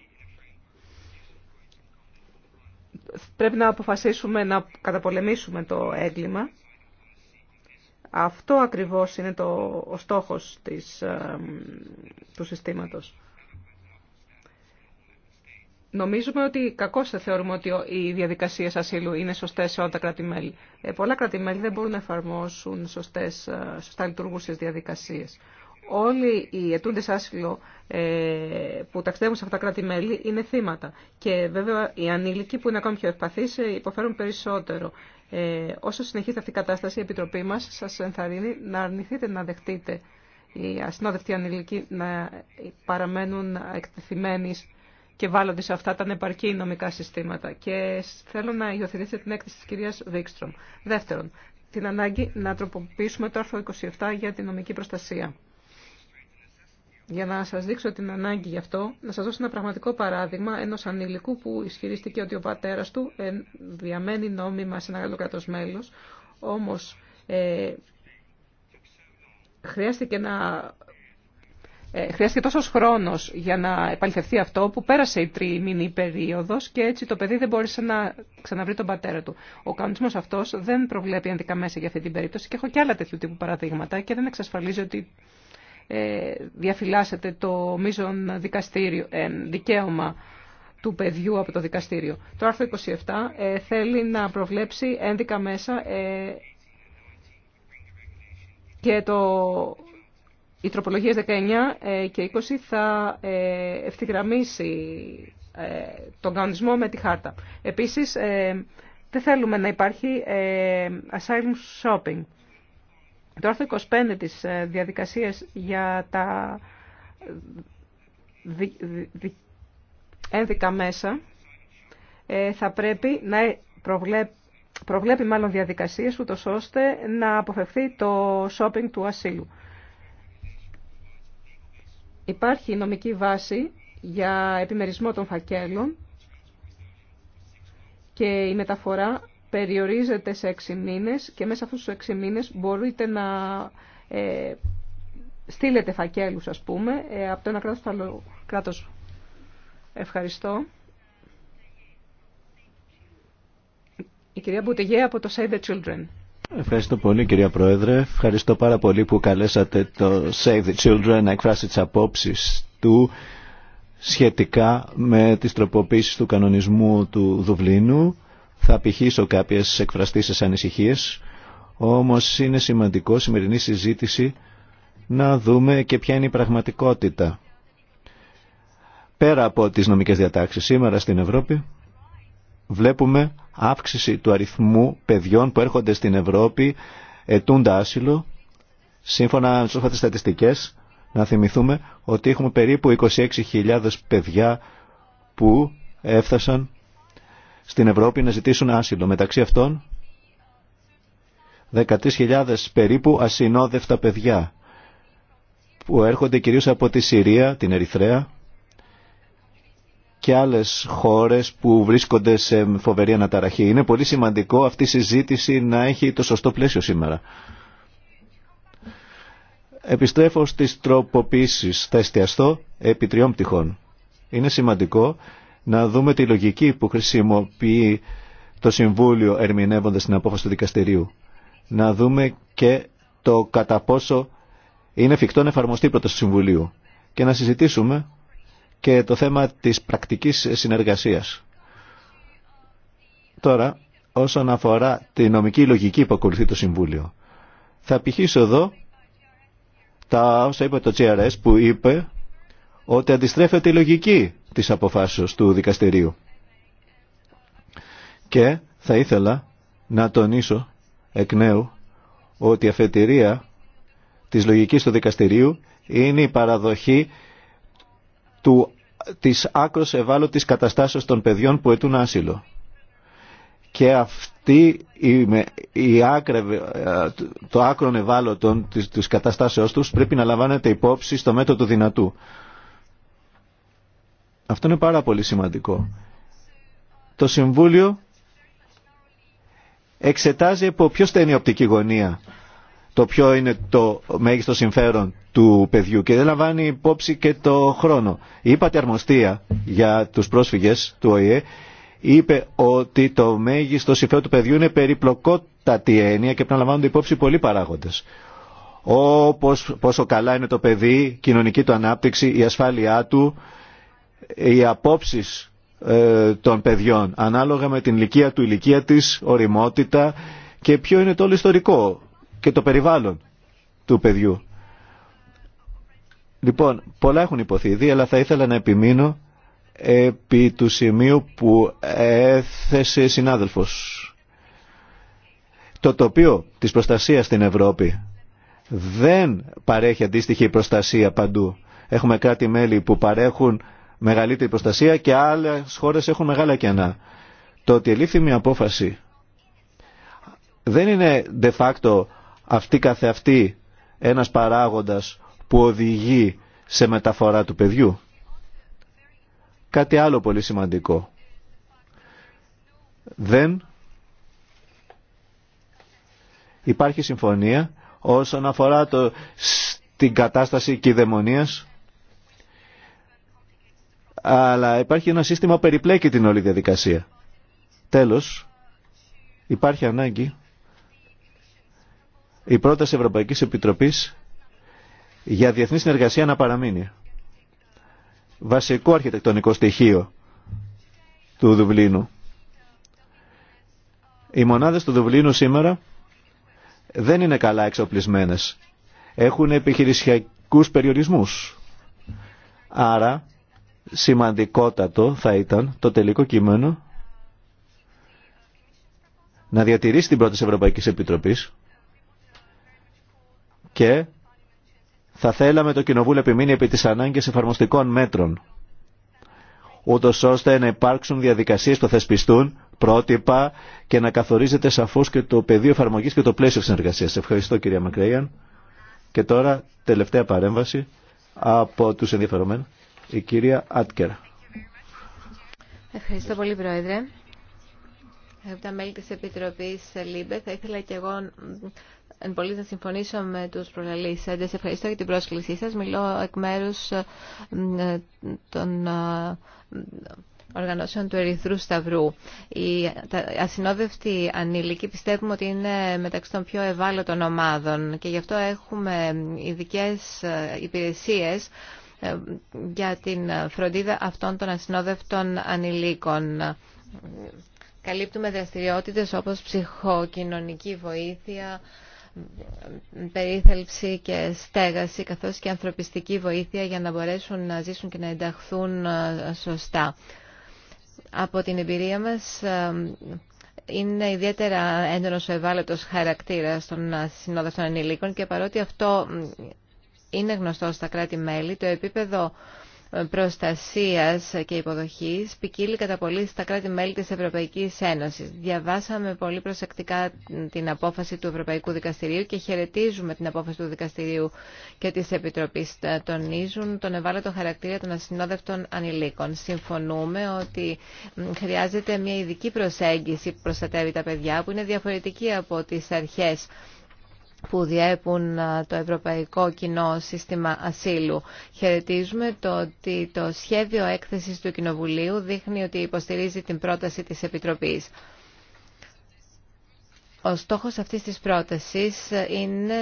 [SPEAKER 4] πρέπει να αποφασίσουμε να καταπολεμήσουμε το έγκλημα. Αυτό ακριβώς είναι το, ο στόχος του συστήματος. Νομίζουμε ότι κακώς θα θεωρούμε ότι οι διαδικασίες ασύλου είναι σωστές σε όλα τα κράτη-μέλη. Ε, πολλά κράτη-μέλη δεν μπορούν να εφαρμόσουν σωστές, ε, σωστά λειτουργούσε διαδικασίε όλοι οι αιτούντες άσυλο ε, που ταξιδεύουν σε αυτά τα κράτη-μέλη είναι θύματα. Και βέβαια οι ανήλικοι που είναι ακόμη πιο ευπαθείς ε, υποφέρουν περισσότερο. Ε, όσο συνεχίζεται αυτή η κατάσταση, η Επιτροπή μας σας ενθαρρύνει να αρνηθείτε να δεχτείτε οι ασυνόδευτοι ανηλικοί να παραμένουν εκτεθειμένοι και βάλλονται σε αυτά τα ανεπαρκή νομικά συστήματα. Και θέλω να υιοθετήσετε την έκθεση της κυρίας Βίξτρομ. Δεύτερον, την ανάγκη να τροποποιήσουμε το άρθρο 27 για την νομική προστασία για να σας δείξω την ανάγκη γι' αυτό, να σας δώσω ένα πραγματικό παράδειγμα ενός ανηλικού που ισχυρίστηκε ότι ο πατέρας του ε, διαμένει νόμιμα σε ένα άλλο κράτος μέλος, όμως ε, χρειάστηκε να... Ε, χρειάστηκε τόσος χρόνος για να επαληθευτεί αυτό που πέρασε η τριμήνη περίοδο και έτσι το παιδί δεν μπόρεσε να ξαναβρει τον πατέρα του. Ο κανονισμό αυτό δεν προβλέπει αντικά για αυτή την περίπτωση και έχω και άλλα τέτοιου τύπου παραδείγματα και δεν εξασφαλίζει ότι ε, διαφυλάσσεται το μείζον δικαστήριο, ε, δικαίωμα του παιδιού από το δικαστήριο. Το άρθρο 27 ε, θέλει να προβλέψει ένδικα μέσα και το, οι τροπολογίες 19 και 20 θα ευθυγραμμίσει τον κανονισμό με τη χάρτα. Επίσης, δεν θέλουμε να υπάρχει asylum shopping. Το άρθρο 25 της ε, διαδικασίας για τα ε, ένδικα μέσα ε, θα πρέπει να προβλέπει, προβλέπει μάλλον διαδικασίες ούτως ώστε να αποφευθεί το shopping του ασύλου. Υπάρχει νομική βάση για επιμερισμό των φακέλων και η μεταφορά περιορίζεται σε έξι μήνες και μέσα αυτούς τους έξι μήνες μπορείτε να ε, στείλετε φακέλους, ας πούμε, ε, από το ένα κράτος στο άλλο κράτος. Ευχαριστώ. Η κυρία Μπουτεγέ από το Save the Children.
[SPEAKER 2] Ευχαριστώ πολύ κυρία Πρόεδρε. Ευχαριστώ πάρα πολύ που καλέσατε το Save the Children να εκφράσει τις απόψεις του σχετικά με τις τροποποίησεις του κανονισμού του Δουβλίνου θα απηχήσω κάποιες εκφραστήσεις ανησυχίες, όμως είναι σημαντικό σημερινή συζήτηση να δούμε και ποια είναι η πραγματικότητα. Πέρα από τις νομικές διατάξεις σήμερα στην Ευρώπη, βλέπουμε αύξηση του αριθμού παιδιών που έρχονται στην Ευρώπη ετούντα άσυλο. Σύμφωνα με τις στατιστικές, να θυμηθούμε ότι έχουμε περίπου 26.000 παιδιά που έφτασαν στην Ευρώπη να ζητήσουν άσυλο. Μεταξύ αυτών 13.000 περίπου ασυνόδευτα παιδιά που έρχονται κυρίως από τη Συρία, την Ερυθρέα και άλλες χώρες που βρίσκονται σε φοβερή αναταραχή. Είναι πολύ σημαντικό αυτή η συζήτηση να έχει το σωστό πλαίσιο σήμερα. Επιστρέφω στις τροποποίησεις. Θα εστιαστώ επί τριών πτυχών. Είναι σημαντικό να δούμε τη λογική που χρησιμοποιεί το Συμβούλιο ερμηνεύοντας την απόφαση του δικαστηρίου. Να δούμε και το κατά πόσο είναι εφικτό να εφαρμοστεί πρώτα Συμβουλίου και να συζητήσουμε και το θέμα της πρακτικής συνεργασίας. Τώρα, όσον αφορά τη νομική λογική που ακολουθεί το Συμβούλιο, θα πηχήσω εδώ τα όσα είπε το GRS που είπε ότι αντιστρέφεται η λογική της αποφάσεως του δικαστηρίου. Και θα ήθελα να τονίσω εκ νέου ότι η αφετηρία της λογικής του δικαστηρίου είναι η παραδοχή του, της άκρος ευάλωτης καταστάσεως των παιδιών που έτουν άσυλο. Και αυτή η, η άκρε, ε, το άκρον ευάλωτο της, της καταστάσεως τους πρέπει να λαμβάνεται υπόψη στο μέτρο του δυνατού. Αυτό είναι πάρα πολύ σημαντικό. Το Συμβούλιο εξετάζει από ποιο στενή οπτική γωνία το ποιο είναι το μέγιστο συμφέρον του παιδιού και δεν λαμβάνει υπόψη και το χρόνο. Η αρμοστία για τους πρόσφυγες του ΟΗΕ είπε ότι το μέγιστο συμφέρον του παιδιού είναι περιπλοκότατη έννοια και πρέπει να λαμβάνονται υπόψη πολλοί παράγοντες. Όπως πόσο καλά είναι το παιδί, κοινωνική του ανάπτυξη, η ασφάλειά του, οι απόψεις ε, των παιδιών ανάλογα με την ηλικία του, ηλικία της, οριμότητα και ποιο είναι το όλο ιστορικό και το περιβάλλον του παιδιού. Λοιπόν, πολλά έχουν υποθεί αλλά θα ήθελα να επιμείνω επί του σημείου που έθεσε συνάδελφος. Το τοπίο της προστασίας στην Ευρώπη δεν παρέχει αντίστοιχη προστασία παντού. Έχουμε κάτι μέλη που παρέχουν μεγαλύτερη προστασία και άλλες χώρε έχουν μεγάλα κενά. Το ότι ελήφθη μια απόφαση δεν είναι de facto αυτή καθεαυτή ένας παράγοντας που οδηγεί σε μεταφορά του παιδιού. Κάτι άλλο πολύ σημαντικό. Δεν υπάρχει συμφωνία όσον αφορά το, την κατάσταση κυδαιμονίας αλλά υπάρχει ένα σύστημα που περιπλέκει την όλη διαδικασία. Τέλος, υπάρχει ανάγκη η πρόταση Ευρωπαϊκής Επιτροπής για διεθνή συνεργασία να παραμείνει. Βασικό αρχιτεκτονικό στοιχείο του Δουβλίνου. Οι μονάδες του Δουβλίνου σήμερα δεν είναι καλά εξοπλισμένες. Έχουν επιχειρησιακούς περιορισμούς. Άρα σημαντικότατο θα ήταν το τελικό κείμενο να διατηρήσει την πρόταση Ευρωπαϊκής Επιτροπής και θα θέλαμε το Κοινοβούλιο επιμείνει επί της ανάγκης εφαρμοστικών μέτρων ούτω ώστε να υπάρξουν διαδικασίες που θεσπιστούν πρότυπα και να καθορίζεται σαφώς και το πεδίο εφαρμογής και το πλαίσιο συνεργασίας. Ευχαριστώ κυρία Μακρέιαν. Και τώρα τελευταία παρέμβαση από τους ενδιαφερομένους η κυρία Άτκερα.
[SPEAKER 3] Ευχαριστώ πολύ, Πρόεδρε. Αγαπητά μέλη της Επιτροπής ΛΥΜΠΕ, θα ήθελα και εγώ εν πολύ να συμφωνήσω με τους προλαλήσαντες. Ευχαριστώ για την πρόσκλησή σας. Μιλώ εκ μέρους ε, των ε, οργανώσεων του Ερυθρού Σταυρού. Οι ασυνόδευτοι ανήλικοι πιστεύουμε ότι είναι μεταξύ των πιο ευάλωτων ομάδων και γι' αυτό έχουμε ειδικέ ε, υπηρεσίες για την φροντίδα αυτών των ασυνόδευτων ανηλίκων. Καλύπτουμε δραστηριότητες όπως ψυχοκοινωνική βοήθεια, περίθαλψη και στέγαση καθώς και ανθρωπιστική βοήθεια για να μπορέσουν να ζήσουν και να ενταχθούν ε, σωστά. Από την εμπειρία μας ε, είναι ιδιαίτερα έντονος ο ευάλωτος χαρακτήρας των συνόδευτων ανηλίκων και παρότι αυτό είναι γνωστό στα κράτη-μέλη, το επίπεδο ε, προστασίας και υποδοχής ποικίλει κατά πολύ στα κράτη-μέλη της Ευρωπαϊκής Ένωσης. Διαβάσαμε πολύ προσεκτικά την απόφαση του Ευρωπαϊκού Δικαστηρίου και χαιρετίζουμε την απόφαση του Δικαστηρίου και της Επιτροπής. Τονίζουν τον ευάλωτο χαρακτήρα των ασυνόδευτων ανηλίκων. Συμφωνούμε ότι χρειάζεται μια ειδική προσέγγιση που προστατεύει τα παιδιά που είναι διαφορετική από τις αρχές που διέπουν το Ευρωπαϊκό Κοινό Σύστημα Ασύλου. Χαιρετίζουμε το ότι το σχέδιο έκθεσης του Κοινοβουλίου δείχνει ότι υποστηρίζει την πρόταση της Επιτροπής. Ο στόχος αυτής της πρότασης είναι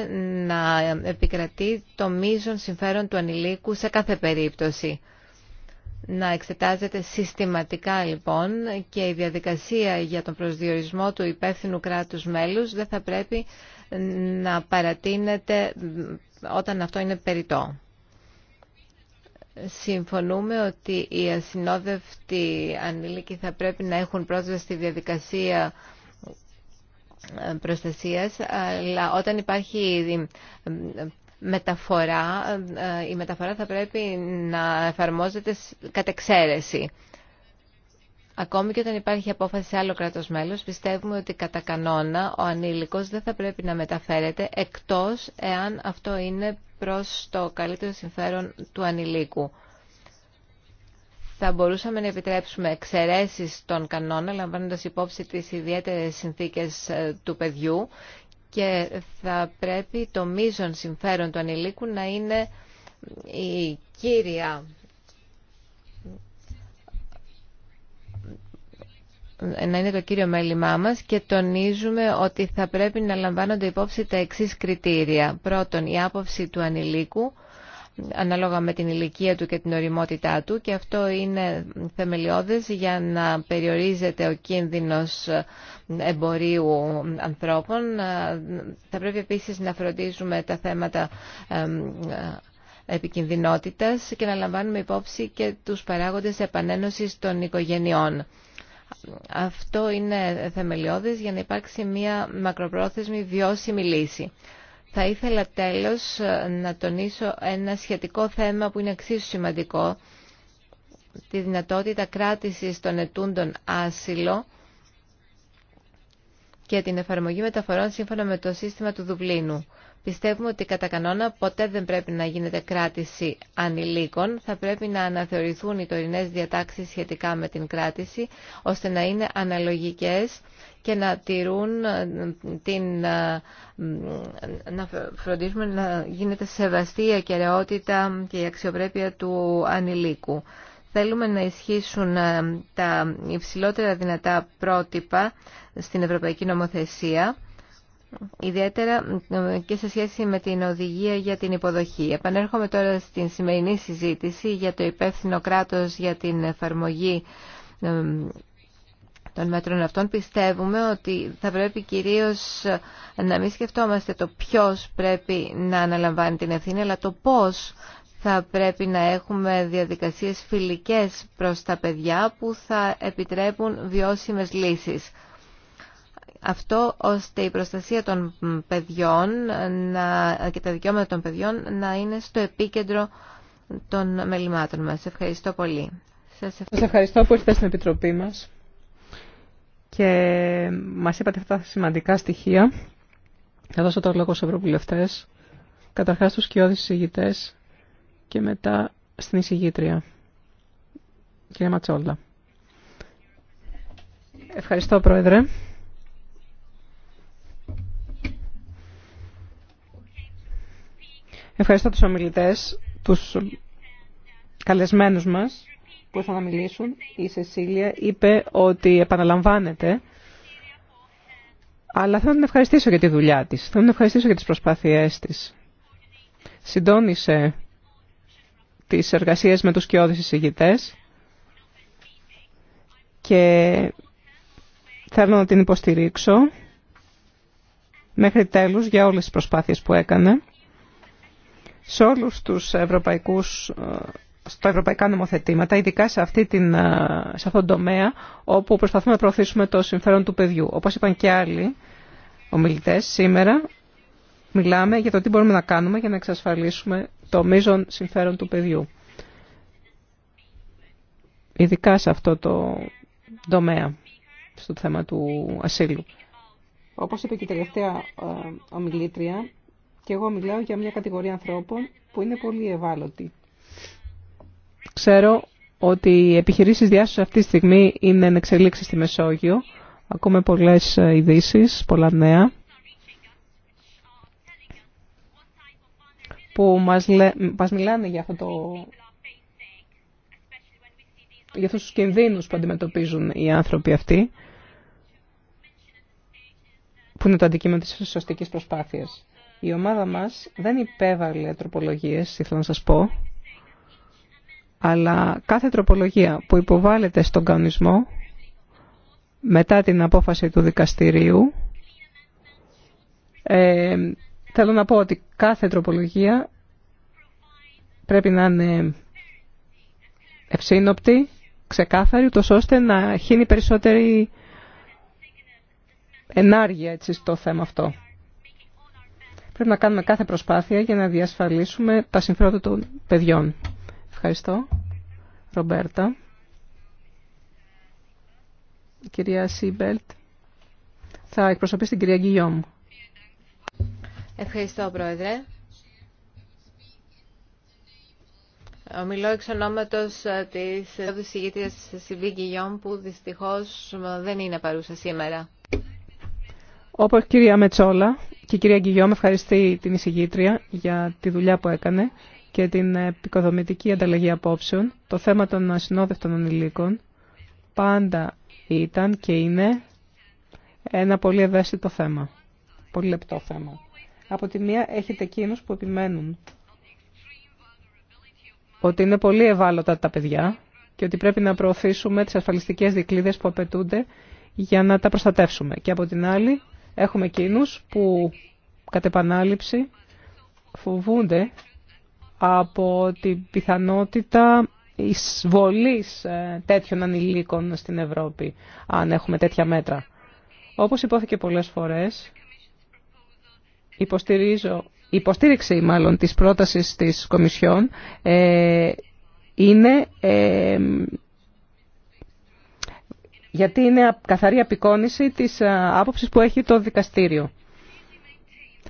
[SPEAKER 3] να επικρατεί το μείζον συμφέρον του ανηλίκου σε κάθε περίπτωση. Να εξετάζεται συστηματικά λοιπόν και η διαδικασία για τον προσδιορισμό του υπεύθυνου κράτους μέλους δεν θα πρέπει να παρατείνεται όταν αυτό είναι περιττό. Συμφωνούμε ότι οι ασυνόδευτοι ανήλικοι θα πρέπει να έχουν πρόσβαση στη διαδικασία ε, προστασίας, αλλά όταν υπάρχει ε, μεταφορά, ε, η μεταφορά θα πρέπει να εφαρμόζεται κατ' εξαίρεση. Ακόμη και όταν υπάρχει απόφαση σε άλλο κράτος πιστεύουμε ότι κατά κανόνα ο ανήλικος δεν θα πρέπει να μεταφέρεται εκτός εάν αυτό είναι προς το καλύτερο συμφέρον του ανηλίκου. Θα μπορούσαμε να επιτρέψουμε εξαιρέσεις των κανόνα, λαμβάνοντας υπόψη τις ιδιαίτερες συνθήκες ε, του παιδιού και θα πρέπει το μείζον συμφέρον του ανηλίκου να είναι η κύρια να είναι το κύριο μέλημά μας και τονίζουμε ότι θα πρέπει να λαμβάνονται υπόψη τα εξής κριτήρια. Πρώτον, η άποψη του ανηλίκου, ανάλογα με την ηλικία του και την οριμότητά του και αυτό είναι θεμελιώδες για να περιορίζεται ο κίνδυνος εμπορίου ανθρώπων. Θα πρέπει επίσης να φροντίζουμε τα θέματα επικινδυνότητας και να λαμβάνουμε υπόψη και τους παράγοντες επανένωσης των οικογενειών. Αυτό είναι θεμελιώδης για να υπάρξει μια μακροπρόθεσμη βιώσιμη λύση. Θα ήθελα τέλος να τονίσω ένα σχετικό θέμα που είναι εξίσου σημαντικό, τη δυνατότητα κράτησης των ετούντων άσυλο και την εφαρμογή μεταφορών σύμφωνα με το σύστημα του Δουβλίνου. Πιστεύουμε ότι κατά κανόνα ποτέ δεν πρέπει να γίνεται κράτηση ανηλίκων. Θα πρέπει να αναθεωρηθούν οι τωρινέ διατάξει σχετικά με την κράτηση, ώστε να είναι αναλογικές και να τηρούν ε, την, ε, να φροντίσουμε να γίνεται σεβαστή η ακαιρεότητα και η αξιοπρέπεια του ανηλίκου. Θέλουμε να ισχύσουν ε, τα υψηλότερα δυνατά πρότυπα στην Ευρωπαϊκή Νομοθεσία ιδιαίτερα ε, και σε σχέση με την οδηγία για την υποδοχή. Επανέρχομαι τώρα στην σημερινή συζήτηση για το υπεύθυνο κράτος για την εφαρμογή ε, των μέτρων αυτών. Πιστεύουμε ότι θα πρέπει κυρίως ε, να μην σκεφτόμαστε το ποιος πρέπει να αναλαμβάνει την ευθύνη, αλλά το πώς θα πρέπει να έχουμε διαδικασίες φιλικές προς τα παιδιά που θα επιτρέπουν βιώσιμες λύσεις. Αυτό ώστε η προστασία των παιδιών να, και τα δικαιώματα των παιδιών να είναι στο επίκεντρο των μελημάτων μας. Ευχαριστώ πολύ. Σας ευχαριστώ,
[SPEAKER 4] που ήρθατε στην Επιτροπή μας και μας είπατε αυτά τα σημαντικά στοιχεία. Θα δώσω το λόγο στους ευρωβουλευτές, καταρχάς στους κοιόδης εισηγητές και μετά στην εισηγήτρια. Κυρία Ματσόλα. Ευχαριστώ, Πρόεδρε. Ευχαριστώ τους ομιλητές, τους καλεσμένους μας που θα να μιλήσουν. Η Σεσίλια είπε ότι επαναλαμβάνεται, αλλά θέλω να την ευχαριστήσω για τη δουλειά της, θέλω να την ευχαριστήσω για τις προσπάθειές της. Συντόνισε τις εργασίες με τους κοιόδης εισηγητές και θέλω να την υποστηρίξω μέχρι τέλους για όλες τις προσπάθειες που έκανε σε όλους τους ευρωπαϊκούς ε, στα ευρωπαϊκά νομοθετήματα, ειδικά σε, αυτή την, ε, σε αυτόν τον τομέα όπου προσπαθούμε να προωθήσουμε το συμφέρον του παιδιού. Όπως είπαν και άλλοι ομιλητές, σήμερα μιλάμε για το τι μπορούμε να κάνουμε για να εξασφαλίσουμε το μείζον συμφέρον του παιδιού. Ειδικά σε αυτό το τομέα, στο θέμα του ασύλου. Όπως είπε και η τελευταία ε, ομιλήτρια, και εγώ μιλάω για μια κατηγορία ανθρώπων που είναι πολύ ευάλωτη. Ξέρω ότι οι επιχειρήσεις διάσωσης αυτή τη στιγμή είναι εν εξελίξει στη Μεσόγειο. Ακούμε πολλές ειδήσει, πολλά νέα. που μας, μιλάνε για αυτό το για αυτούς τους κινδύνους που αντιμετωπίζουν οι άνθρωποι αυτοί, που είναι το αντικείμενο της σωστικής προσπάθειας. Η ομάδα μας δεν υπέβαλε τροπολογίες, ήθελα να σας πω, αλλά κάθε τροπολογία που υποβάλλεται στον κανονισμό μετά την απόφαση του δικαστηρίου ε, θέλω να πω ότι κάθε τροπολογία πρέπει να είναι ευσύνοπτη, ξεκάθαρη, ούτως ώστε να χύνει περισσότερη ενάργεια έτσι, στο θέμα αυτό. Πρέπει να κάνουμε κάθε προσπάθεια για να διασφαλίσουμε τα συμφέροντα των παιδιών. Ευχαριστώ. Ρομπέρτα. Η κυρία Σίμπελτ. Θα εκπροσωπήσει την κυρία Γκυγιόμ.
[SPEAKER 3] Ευχαριστώ, Πρόεδρε. Ομιλώ εξ ονόματος της δυσηγήτριας Σιβή Γκυγιόμ που δυστυχώς δεν είναι παρούσα σήμερα.
[SPEAKER 4] Όπως κυρία Μετσόλα, και η κυρία με ευχαριστεί την εισηγήτρια για τη δουλειά που έκανε και την επικοδομητική ανταλλαγή απόψεων. Το θέμα των ασυνόδευτων ανηλίκων πάντα ήταν και είναι ένα πολύ ευαίσθητο θέμα, πολύ λεπτό θέμα. Από τη μία έχετε εκείνους που επιμένουν ότι είναι πολύ ευάλωτα τα παιδιά και ότι πρέπει να προωθήσουμε τις ασφαλιστικές δικλίδες που απαιτούνται για να τα προστατεύσουμε. Και από την άλλη Έχουμε εκείνους που κατ' επανάληψη φοβούνται από την πιθανότητα εισβολής ε, τέτοιων ανηλίκων στην Ευρώπη, αν έχουμε τέτοια μέτρα. Όπως υπόθηκε πολλές φορές, υποστηρίζω, υποστήριξη μάλλον της πρότασης της Κομισιόν ε, είναι ε, γιατί είναι καθαρή απεικόνηση της ε, άποψης που έχει το δικαστήριο.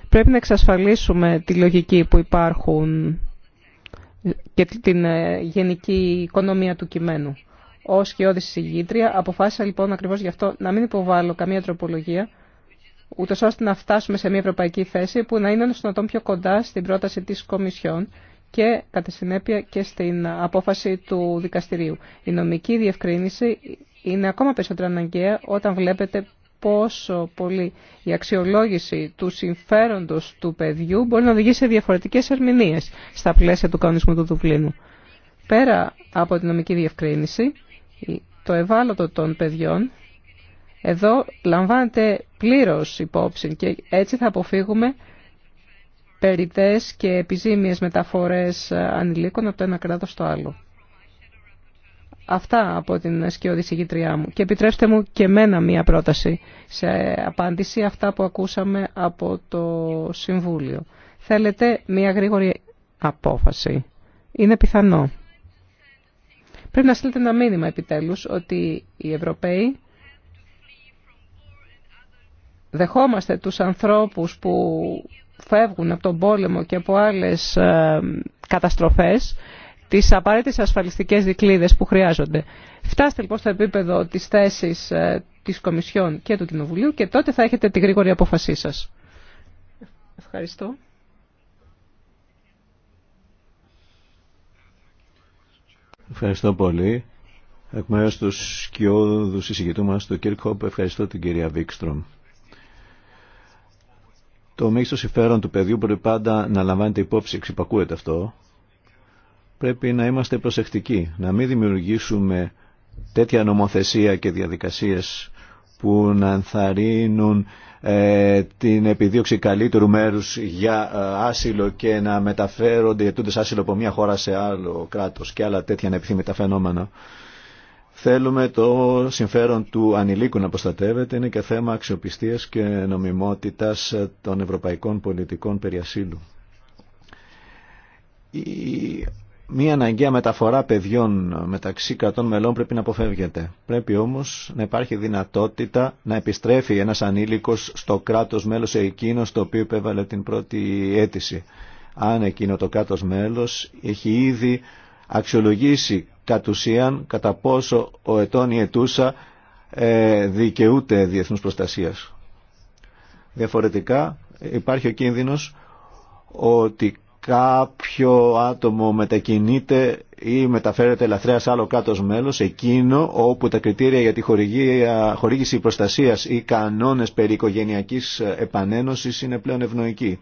[SPEAKER 4] Πρέπει να εξασφαλίσουμε τη λογική που υπάρχουν ε, και την ε, γενική οικονομία του κειμένου. Ω και συγγήτρια, αποφάσισα λοιπόν ακριβώ γι' αυτό να μην υποβάλω καμία τροπολογία, ούτω ώστε να φτάσουμε σε μια ευρωπαϊκή θέση που να είναι ο πιο κοντά στην πρόταση τη Κομισιόν και κατά συνέπεια και στην απόφαση του δικαστηρίου. Η νομική διευκρίνηση είναι ακόμα περισσότερο αναγκαία όταν βλέπετε πόσο πολύ η αξιολόγηση του συμφέροντος του παιδιού μπορεί να οδηγήσει σε διαφορετικές ερμηνείες στα πλαίσια του κανονισμού του Δουβλίνου. Πέρα από την νομική διευκρίνηση, το ευάλωτο των παιδιών, εδώ λαμβάνεται πλήρως υπόψη και έτσι θα αποφύγουμε περιτές και επιζήμιες μεταφορές ανηλίκων από το ένα κράτος στο άλλο. Αυτά από την σκιώδη συγκητριά μου. Και επιτρέψτε μου και μένα μία πρόταση σε απάντηση αυτά που ακούσαμε από το Συμβούλιο. Θέλετε μία γρήγορη απόφαση. Είναι πιθανό. Πρέπει να στείλετε ένα μήνυμα επιτέλους ότι οι Ευρωπαίοι δεχόμαστε τους ανθρώπους που φεύγουν από τον πόλεμο και από άλλες ε, καταστροφές τις απαραίτητες ασφαλιστικές δικλείδες που χρειάζονται. Φτάστε λοιπόν στο επίπεδο της θέσης ε, της Κομισιόν και του Κοινοβουλίου και τότε θα έχετε τη γρήγορη απόφασή σας. Ευχαριστώ.
[SPEAKER 2] Ευχαριστώ πολύ. Εκ μέρους του σκιώδου συζητητού μας του Κίρκοπ ευχαριστώ την κυρία Βίκστρομ. Το μέγιστο συμφέρον του παιδιού πρέπει πάντα να λαμβάνεται υπόψη, εξυπακούεται αυτό. Πρέπει να είμαστε προσεκτικοί, να μην δημιουργήσουμε τέτοια νομοθεσία και διαδικασίες που να ενθαρρύνουν ε, την επιδίωξη καλύτερου μέρους για ε, άσυλο και να μεταφέρονται οι άσυλο από μια χώρα σε άλλο κράτος και άλλα τέτοια ανεπιθύμητα φαινόμενα. Θέλουμε το συμφέρον του ανηλίκου να προστατεύεται, είναι και θέμα αξιοπιστίας και νομιμότητας των ευρωπαϊκών πολιτικών περιασύλου. Η... Μία αναγκαία μεταφορά παιδιών μεταξύ κρατών μελών πρέπει να αποφεύγεται. Πρέπει όμως να υπάρχει δυνατότητα να επιστρέφει ένας ανήλικος στο κράτος μέλος εκείνο το οποίο υπέβαλε την πρώτη αίτηση. Αν εκείνο το κράτος μέλος έχει ήδη αξιολογήσει κατ' ουσίαν κατά πόσο ο ετών ή ετούσα ε, δικαιούται διεθνούς προστασίας. Διαφορετικά υπάρχει ο κίνδυνος ότι κάποιο άτομο μετακινείται ή μεταφέρεται ελαθρέα σε άλλο κάτω μέλος, εκείνο όπου τα κριτήρια για τη χορήγηση προστασίας ή κανόνες περί οικογενειακής επανένωσης είναι πλέον ευνοϊκοί.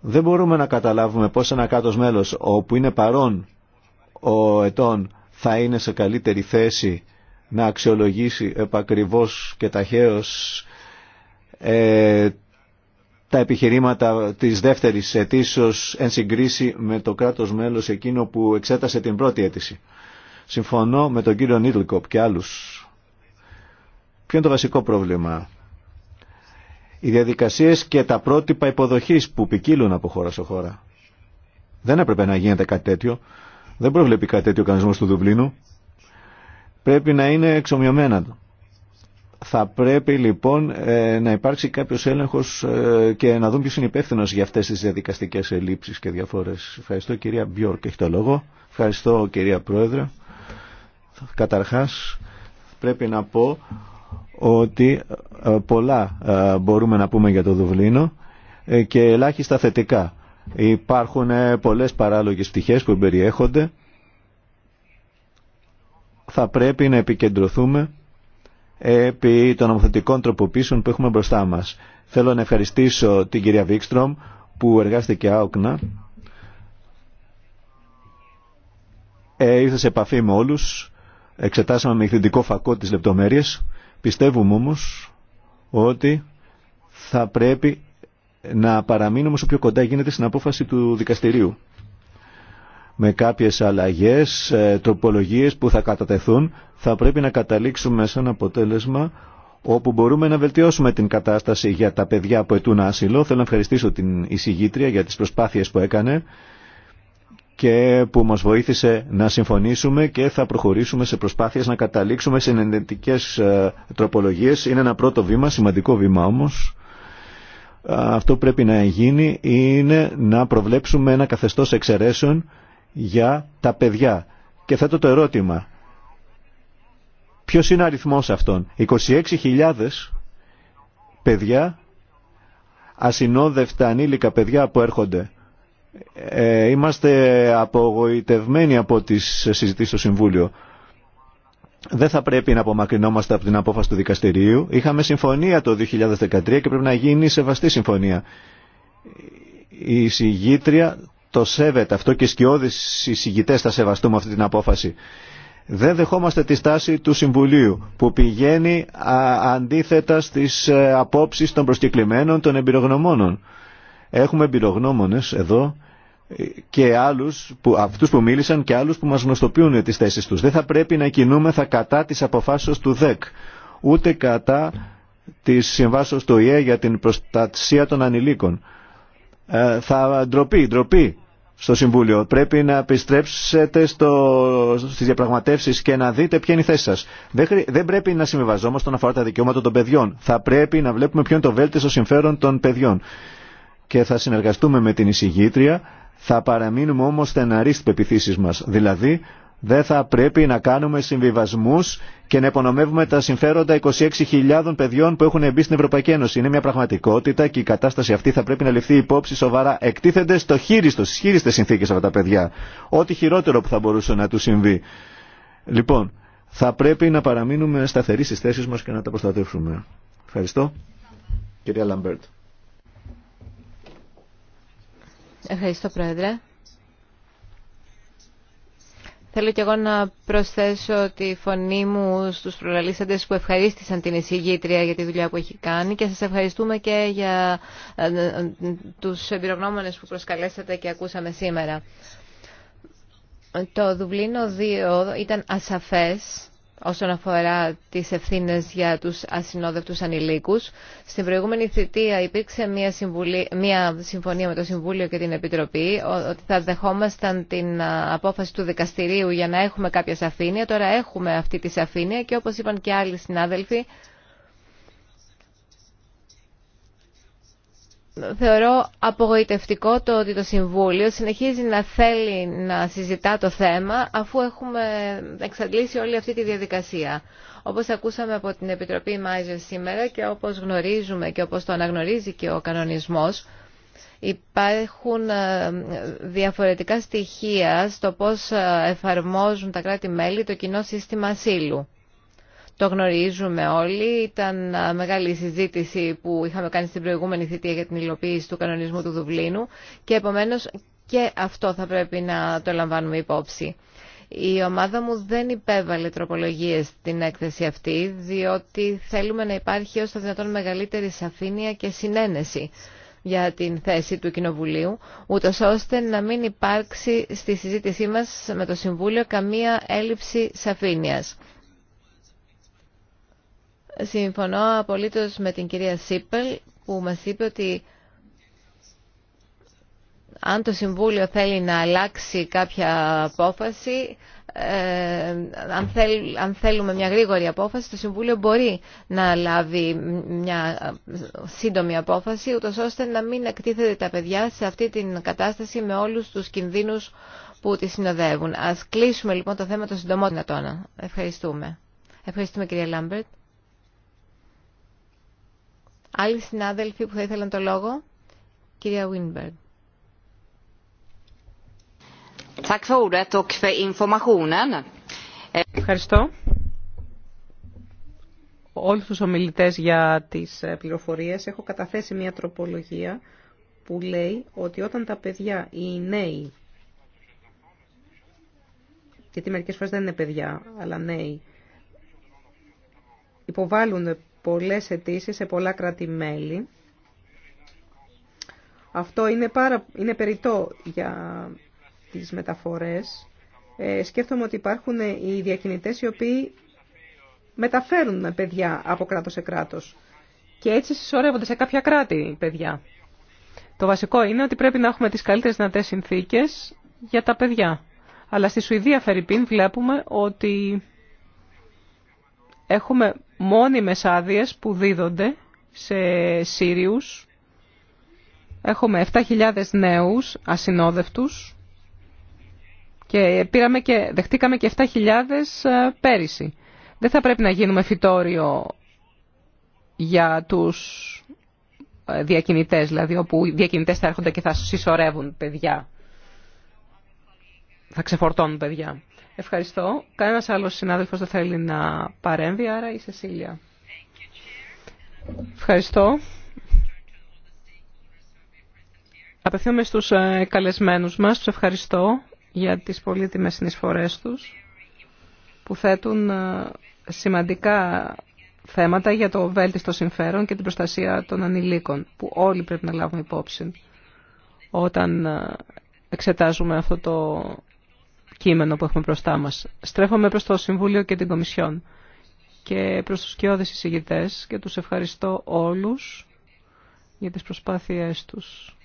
[SPEAKER 2] Δεν μπορούμε να καταλάβουμε πώς ένα κάτω μέλος όπου είναι παρόν ο ετών θα είναι σε καλύτερη θέση να αξιολογήσει επακριβώς και ταχαίως ε, τα επιχειρήματα της δεύτερης αιτήσεως εν συγκρίση με το κράτος μέλος εκείνο που εξέτασε την πρώτη αίτηση. Συμφωνώ με τον κύριο Νίτλκοπ και άλλους. Ποιο είναι το βασικό πρόβλημα. Οι διαδικασίες και τα πρότυπα υποδοχής που ποικίλουν από χώρα σε χώρα. Δεν έπρεπε να γίνεται κάτι τέτοιο. Δεν προβλέπει κάτι τέτοιο ο κανονισμό του Δουβλίνου. Πρέπει να είναι εξομοιωμένα. Θα πρέπει λοιπόν ε, να υπάρξει κάποιος έλεγχος ε, και να δουν ποιο είναι υπεύθυνο για αυτές τις διαδικαστικέ ελλείψεις και διαφορές. Ευχαριστώ κυρία Μπιόρκ, έχει το λόγο. Ευχαριστώ κυρία Πρόεδρε. Καταρχάς πρέπει να πω ότι ε, πολλά μπορούμε να πούμε για το Δουβλίνο και ελάχιστα θετικά. Υπάρχουν ε, πολλές παράλογες πτυχές που περιέχονται. Θα πρέπει να επικεντρωθούμε επί των νομοθετικών τροποποίησεων που έχουμε μπροστά μας. Θέλω να ευχαριστήσω την κυρία Βίκστρομ που εργάστηκε άοκνα. Ε, σε επαφή με όλους. Εξετάσαμε με εκδητικό φακό τις λεπτομέρειες. Πιστεύουμε όμως ότι θα πρέπει να παραμείνουμε όσο πιο κοντά γίνεται στην απόφαση του δικαστηρίου με κάποιες αλλαγές, ε, τροπολογίες που θα κατατεθούν, θα πρέπει να καταλήξουμε σε ένα αποτέλεσμα όπου μπορούμε να βελτιώσουμε την κατάσταση για τα παιδιά που ετούν άσυλο. Θέλω να ευχαριστήσω την εισηγήτρια για τις προσπάθειες που έκανε και που μας βοήθησε να συμφωνήσουμε και θα προχωρήσουμε σε προσπάθειες να καταλήξουμε σε ενεντικές ε, τροπολογίες. Είναι ένα πρώτο βήμα, σημαντικό βήμα όμως αυτό που πρέπει να γίνει είναι να προβλέψουμε ένα καθεστώς εξαιρέσεων για τα παιδιά. Και θέτω το ερώτημα, ποιος είναι ο αριθμός αυτών. 26.000 παιδιά, ασυνόδευτα ανήλικα παιδιά που έρχονται. Ε, είμαστε απογοητευμένοι από τις συζητήσεις στο Συμβούλιο δεν θα πρέπει να απομακρυνόμαστε από την απόφαση του δικαστηρίου. Είχαμε συμφωνία το 2013 και πρέπει να γίνει σεβαστή συμφωνία. Η συγγήτρια το σέβεται αυτό και οι σκιώδεις συγγητές θα σεβαστούμε αυτή την απόφαση. Δεν δεχόμαστε τη στάση του Συμβουλίου που πηγαίνει αντίθετα στις ε, απόψεις των προσκεκλημένων των εμπειρογνωμόνων. Έχουμε εμπειρογνώμονες εδώ και άλλους, που, αυτούς που μίλησαν και άλλους που μας γνωστοποιούν τις θέσεις τους. Δεν θα πρέπει να κινούμεθα κατά της αποφάσεως του ΔΕΚ, ούτε κατά της συμβάσεως του ΙΕ για την προστασία των ανηλίκων. Ε, θα ντροπή, ντροπή στο Συμβούλιο. Πρέπει να επιστρέψετε στο, στις διαπραγματεύσεις και να δείτε ποια είναι η θέση σας. Δεν, δεν πρέπει να συμβιβαζόμαστε όσον αφορά τα δικαιώματα των παιδιών. Θα πρέπει να βλέπουμε ποιο είναι το βέλτιστο συμφέρον των παιδιών. Και θα συνεργαστούμε με την εισηγήτρια θα παραμείνουμε όμως στεναροί στις πεπιθήσεις μας. Δηλαδή, δεν θα πρέπει να κάνουμε συμβιβασμούς και να υπονομεύουμε τα συμφέροντα 26.000 παιδιών που έχουν μπει στην Ευρωπαϊκή Ένωση. Είναι μια πραγματικότητα και η κατάσταση αυτή θα πρέπει να ληφθεί υπόψη σοβαρά. Εκτίθενται στο χείριστο, στις χείριστες συνθήκες αυτά τα παιδιά. Ό,τι χειρότερο που θα μπορούσε να του συμβεί. Λοιπόν, θα πρέπει να παραμείνουμε σταθεροί στις θέσεις μας και να τα προστατεύσουμε. Ευχαριστώ. Κυρία Λαμπέρτ.
[SPEAKER 3] Ευχαριστώ, Πρόεδρε. Θέλω κι εγώ να προσθέσω τη φωνή μου στους προλαλήσαντες που ευχαρίστησαν την εισηγήτρια για τη δουλειά που έχει κάνει και σας ευχαριστούμε και για ε, ε, τους εμπειρογνώμονες που προσκαλέσατε και ακούσαμε σήμερα. Το Δουβλίνο 2 ήταν ασαφές όσον αφορά τις ευθύνες για τους ασυνόδευτους ανηλίκους. Στην προηγούμενη θητεία υπήρξε μια, συμβουλή, μια συμφωνία με το Συμβούλιο και την Επιτροπή ότι θα δεχόμασταν την απόφαση του δικαστηρίου για να έχουμε κάποια σαφήνεια. Τώρα έχουμε αυτή τη σαφήνεια και όπως είπαν και άλλοι συνάδελφοι, θεωρώ απογοητευτικό το ότι το Συμβούλιο συνεχίζει να θέλει να συζητά το θέμα αφού έχουμε εξαντλήσει όλη αυτή τη διαδικασία. Όπως ακούσαμε από την Επιτροπή Μάιζερ σήμερα και όπως γνωρίζουμε και όπως το αναγνωρίζει και ο κανονισμός, υπάρχουν ε, διαφορετικά στοιχεία στο πώς ε, εφαρμόζουν τα κράτη-μέλη το κοινό σύστημα ασύλου. Το γνωρίζουμε όλοι. Ήταν μεγάλη συζήτηση που είχαμε κάνει στην προηγούμενη θητεία για την υλοποίηση του κανονισμού του Δουβλίνου και επομένως και αυτό θα πρέπει να το λαμβάνουμε υπόψη. Η ομάδα μου δεν υπέβαλε τροπολογίες στην έκθεση αυτή, διότι θέλουμε να υπάρχει ως το δυνατόν μεγαλύτερη σαφήνεια και συνένεση για την θέση του Κοινοβουλίου, ούτω ώστε να μην υπάρξει στη συζήτησή μας με το Συμβούλιο καμία έλλειψη σαφήνειας. Συμφωνώ απολύτως με την κυρία Σίπελ που μας είπε ότι αν το Συμβούλιο θέλει να αλλάξει κάποια απόφαση, ε, αν, θέλουμε μια γρήγορη απόφαση, το Συμβούλιο μπορεί να λάβει μια σύντομη απόφαση, ούτως ώστε να μην εκτίθεται τα παιδιά σε αυτή την κατάσταση με όλους τους κινδύνους που τη συνοδεύουν. Ας κλείσουμε λοιπόν το θέμα των συντομών Ευχαριστούμε. Ευχαριστούμε κυρία Λάμπερτ. Άλλοι συνάδελφοι που θα ήθελαν το λόγο. Κυρία Βίνμπεργ. Ευχαριστώ
[SPEAKER 4] όλους τους ομιλητές για τις ε, πληροφορίες. Έχω καταθέσει μια τροπολογία που λέει ότι όταν τα παιδιά, οι νέοι, γιατί μερικές φορές δεν είναι παιδιά, αλλά νέοι, υποβάλλουν πολλές αιτήσει σε πολλά κράτη-μέλη. Αυτό είναι, πάρα, είναι περιττό για τις μεταφορές. Ε, σκέφτομαι ότι υπάρχουν οι διακινητές οι οποίοι μεταφέρουν παιδιά από κράτος σε κράτος. Και έτσι συσσωρεύονται σε κάποια κράτη παιδιά. Το βασικό είναι ότι πρέπει να έχουμε τις καλύτερες δυνατές συνθήκες για τα παιδιά. Αλλά στη Σουηδία, Φερρυπίν, βλέπουμε ότι Έχουμε μόνιμες άδειε που δίδονται σε Σύριους. Έχουμε 7.000 νέους ασυνόδευτους και, πήραμε και δεχτήκαμε και 7.000 ε, πέρυσι. Δεν θα πρέπει να γίνουμε φυτόριο για τους ε, διακινητές, δηλαδή όπου οι διακινητές θα έρχονται και θα συσσωρεύουν παιδιά, θα ξεφορτώνουν παιδιά. Ευχαριστώ. Κανένας άλλος συνάδελφος δεν θέλει να παρέμβει, άρα η Σεσίλια. Ευχαριστώ. Απευθύνομαι στους ε, καλεσμένους μας. Τους ευχαριστώ για τις πολύτιμες συνεισφορές τους που θέτουν ε, σημαντικά θέματα για το βέλτιστο συμφέρον και την προστασία των ανηλίκων που όλοι πρέπει να λάβουμε υπόψη όταν ε, εξετάζουμε αυτό το κείμενο που έχουμε μπροστά μας. Στρέφομαι προς το Συμβούλιο και την Κομισιόν και προς τους κοιόδες εισηγητέ και τους ευχαριστώ όλους για τις προσπάθειές τους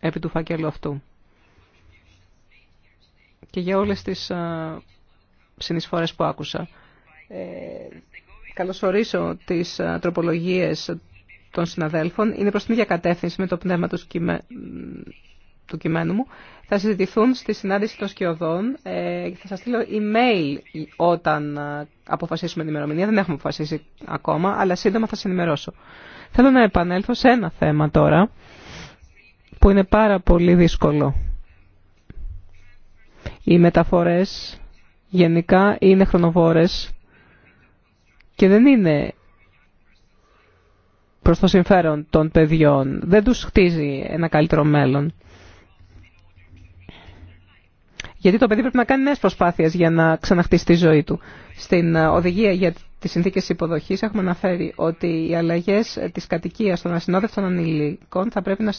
[SPEAKER 4] επί του φάκελου αυτού και για όλες τις α, που άκουσα. Ε, καλωσορίσω τις τροπολογίες των συναδέλφων. Είναι προς την ίδια κατεύθυνση με το πνεύμα του, του κειμένου μου θα συζητηθούν στη συνάντηση των σκιωδών. Ε, θα σας στείλω email όταν ε, αποφασίσουμε την ημερομηνία. Δεν έχουμε αποφασίσει ακόμα, αλλά σύντομα θα σας ενημερώσω. Θέλω να επανέλθω σε ένα θέμα τώρα που είναι πάρα πολύ δύσκολο. Οι μεταφορές γενικά είναι χρονοβόρες και δεν είναι προς το συμφέρον των παιδιών. Δεν τους χτίζει ένα καλύτερο μέλλον. Γιατί το παιδί πρέπει να κάνει νέε προσπάθειε για να ξαναχτίσει τη ζωή του. Στην ε, οδηγία για τι συνθήκε υποδοχή έχουμε αναφέρει ότι οι αλλαγέ τη κατοικία των ασυνόδευτων ανηλίκων θα πρέπει να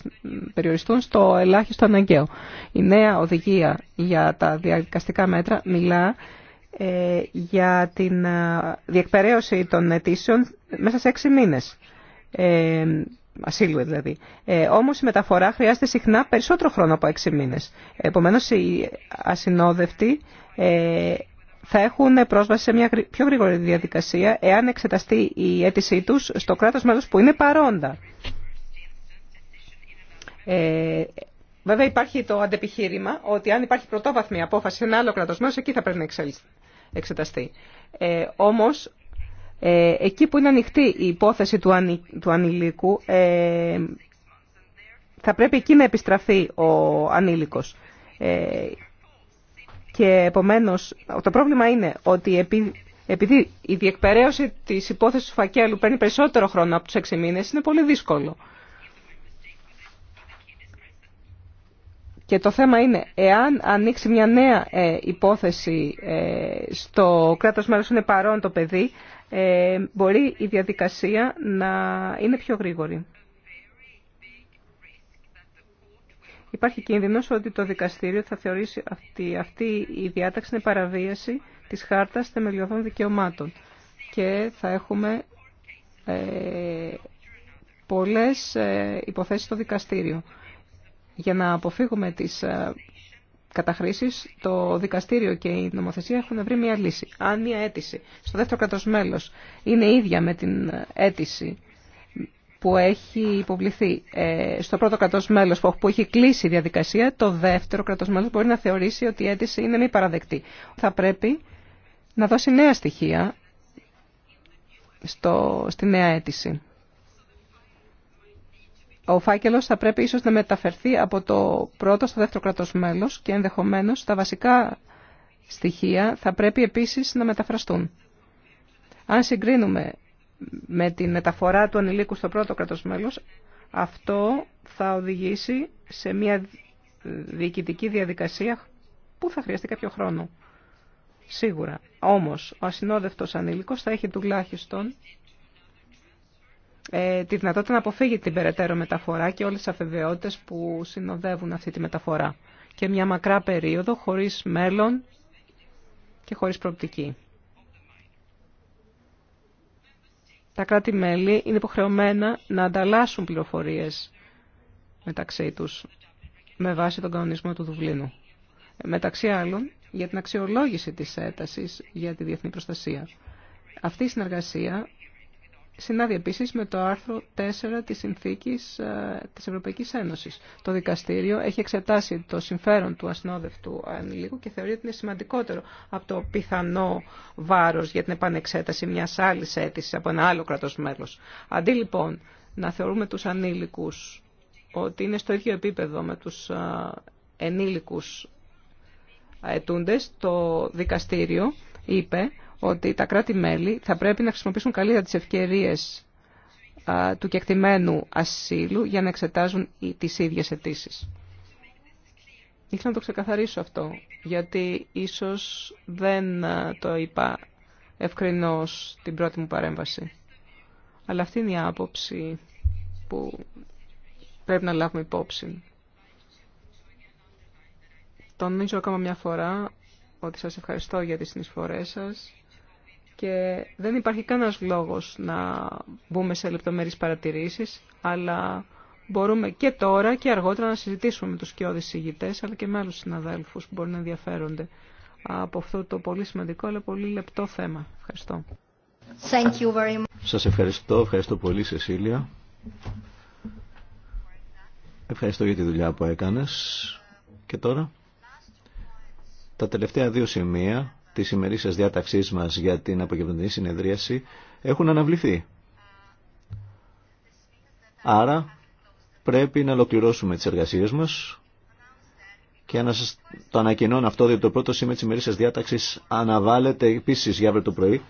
[SPEAKER 4] περιοριστούν στο ελάχιστο αναγκαίο. Η νέα οδηγία για τα διαδικαστικά μέτρα μιλά ε, για την ε, διεκπαιρέωση των αιτήσεων μέσα σε έξι μήνες ασύλου δηλαδή. Ε, όμως η μεταφορά χρειάζεται συχνά περισσότερο χρόνο από έξι μήνες. Επομένω οι ασυνόδευτοι ε, θα έχουν πρόσβαση σε μια πιο γρήγορη διαδικασία εάν εξεταστεί η αίτησή τους στο κράτος μέλο που είναι παρόντα. Ε, βέβαια υπάρχει το αντεπιχείρημα ότι αν υπάρχει πρωτόβαθμη απόφαση σε ένα άλλο κράτος εκεί θα πρέπει να εξεταστεί. Ε, όμως ε, εκεί που είναι ανοιχτή η υπόθεση του, του ανηλίκου, ε, θα πρέπει εκεί να επιστραφεί ο ανήλικος. Ε, και επομένως, το πρόβλημα είναι ότι επειδή η διεκπαιρέωση της υπόθεσης του φακέλου παίρνει περισσότερο χρόνο από τους έξι μήνες, είναι πολύ δύσκολο. Και το θέμα είναι, εάν ανοίξει μια νέα ε, υπόθεση ε, στο κράτος μέρος είναι παρόν το παιδί, ε, μπορεί η διαδικασία να είναι πιο γρήγορη. Υπάρχει κίνδυνος ότι το δικαστήριο θα θεωρήσει ότι αυτή η διάταξη είναι παραβίαση της χάρτας θεμελιωδών δικαιωμάτων και θα έχουμε ε, πολλές ε, υποθέσεις στο δικαστήριο. Για να αποφύγουμε τις ε, καταχρήσεις, το δικαστήριο και η νομοθεσία έχουν βρει μια λύση. Αν μια αίτηση στο δεύτερο κράτος είναι ίδια με την αίτηση που έχει υποβληθεί ε, στο πρώτο κρατός μέλο που έχει κλείσει η διαδικασία, το δεύτερο κρατός μπορεί να θεωρήσει ότι η αίτηση είναι μη παραδεκτή. Θα πρέπει να δώσει νέα στοιχεία στο, στη νέα αίτηση ο φάκελο θα πρέπει ίσως να μεταφερθεί από το πρώτο στο δεύτερο κρατοσμέλος και ενδεχομένω, τα βασικά στοιχεία θα πρέπει επίση να μεταφραστούν. Αν συγκρίνουμε με τη μεταφορά του ανηλίκου στο πρώτο κρατοσμέλος, αυτό θα οδηγήσει σε μια διοικητική διαδικασία που θα χρειαστεί κάποιο χρόνο. Σίγουρα. Όμως, ο ασυνόδευτος ανήλικος θα έχει τουλάχιστον ε, τη δυνατότητα να αποφύγει την περαιτέρω μεταφορά και όλες τις αφεβαιότητες που συνοδεύουν αυτή τη μεταφορά. Και μια μακρά περίοδο χωρίς μέλλον και χωρίς προοπτική. Τα κράτη-μέλη είναι υποχρεωμένα να ανταλλάσσουν πληροφορίες μεταξύ τους με βάση τον κανονισμό του Δουβλίνου. Μεταξύ άλλων, για την αξιολόγηση της έτασης για τη διεθνή προστασία. Αυτή η συνεργασία συνάδει επίσης με το άρθρο 4 της Συνθήκης ε, της Ευρωπαϊκής Ένωσης. Το δικαστήριο έχει εξετάσει το συμφέρον του ασνόδευτου ανηλίκου και θεωρεί ότι είναι σημαντικότερο από το πιθανό βάρος για την επανεξέταση μιας άλλης αίτησης από ένα άλλο κρατός μέλος. Αντί λοιπόν να θεωρούμε τους ανήλικους ότι είναι στο ίδιο επίπεδο με τους ε, ενήλικους αιτούντες, το δικαστήριο είπε ότι τα κράτη-μέλη θα πρέπει να χρησιμοποιήσουν καλύτερα τις ευκαιρίες του κεκτημένου ασύλου για να εξετάζουν τις ίδιες αιτήσει. Ήθελα να το ξεκαθαρίσω αυτό, γιατί ίσως δεν το είπα ευκρινώς την πρώτη μου παρέμβαση. Αλλά αυτή είναι η άποψη που πρέπει να λάβουμε υπόψη. Τονίζω ακόμα μια φορά ότι σας ευχαριστώ για τις συνεισφορές σας και δεν υπάρχει κανένας λόγος να μπούμε σε λεπτομέρειες παρατηρήσεις, αλλά μπορούμε και τώρα και αργότερα να συζητήσουμε με τους σκιώδεις συγητές, αλλά και με άλλους συναδέλφους που μπορεί να ενδιαφέρονται από αυτό το πολύ σημαντικό αλλά πολύ λεπτό θέμα. Ευχαριστώ.
[SPEAKER 1] Thank you very much. Σας
[SPEAKER 2] ευχαριστώ. Ευχαριστώ πολύ Σεσίλια. Ευχαριστώ για τη δουλειά που έκανες. Και τώρα, τα τελευταία δύο σημεία της ημερήσιας διάταξής μας για την απογευματινή συνεδρίαση έχουν αναβληθεί. Άρα πρέπει να ολοκληρώσουμε τις εργασίες μας και να σας το ανακοινώνω αυτό διότι το πρώτο σήμα της ημερήσιας διάταξης αναβάλλεται επίσης για αύριο το πρωί.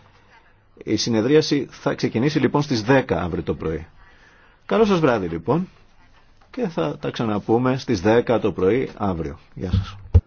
[SPEAKER 2] Η συνεδρίαση θα ξεκινήσει λοιπόν στις 10 αύριο το πρωί. Καλό σας βράδυ λοιπόν και θα τα ξαναπούμε στις 10 το πρωί αύριο.
[SPEAKER 1] Γεια σας.